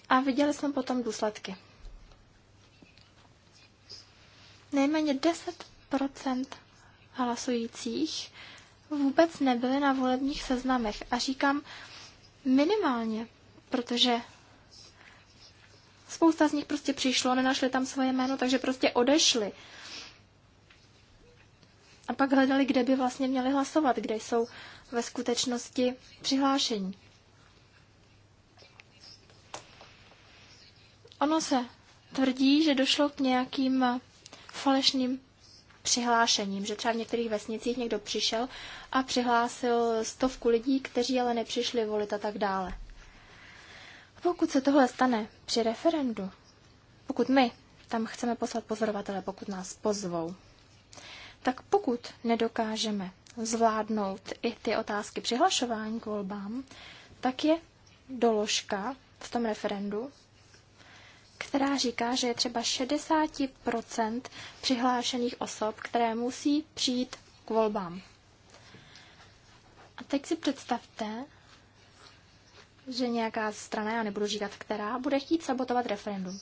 a viděli jsme potom důsledky. Nejméně 10 hlasujících vůbec nebyli na volebních seznamech. A říkám minimálně, protože Spousta z nich prostě přišlo, nenašli tam svoje jméno, takže prostě odešli. A pak hledali, kde by vlastně měli hlasovat, kde jsou ve skutečnosti přihlášení. Ono se tvrdí, že došlo k nějakým falešným přihlášením, že třeba v některých vesnicích někdo přišel a přihlásil stovku lidí, kteří ale nepřišli volit a tak dále. Pokud se tohle stane při referendu, pokud my tam chceme poslat pozorovatele, pokud nás pozvou, tak pokud nedokážeme zvládnout i ty otázky přihlašování k volbám, tak je doložka v tom referendu, která říká, že je třeba 60% přihlášených osob, které musí přijít k volbám. A teď si představte, že nějaká strana, já nebudu říkat která, bude chtít sabotovat referendum,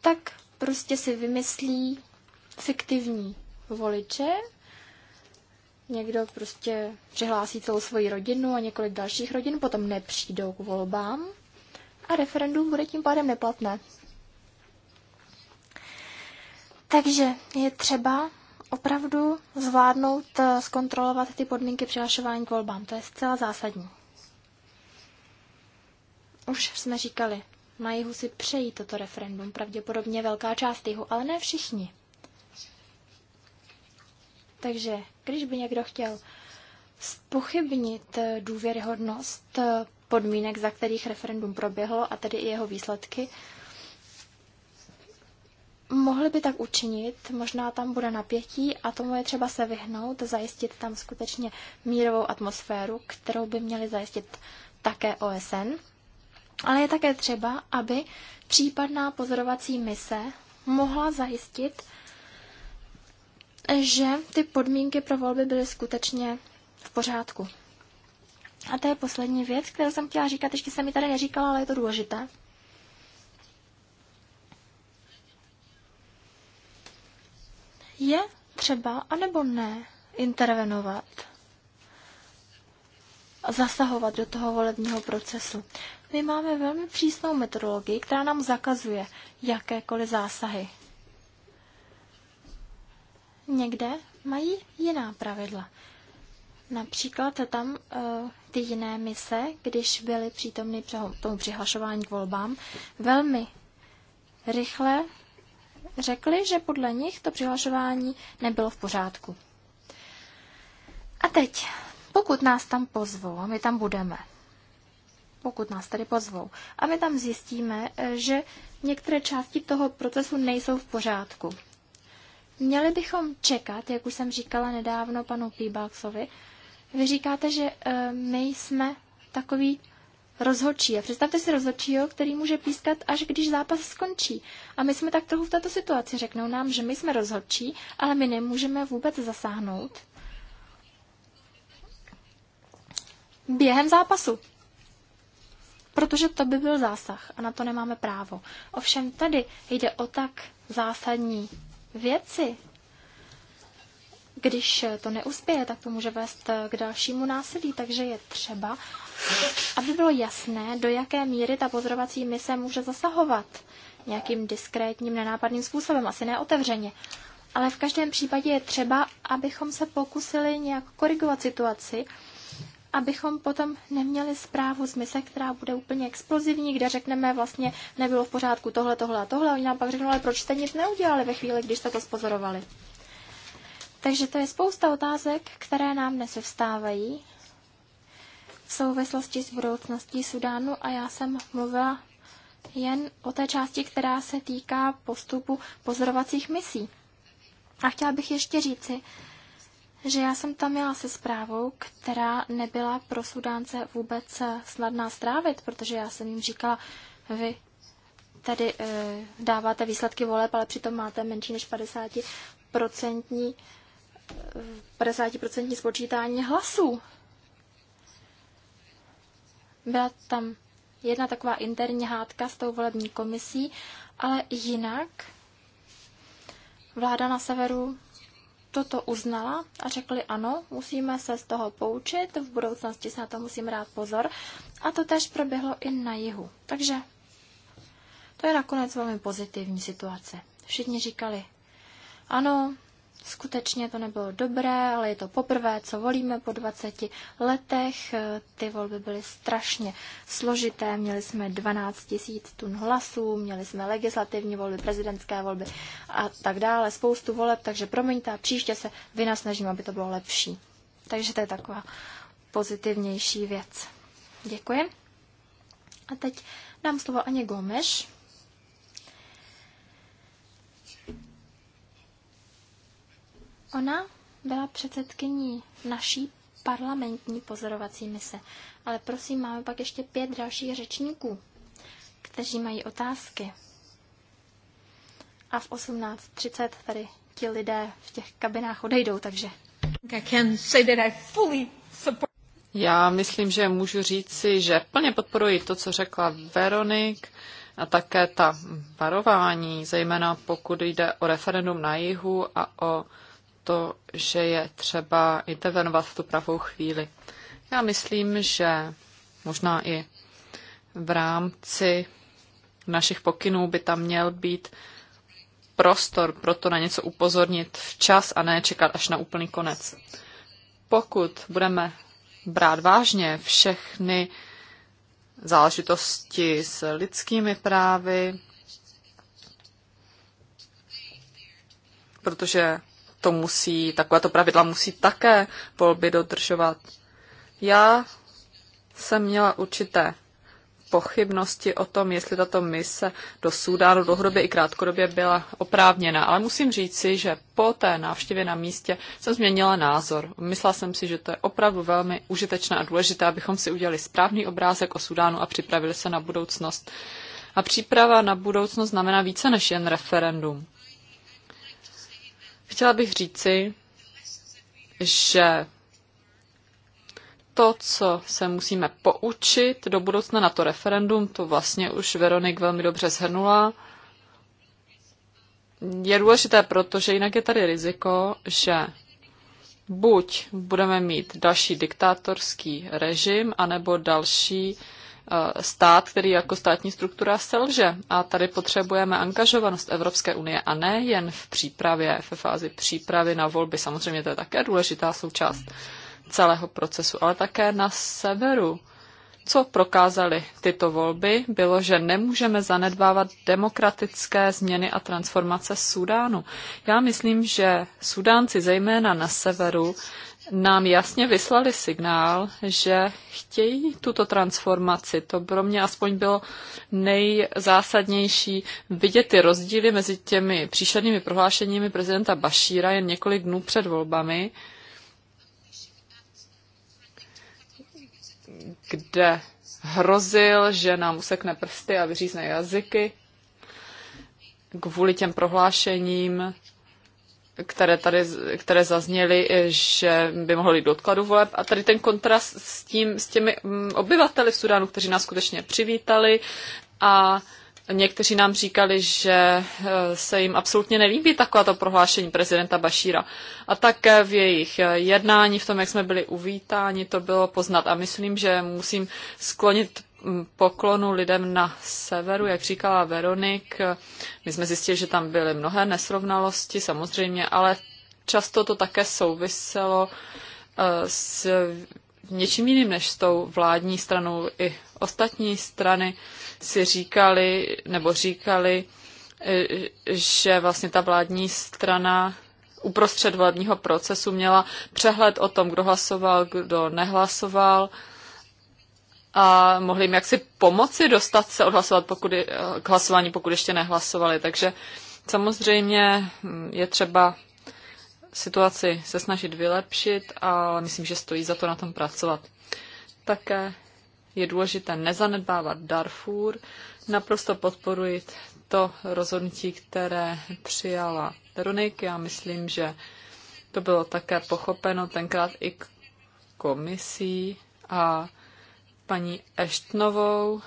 tak prostě si vymyslí fiktivní voliče, někdo prostě přihlásí celou svoji rodinu a několik dalších rodin, potom nepřijdou k volbám a referendum bude tím pádem neplatné. Takže je třeba opravdu zvládnout, eh, zkontrolovat ty podmínky přihlašování k volbám. To je zcela zásadní. Už jsme říkali, na jihu si přejí toto referendum, pravděpodobně velká část jihu, ale ne všichni. Takže když by někdo chtěl spochybnit důvěryhodnost podmínek, za kterých referendum proběhlo, a tedy i jeho výsledky, mohli by tak učinit, možná tam bude napětí a tomu je třeba se vyhnout, zajistit tam skutečně mírovou atmosféru, kterou by měli zajistit také OSN ale je také třeba, aby případná pozorovací mise mohla zajistit, že ty podmínky pro volby byly skutečně v pořádku. A to je poslední věc, kterou jsem chtěla říkat, ještě jsem mi tady neříkala, ale je to důležité. Je třeba, anebo ne, intervenovat zasahovat do toho volebního procesu. My máme velmi přísnou metodologii, která nám zakazuje jakékoliv zásahy. Někde mají jiná pravidla. Například tam eh, ty jiné mise, když byly přítomny tomu přihlašování k volbám, velmi rychle řekli, že podle nich to přihlašování nebylo v pořádku. A teď, pokud nás tam pozvou a my tam budeme, pokud nás tady pozvou. A my tam zjistíme, eh, že některé části toho procesu nejsou v pořádku. Měli bychom čekat, jak už jsem říkala nedávno panu Píbalcovi, Vy říkáte, že eh, my jsme takový rozhodčí. A představte si rozhodčího, který může pískat, až když zápas skončí. A my jsme tak trochu v této situaci. Řeknou nám, že my jsme rozhodčí, ale my nemůžeme vůbec zasáhnout během zápasu protože to by byl zásah a na to nemáme právo. Ovšem tady jde o tak zásadní věci, když to neuspěje, tak to může vést k dalšímu násilí, takže je třeba, aby bylo jasné, do jaké míry ta pozorovací mise může zasahovat nějakým diskrétním, nenápadným způsobem, asi neotevřeně. Ale v každém případě je třeba, abychom se pokusili nějak korigovat situaci abychom potom neměli zprávu z mise, která bude úplně explozivní, kde řekneme vlastně nebylo v pořádku tohle, tohle a tohle. Oni nám pak řeknou, ale proč jste nic neudělali ve chvíli, když jste to spozorovali. Takže to je spousta otázek, které nám dnes vstávají v souvislosti s budoucností Sudánu a já jsem mluvila jen o té části, která se týká postupu pozorovacích misí. A chtěla bych ještě říci, že já jsem tam jela se zprávou, která nebyla pro Sudánce vůbec eh, snadná strávit, protože já jsem jim říkala, vy tady e, dáváte výsledky voleb, ale přitom máte menší než 50% 50% eh, spočítání hlasů. Byla tam jedna taková interní hádka s tou volební komisí, ale jinak vláda na severu toto uznala a řekli ano, musíme se z toho poučit, v budoucnosti se na to musím rád pozor. A to tež proběhlo i na jihu. Takže to je nakonec velmi pozitivní situace. Všichni říkali, ano, Skutečně to nebylo dobré, ale je to poprvé, co volíme po 20 letech. Eh, ty volby byly strašně složité. Měli jsme 12 tisíc tun hlasů, měli jsme legislativní volby, prezidentské volby a tak dále, spoustu voleb, takže promiňte a příště se vynasnažím, aby to bylo lepší. Takže to je taková pozitivnější věc. Děkuji. A teď dám slovo Aně Gomeš, Ona byla předsedkyní naší parlamentní pozorovací mise. Ale prosím, máme pak ještě pět dalších řečníků, kteří mají otázky. A v 18.30 tady ti lidé v těch kabinách odejdou, takže... Já myslím, že můžu říci, že plně podporuji to, co řekla Veronik a také ta varování, zejména pokud jde o referendum na jihu a o to, že je třeba intervenovat v tu pravou chvíli. Já myslím, že možná i v rámci našich pokynů by tam měl být prostor pro to na něco upozornit včas a ne čekat až na úplný konec. Pokud budeme brát vážně všechny záležitosti s lidskými právy, protože to musí, takovéto pravidla musí také volby dodržovat. Já jsem měla určité pochybnosti o tom, jestli tato mise do Súdánu dlouhodobě i krátkodobě byla oprávněna. Ale musím říci, že po té návštěvě na místě jsem změnila názor. Myslela jsem si, že to je opravdu velmi užitečné a důležité, abychom si udělali správný obrázek o Súdánu a připravili se na budoucnost. A příprava na budoucnost znamená více než jen referendum. Chtěla bych říci, že to, co se musíme poučit do budoucna na to referendum, to vlastně už Veronik velmi dobře shrnula, je důležité, protože jinak je tady riziko, že buď budeme mít další diktátorský režim, anebo další Eh, stát, který jako státní struktura selže. A tady potřebujeme angažovanost Evropské unie a ne jen v přípravě, v fázi přípravy na volby. Samozřejmě to je také důležitá součást celého procesu, ale také na severu. Co prokázaly tyto volby, bylo, že nemůžeme zanedbávat demokratické změny a transformace Sudánu. Já myslím, že Sudánci, zejména na severu, nám jasně vyslali signál, že chtějí tuto transformaci. To pro mě aspoň bylo nejzásadnější vidět ty rozdíly mezi těmi příšernými prohlášeními prezidenta Bašíra jen několik dnů před volbami, kde hrozil, že nám usekne prsty a vyřízne jazyky kvůli těm prohlášením které tady které zazněly, že by mohly jít do odkladu voleb. A tady ten kontrast s, tím, s těmi mm, obyvateli v Sudánu, kteří nás skutečně přivítali a někteří nám říkali, že eh, se jim absolutně nelíbí takováto prohlášení prezidenta Bašíra. A také v jejich eh, jednání, v tom, jak jsme byli uvítáni, to bylo poznat. A myslím, že musím sklonit Mm, poklonu lidem na severu, jak říkala Veronik. My jsme zjistili, že tam byly mnohé nesrovnalosti, samozřejmě, ale často to také souviselo eh, s něčím jiným než s tou vládní stranou. I ostatní strany si říkali, nebo říkali, eh, že vlastně ta vládní strana uprostřed volebního procesu měla přehled o tom, kdo hlasoval, kdo nehlasoval, a mohli jim jaksi pomoci dostat se odhlasovat pokud k hlasování, pokud ještě nehlasovali. Takže samozřejmě mm, je třeba situaci se snažit vylepšit a myslím, že stojí za to na tom pracovat. Také je důležité nezanedbávat Darfur. Naprosto podporuji to rozhodnutí, které přijala Veronik. Já myslím, že to bylo také pochopeno tenkrát i komisí a paní Eštnovou.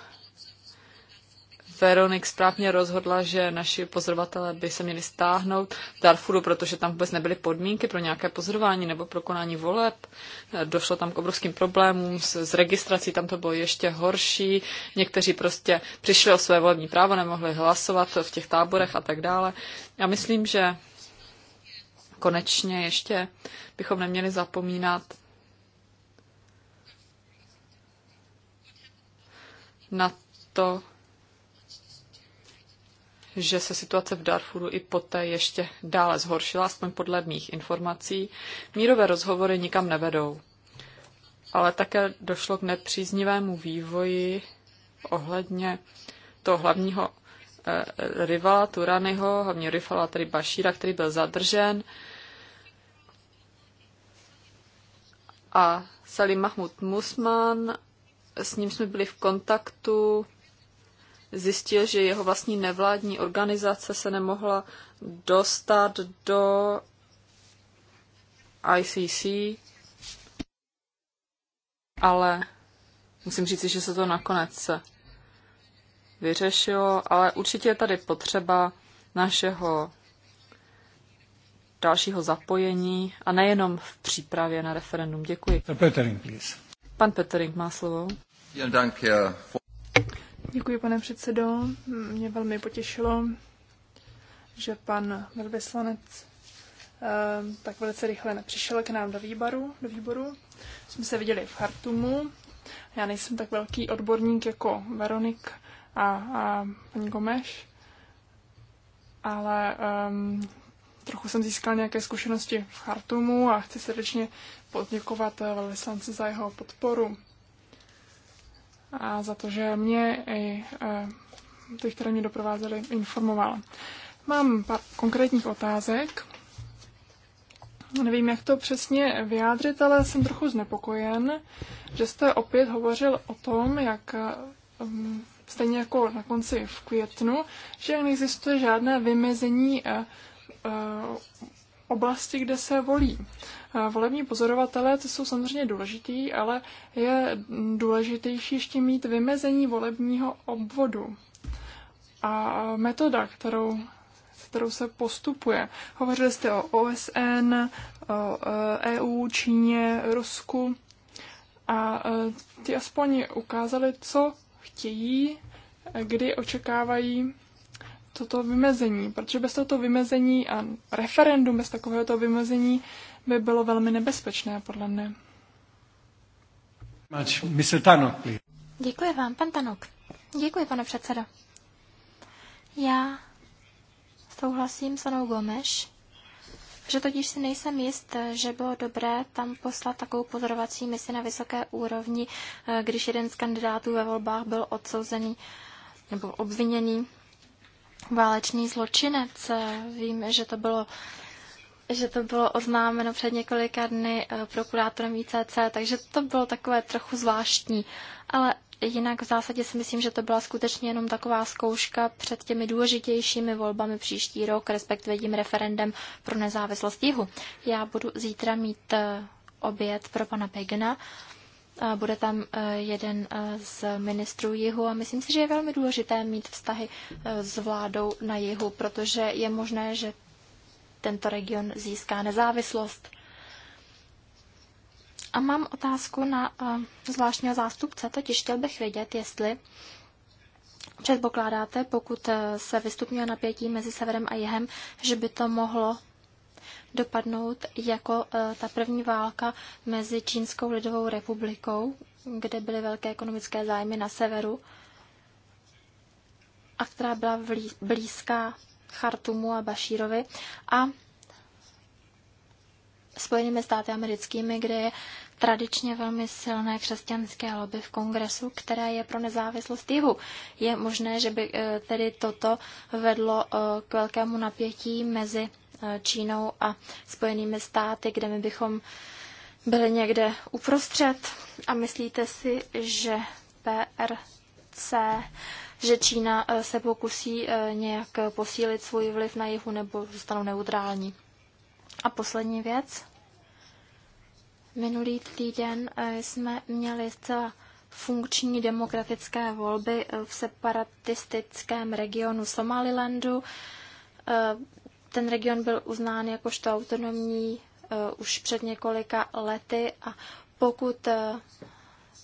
Veronik správně rozhodla, že naši pozorovatelé by se měli stáhnout v Darfuru, protože tam vůbec nebyly podmínky pro nějaké pozorování nebo pro konání voleb. Došlo tam k obrovským problémům s, s registrací, tam to bylo ještě horší. Někteří prostě přišli o své volební právo, nemohli hlasovat v těch táborech a tak dále. Já myslím, že konečně ještě bychom neměli zapomínat na to, že se situace v Darfuru i poté ještě dále zhoršila, aspoň podle mých informací. Mírové rozhovory nikam nevedou. Ale také došlo k nepříznivému vývoji ohledně toho hlavního eh, rivala Turaniho, hlavního rivala tedy Bašíra, který byl zadržen. A Salim Mahmud Musman s ním jsme byli v kontaktu, zjistil, že jeho vlastní nevládní organizace se nemohla dostat do ICC, ale musím říct, že se to nakonec vyřešilo, ale určitě je tady potřeba našeho dalšího zapojení a nejenom v přípravě na referendum. Děkuji. Pan Petering má slovo. Děkuji, pane předsedo. Mě velmi potěšilo, že pan velvyslanec eh, tak velice rychle nepřišel k nám do výboru. Do výboru. Jsme se viděli v Hartumu. Já nejsem tak velký odborník jako Veronik a, a paní Gomeš, ale um, trochu jsem získal nějaké zkušenosti v Chartumu a chci srdečně poděkovat eh, velvyslanci za jeho podporu a za to, že mě i e, ty, které mě doprovázely, informoval. Mám pár konkrétních otázek. Nevím, jak to přesně vyjádřit, ale jsem trochu znepokojen, že jste opět hovořil o tom, jak e, stejně jako na konci v květnu, že neexistuje žádné vymezení e, oblasti, kde se volí. Volební pozorovatelé ty jsou samozřejmě důležitý, ale je důležitější ještě mít vymezení volebního obvodu a metoda, kterou kterou se postupuje. Hovořili jste o OSN, o EU, e Číně, Rusku a e, ty aspoň ukázali, co chtějí, kdy očekávají toto vymezení, protože bez tohoto vymezení a referendum bez takového vymezení by bylo velmi nebezpečné, podle mne. Děkuji vám, pan Tanok. Děkuji, pane předsedo. Já souhlasím s panou Gomeš, že totiž si nejsem jist, že bylo dobré tam poslat takovou pozorovací misi na vysoké úrovni, eh, když jeden z kandidátů ve volbách byl odsouzený nebo obviněný válečný zločinec. Vím, že to bylo že to bylo oznámeno před několika dny eh, prokurátorem ICC, takže to bylo takové trochu zvláštní. Ale jinak v zásadě si myslím, že to byla skutečně jenom taková zkouška před těmi důležitějšími volbami příští rok, respektive tím referendem pro nezávislost jihu. Já budu zítra mít eh, oběd pro pana Pegna, Bude tam eh, jeden z ministrů jihu a myslím si, že je velmi důležité mít vztahy s vládou na jihu, protože je možné, že tento region získá nezávislost. A mám otázku na uh, zvláštního zástupce, totiž chtěl bych vědět, jestli předpokládáte, pokud eh, se vystupňuje napětí mezi severem a jihem, že by to mohlo dopadnout jako eh, ta první válka mezi Čínskou lidovou republikou, kde byly velké ekonomické zájmy na severu, a která byla blízká Chartumu a Bašírovi a Spojenými státy americkými, kde je tradičně velmi silné křesťanské lobby v kongresu, které je pro nezávislost jihu. Je možné, že by eh, tedy toto vedlo eh, k velkému napětí mezi eh, Čínou a Spojenými státy, kde my bychom byli někde uprostřed. A myslíte si, že PRC že Čína eh, se pokusí eh, nějak posílit svůj vliv na jihu nebo zůstanou neutrální. A poslední věc. Minulý týden eh, jsme měli zcela funkční demokratické volby v separatistickém regionu Somalilandu. Ten region byl uznán jakožto autonomní už před několika lety a pokud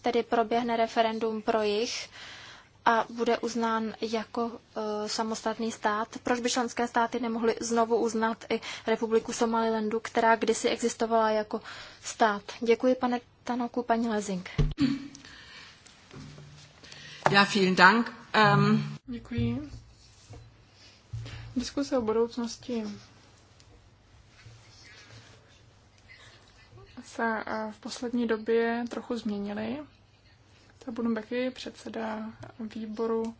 tedy proběhne referendum pro jich, a bude uznán jako e, samostatný stát. Proč by členské státy nemohly znovu uznat i Republiku Somalilandu, která kdysi existovala jako stát? Děkuji, pane Tanoku, paní Lezing. Já vielen Dank. Um... Děkuji. Diskuse o budoucnosti se eh, v poslední době trochu změnily. Tabulum je předseda výboru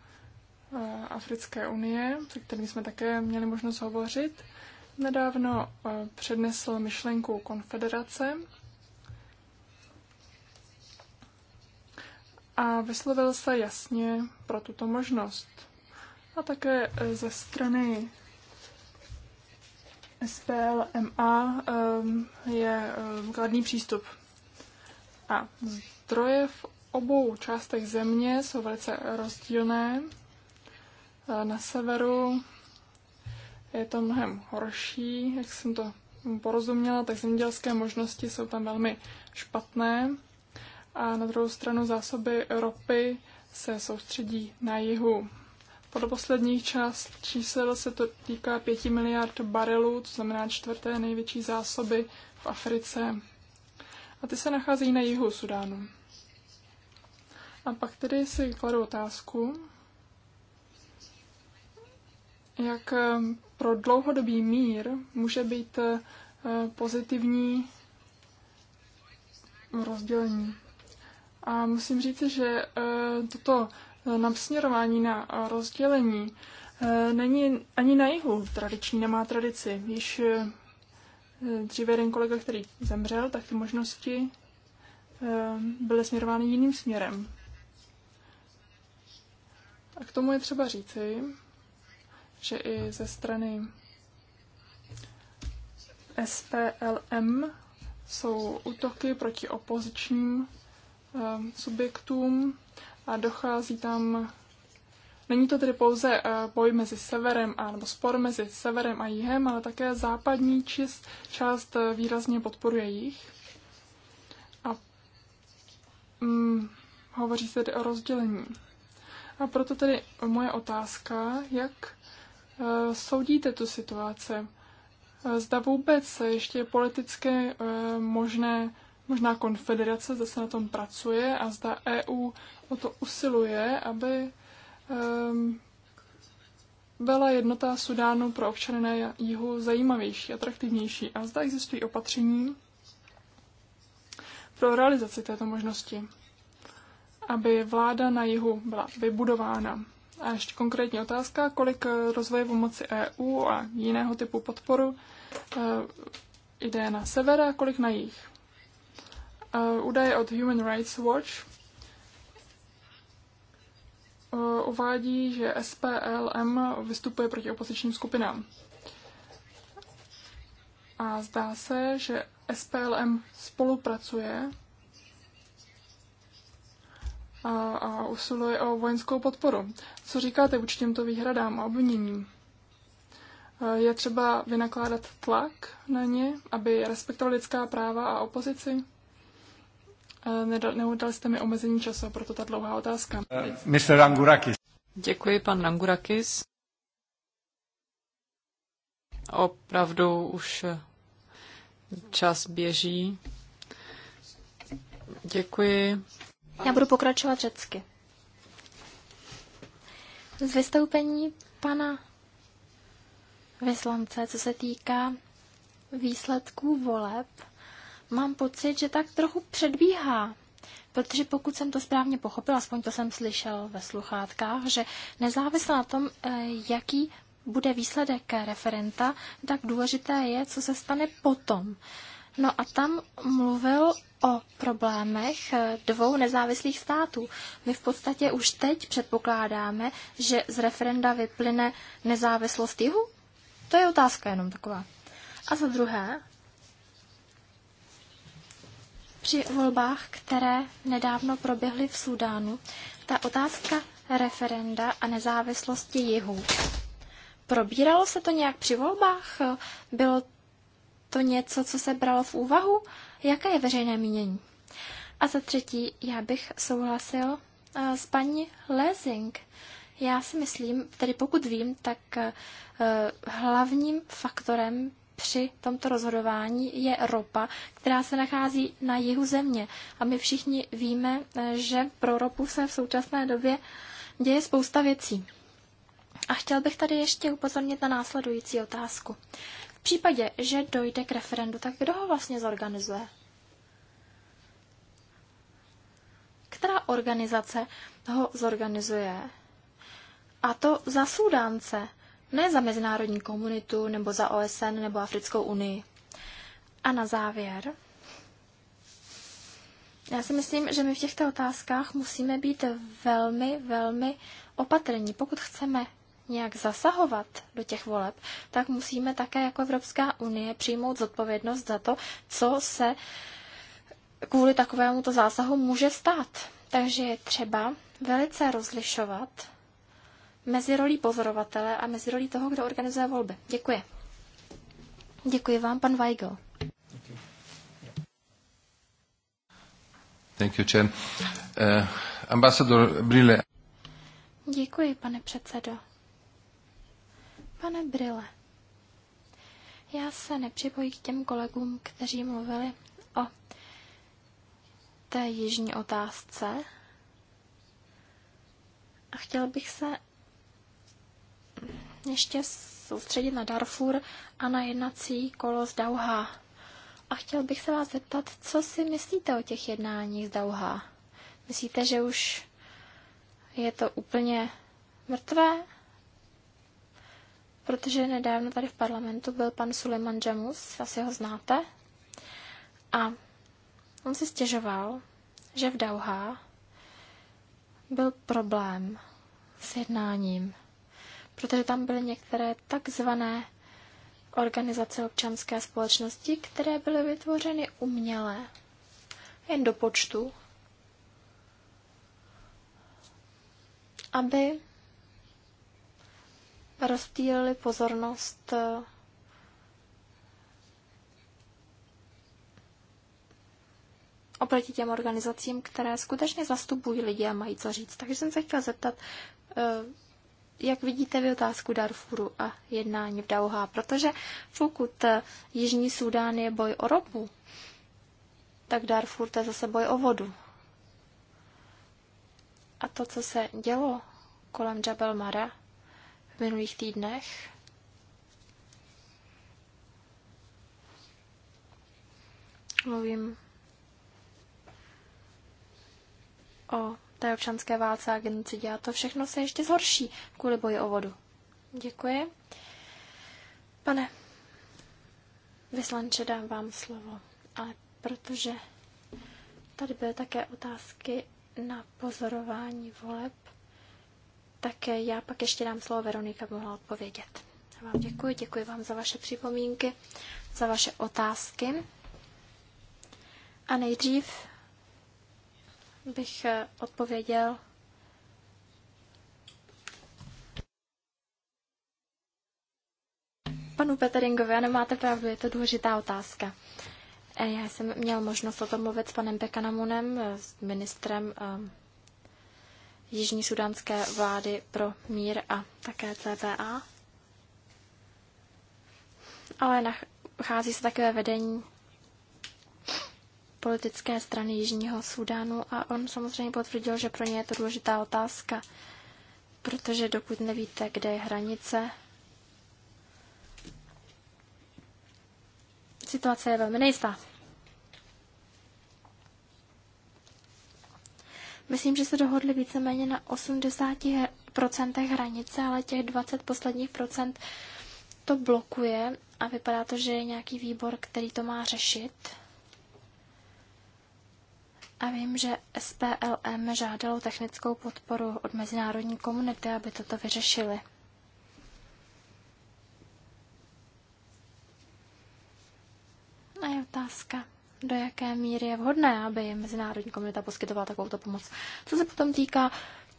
eh, Africké unie, se kterým jsme také měli možnost hovořit, nedávno eh, přednesl myšlenku konfederace a vyslovil se jasně pro tuto možnost. A také eh, ze strany SPLMA je kladný přístup. A zdroje v obou částech země jsou velice rozdílné. Na severu je to mnohem horší, jak jsem to porozuměla, tak zemědělské možnosti jsou tam velmi špatné. A na druhou stranu zásoby ropy se soustředí na jihu. Podle posledních část čísel se to týká 5 miliard barelů, to znamená čtvrté největší zásoby v Africe. A ty se nacházejí na jihu Sudánu. A pak tedy si kladu otázku, jak eh, pro dlouhodobý mír může být eh, pozitivní rozdělení. A musím říct, že eh, toto napsměrování na rozdělení není ani na jihu tradiční, nemá tradici. Již dříve jeden kolega, který zemřel, tak ty možnosti byly směrovány jiným směrem. A k tomu je třeba říci, že i ze strany SPLM jsou útoky proti opozičním ehm, subjektům a dochází tam. Není to tedy pouze eh, boj mezi severem a nebo spor mezi severem a jihem, ale také západní čist, část eh, výrazně podporuje jich. A mm, hovoří se tedy o rozdělení a proto tedy moje otázka, jak eh, soudíte tu situaci? Eh, zda vůbec ještě je politicky eh, možné, možná konfederace, zase se na tom pracuje a zda EU o to usiluje, aby ehm, byla jednota Sudánu pro občany na jihu zajímavější, atraktivnější a zda existují opatření pro realizaci této možnosti aby vláda na jihu byla vybudována. A ještě konkrétní otázka, kolik eh, rozvoje pomoci EU a jiného typu podporu eh, jde na sever a kolik na jih. Eh, údaje od Human Rights Watch uvádí, že SPLM vystupuje proti opozičním skupinám. A zdá se, že SPLM spolupracuje a, a usiluje o vojenskou podporu. Co říkáte vůči těmto výhradám a obviněním? E, je třeba vynakládat tlak na ně, aby respektovali lidská práva a opozici? E, Neudali jste mi omezení času, proto ta dlouhá otázka. E, Mr. Rangurakis. Děkuji, pan Rangurakis. Opravdu už čas běží. Děkuji. Já budu pokračovat řecky. Z vystoupení pana vyslance, co se týká výsledků voleb, mám pocit, že tak trochu předbíhá. Protože pokud jsem to správně pochopila, aspoň to jsem slyšel ve sluchátkách, že nezávisle na tom, eh, jaký bude výsledek referenta, tak důležité je, co se stane potom. No a tam mluvil o problémech eh, dvou nezávislých států. My v podstatě už teď předpokládáme, že z referenda vyplyne nezávislost jihu? To je otázka jenom taková. A za druhé, při volbách, které nedávno proběhly v Sudánu, ta otázka referenda a nezávislosti jihu. Probíralo se to nějak při volbách? Bylo to něco, co se bralo v úvahu? jaké je veřejné mínění. A za třetí, já bych souhlasil eh, s paní Lezing. Já si myslím, tedy pokud vím, tak eh, hlavním faktorem při tomto rozhodování je ropa, která se nachází na jihu země. A my všichni víme, eh, že pro ropu se v současné době děje spousta věcí. A chtěl bych tady ještě upozornit na následující otázku případě, že dojde k referendu, tak kdo ho vlastně zorganizuje? Která organizace ho zorganizuje? A to za Sudánce, ne za mezinárodní komunitu, nebo za OSN, nebo Africkou unii. A na závěr, já si myslím, že my v těchto otázkách musíme být velmi, velmi opatrní, pokud chceme nějak zasahovat do těch voleb, tak musíme také jako Evropská unie přijmout zodpovědnost za to, co se kvůli takovému to zásahu může stát. Takže je třeba velice rozlišovat mezi rolí pozorovatele a mezi rolí toho, kdo organizuje volby. Děkuji. Děkuji vám, pan Weigl. Thank you, Chair. Uh, eh, ambasador Brille. Děkuji, pane předsedo. Pane Brille, já se nepřipojí k těm kolegům, kteří mluvili o té jižní otázce. A chtěl bych se ještě soustředit na Darfur a na jednací kolo z Dauha. A chtěl bych se vás zeptat, co si myslíte o těch jednáních z Dauha? Myslíte, že už je to úplně mrtvé? protože nedávno tady v parlamentu byl pan Suleiman Jamus, asi ho znáte, a on si stěžoval, že v Dauha byl problém s jednáním, protože tam byly některé takzvané organizace občanské společnosti, které byly vytvořeny uměle, jen do počtu, aby rozptýlili pozornost eh, oproti těm organizacím, které skutečně zastupují lidi a mají co říct. Takže jsem se chtěla zeptat, eh, jak vidíte vy otázku Darfuru a jednání v Dauhá, protože pokud eh, Jižní Súdán je boj o ropu, tak Darfur to je zase boj o vodu. A to, co se dělo kolem Jabal Mara, v minulých týdnech. Mluvím o té občanské válce a genocidě a to všechno se ještě zhorší kvůli boji o vodu. Děkuji. Pane vyslanče, dám vám slovo, ale protože tady byly také otázky na pozorování voleb, tak eh, já pak ještě dám slovo Veronika, mohla odpovědět. Vám děkuji, děkuji vám za vaše připomínky, za vaše otázky. A nejdřív bych eh, odpověděl panu Peteringovi, ano, máte pravdu, je to důležitá otázka. Eh, já jsem měl možnost o tom mluvit s panem Pekanamunem, s ministrem Jižní sudánské vlády pro mír a také CPA. Ale nachází se také vedení politické strany Jižního Sudánu a on samozřejmě potvrdil, že pro ně je to důležitá otázka, protože dokud nevíte, kde je hranice, situace je velmi nejistá. Myslím, že se dohodli víceméně na 80% hranice, ale těch 20 posledních procent to blokuje a vypadá to, že je nějaký výbor, který to má řešit. A vím, že SPLM žádalo technickou podporu od mezinárodní komunity, aby toto vyřešili. A je otázka, do jaké míry je vhodné, aby mezinárodní komunita poskytovala takovouto pomoc. Co se potom týká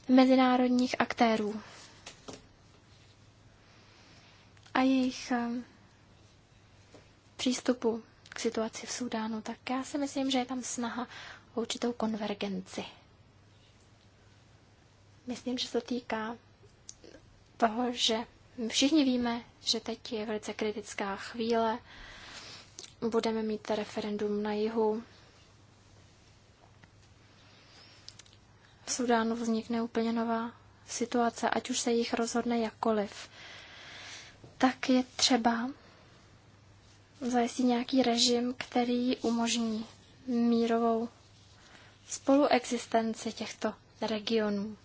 mezinárodních aktérů a jejich eh, přístupu k situaci v Sudánu, tak já si myslím, že je tam snaha o určitou konvergenci. Myslím, že se týká toho, že všichni víme, že teď je velice kritická chvíle, budeme mít referendum na jihu. V Sudánu vznikne úplně nová situace, ať už se jich rozhodne jakkoliv. Tak je třeba zajistit nějaký režim, který umožní mírovou spoluexistenci těchto regionů,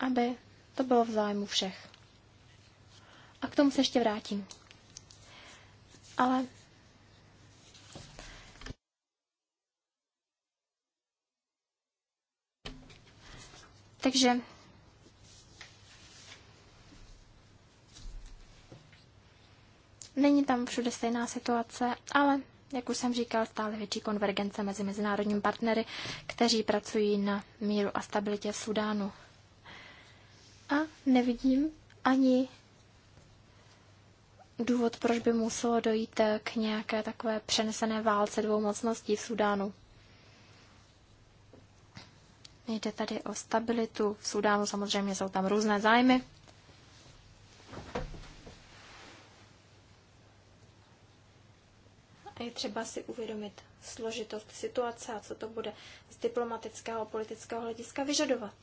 aby to bylo v zájmu všech. A k tomu se ještě vrátím ale Takže není tam všude stejná situace, ale jak už jsem říkal, stále větší konvergence mezi mezinárodními partnery, kteří pracují na míru a stabilitě v Sudánu. A nevidím ani důvod, proč by muselo dojít k nějaké takové přenesené válce dvou mocností v Sudánu. Jde tady o stabilitu. V Sudánu samozřejmě jsou tam různé zájmy. A je třeba si uvědomit složitost situace a co to bude z diplomatického a politického hlediska vyžadovat.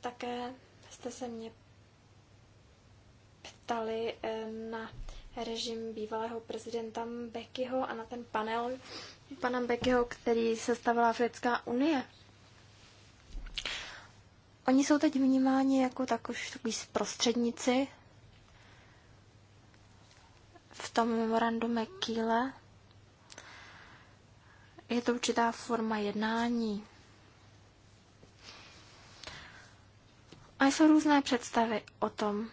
Také jste se mě ptali eh, na režim bývalého prezidenta Bekyho a na ten panel pana Bekyho, který stavila Africká unie. Oni jsou teď vnímáni jako takový, takový zprostředníci v tom memorandu Mekýle. Je to určitá forma jednání. A jsou různé představy o tom,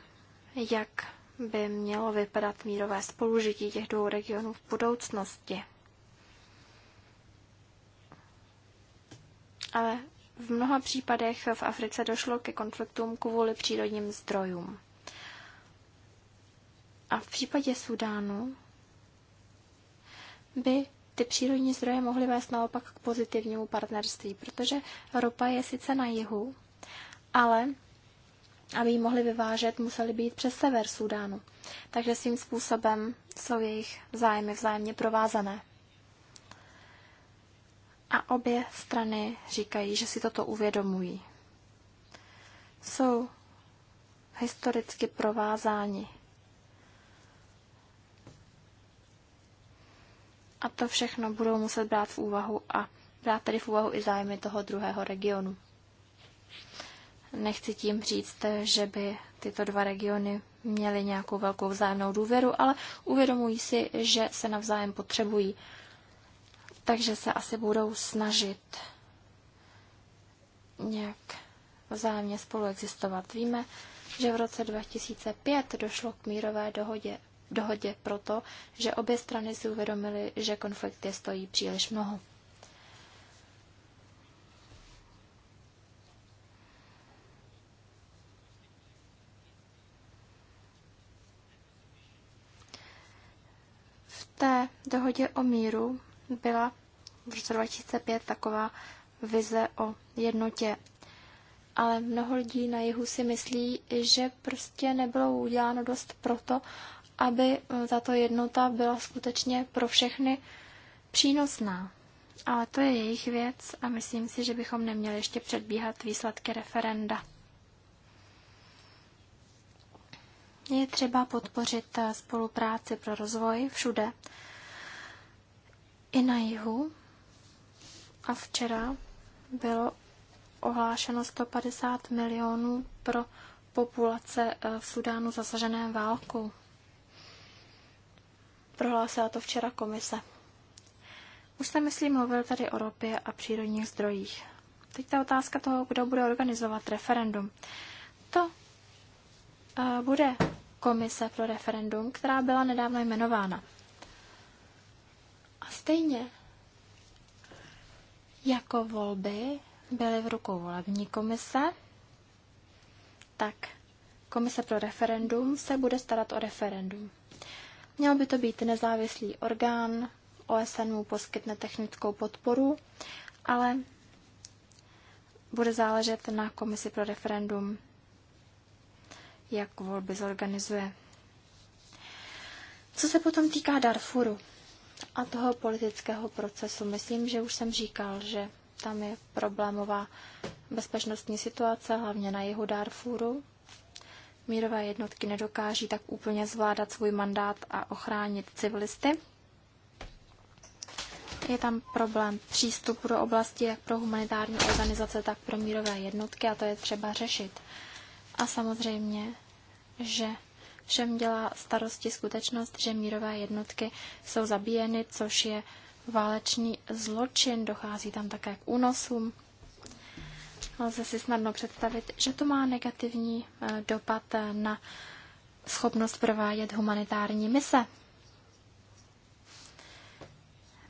jak by mělo vypadat mírové spolužití těch dvou regionů v budoucnosti. Ale v mnoha případech v Africe došlo ke konfliktům kvůli přírodním zdrojům. A v případě Sudánu by ty přírodní zdroje mohly vést naopak k pozitivnímu partnerství, protože ropa je sice na jihu, ale aby ji mohli vyvážet, museli být přes sever Súdánu. Takže svým způsobem jsou jejich zájmy vzájemně provázané. A obě strany říkají, že si toto uvědomují. Jsou historicky provázáni. A to všechno budou muset brát v úvahu a brát tedy v úvahu i zájmy toho druhého regionu. Nechci tím říct, že by tyto dva regiony měly nějakou velkou vzájemnou důvěru, ale uvědomují si, že se navzájem potřebují. Takže se asi budou snažit nějak vzájemně spoluexistovat. Víme, že v roce 2005 došlo k mírové dohodě, dohodě proto, že obě strany si uvědomily, že konflikt je stojí příliš mnoho. té dohodě o míru byla v roce 2005 taková vize o jednotě. Ale mnoho lidí na jihu si myslí, že prostě nebylo uděláno dost proto, aby tato jednota byla skutečně pro všechny přínosná. Ale to je jejich věc a myslím si, že bychom neměli ještě předbíhat výsledky referenda. Je třeba podpořit eh, spolupráci pro rozvoj všude. I na jihu. A včera bylo ohlášeno 150 milionů pro populace eh, v Sudánu zasažené válkou. Prohlásila to včera komise. Už jsem, myslím, mluvil tady o ropě a přírodních zdrojích. Teď ta otázka toho, kdo bude organizovat referendum. To uh, bude komise pro referendum, která byla nedávno jmenována. A stejně jako volby byly v rukou volební komise, tak komise pro referendum se bude starat o referendum. Měl by to být nezávislý orgán, OSN mu poskytne technickou podporu, ale bude záležet na komisi pro referendum jak volby zorganizuje. Co se potom týká Darfuru a toho politického procesu, myslím, že už jsem říkal, že tam je problémová bezpečnostní situace, hlavně na jihu Darfuru. Mírové jednotky nedokáží tak úplně zvládat svůj mandát a ochránit civilisty. Je tam problém přístupu do oblasti jak pro humanitární organizace, tak pro mírové jednotky a to je třeba řešit. A samozřejmě, že všem dělá starosti skutečnost, že mírové jednotky jsou zabíjeny, což je válečný zločin, dochází tam také k únosům. Lze si snadno představit, že to má negativní eh, dopad eh, na schopnost provádět humanitární mise.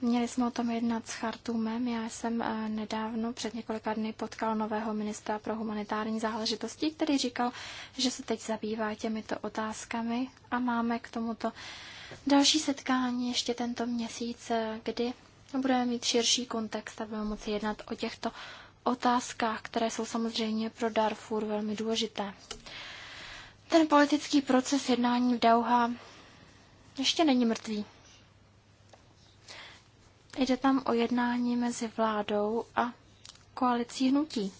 Měli jsme o tom jednat s Chartumem. Já jsem eh, nedávno, před několika dny, potkal nového ministra pro humanitární záležitosti, který říkal, že se teď zabývá těmito otázkami a máme k tomuto další setkání ještě tento měsíc, eh, kdy budeme mít širší kontext a budeme moci jednat o těchto otázkách, které jsou samozřejmě pro Darfur velmi důležité. Ten politický proces jednání v Dauha ještě není mrtvý. Jde tam o jednání mezi vládou a koalicí hnutí.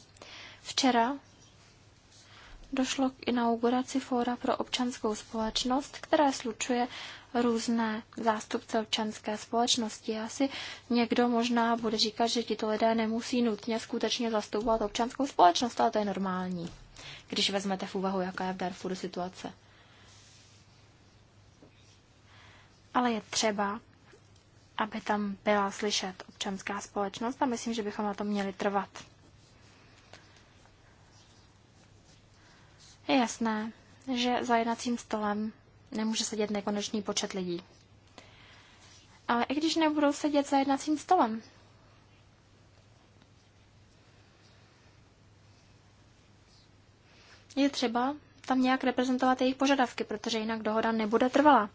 Včera došlo k inauguraci Fóra pro občanskou společnost, které slučuje různé zástupce občanské společnosti. Asi někdo možná bude říkat, že tito lidé nemusí nutně skutečně zastupovat občanskou společnost, ale to je normální, když vezmete v úvahu, jaká je v Darfuru situace. Ale je třeba, aby tam byla slyšet občanská společnost a myslím, že bychom na to měli trvat. Je jasné, že za jednacím stolem nemůže sedět nekonečný počet lidí. Ale i když nebudou sedět za jednacím stolem, je třeba tam nějak reprezentovat jejich požadavky, protože jinak dohoda nebude trvalá.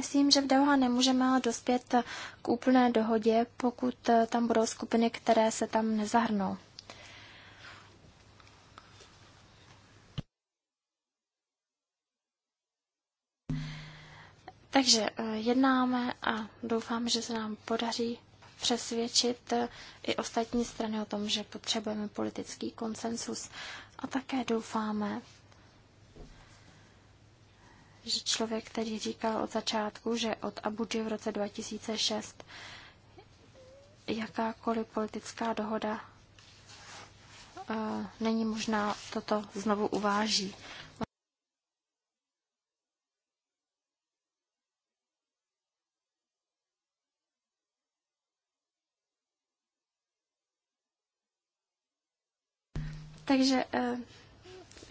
Myslím, že v Doha nemůžeme dospět k úplné dohodě, pokud eh, tam budou skupiny, které se tam nezahrnou. Takže eh, jednáme a doufám, že se nám podaří přesvědčit eh, i ostatní strany o tom, že potřebujeme politický konsensus. A také doufáme, že člověk který říkal od začátku, že od Abuji v roce 2006 jakákoliv politická dohoda eh, není možná toto znovu uváží. Takže eh,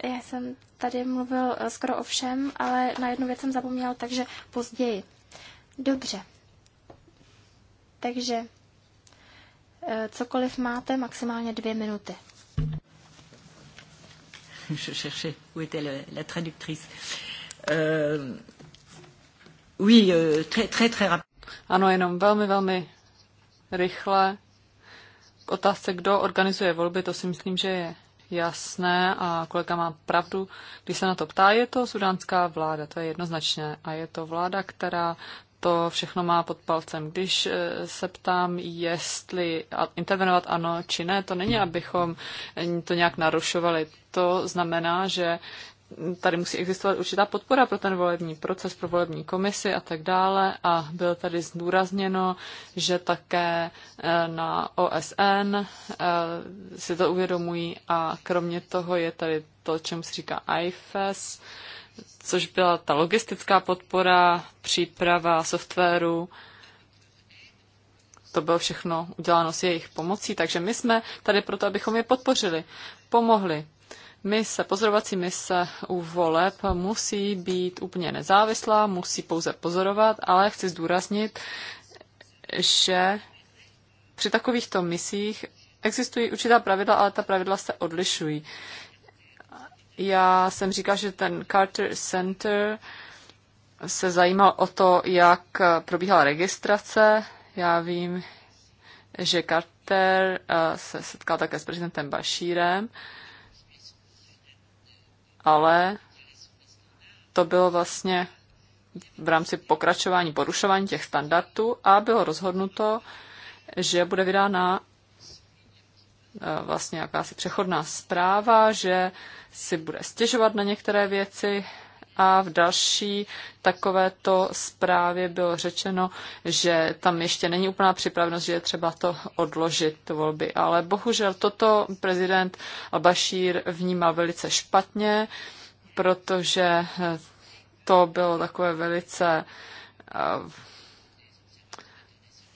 já jsem tady mluvil eh, skoro o všem, ale na jednu věc jsem zapomněl, takže později. Dobře. Takže eh, cokoliv máte, maximálně dvě minuty. Je cherchais où était le, la traductrice. Euh, oui, euh, très, très, très rapide. Ano, jenom velmi, velmi rychle. K otázce, kdo organizuje volby, to si myslím, že je jasné a kolega má pravdu, když se na to ptá, je to sudánská vláda, to je jednoznačné. A je to vláda, která to všechno má pod palcem. Když eh, se ptám, jestli intervenovat ano či ne, to není, abychom to nějak narušovali. To znamená, že tady musí existovat určitá podpora pro ten volební proces, pro volební komisi a tak dále. A bylo tady zdůrazněno, že také eh, na OSN eh, si to uvědomují a kromě toho je tady to, čemu se říká IFES, což byla ta logistická podpora, příprava softwaru, to bylo všechno uděláno s jejich pomocí, takže my jsme tady proto, abychom je podpořili, pomohli, Mise, pozorovací mise u voleb musí být úplně nezávislá, musí pouze pozorovat, ale chci zdůraznit, že při takovýchto misích existují určitá pravidla, ale ta pravidla se odlišují. Já jsem říkal, že ten Carter Center se zajímal o to, jak probíhala registrace. Já vím, že Carter eh, se setkal také s prezidentem Bashirem. Uh, ale to bylo vlastně v rámci pokračování porušování těch standardů a bylo rozhodnuto, že bude vydána eh, vlastně jakási přechodná zpráva, že si bude stěžovat na některé věci a v další takovéto zprávě bylo řečeno, že tam ještě není úplná připravenost, že je třeba to odložit, to volby. Ale bohužel toto prezident Al-Bashir velice špatně, protože to bylo takové velice eh,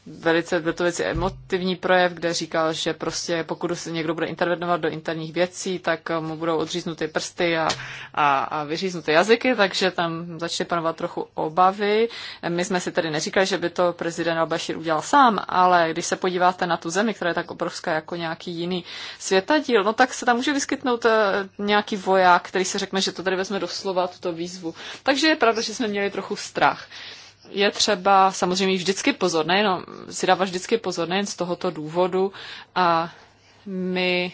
velice, byl to velice emotivní projev, kde říkal, že prostě pokud se někdo bude intervenovat do interních věcí, tak mu budou odříznuty prsty a, a, a vyříznuty jazyky, takže tam začne panovat trochu obavy. My jsme si tedy neříkali, že by to prezident Al-Bashir udělal sám, ale když se podíváte na tu zemi, která je tak obrovská jako nějaký jiný světadíl, no tak se tam může vyskytnout eh, nějaký voják, který si řekne, že to tady vezme doslova tuto výzvu. Takže je pravda, že jsme měli trochu strach je třeba samozřejmě vždycky pozor, nejenom si dává vždycky pozor, nejen z tohoto důvodu a my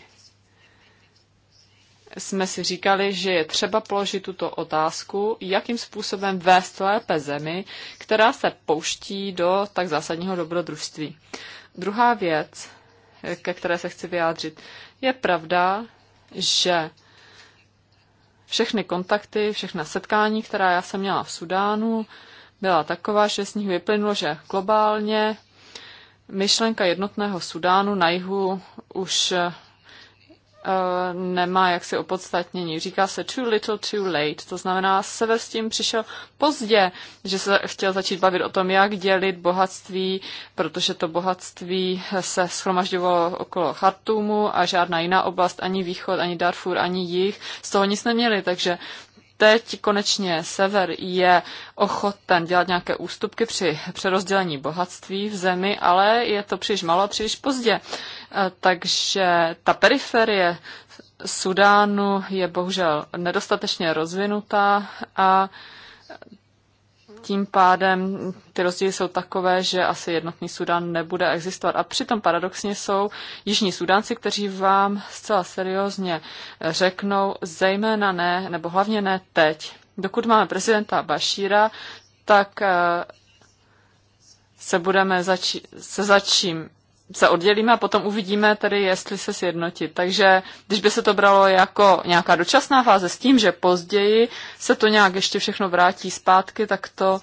jsme si říkali, že je třeba položit tuto otázku, jakým způsobem vést lépe zemi, která se pouští do tak zásadního dobrodružství. Druhá věc, ke které se chci vyjádřit, je pravda, že všechny kontakty, všechna setkání, která já jsem měla v Sudánu, byla taková, že z nich vyplynulo, že globálně myšlenka jednotného Sudánu na jihu už eh, nemá jaksi opodstatnění. Říká se too little, too late. To znamená, sever s tím přišel pozdě, že se chtěl začít bavit o tom, jak dělit bohatství, protože to bohatství se schromažďovalo okolo Chartumu a žádná jiná oblast, ani východ, ani Darfur, ani jich, z toho nic neměli. Takže teď konečně sever je ochoten dělat nějaké ústupky při přerozdělení bohatství v zemi, ale je to příliš malo a příliš pozdě. E, takže ta periferie Sudánu je bohužel nedostatečně rozvinutá a tím pádem ty rozdíly jsou takové, že asi jednotný Sudan nebude existovat. A přitom paradoxně jsou jižní Sudánci, kteří vám zcela seriózně eh, řeknou, zejména ne, nebo hlavně ne teď. Dokud máme prezidenta Bašíra, tak eh, se budeme začít, se začím se oddělíme a potom uvidíme tedy, jestli se sjednotit. Takže když by se to bralo jako nějaká dočasná fáze s tím, že později se to nějak ještě všechno vrátí zpátky, tak to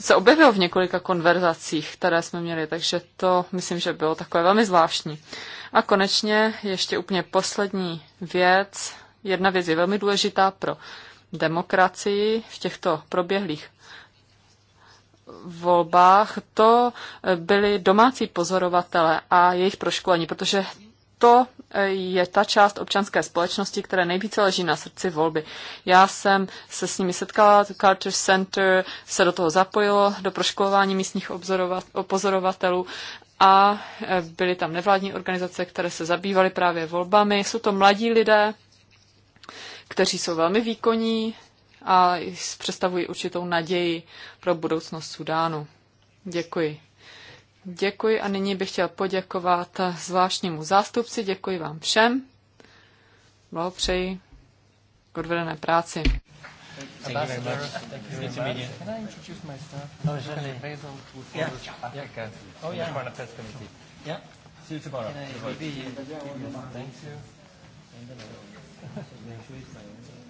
se objevilo v několika konverzacích, které jsme měli, takže to myslím, že bylo takové velmi zvláštní. A konečně ještě úplně poslední věc. Jedna věc je velmi důležitá pro demokracii v těchto proběhlých volbách, to byli domácí pozorovatele a jejich proškolení, protože to eh, je ta část občanské společnosti, které nejvíce leží na srdci volby. Já jsem se s nimi setkala, Carter Center se do toho zapojilo, do proškolování místních pozorovatelů a eh, byly tam nevládní organizace, které se zabývaly právě volbami. Jsou to mladí lidé, kteří jsou velmi výkonní, a představují určitou naději pro budoucnost Sudánu. Děkuji. Děkuji a nyní bych chtěl poděkovat zvláštnímu zástupci. Děkuji vám všem. Blahopřeji k odvedené práci. Thank you Yeah. Yeah. yeah. Yeah.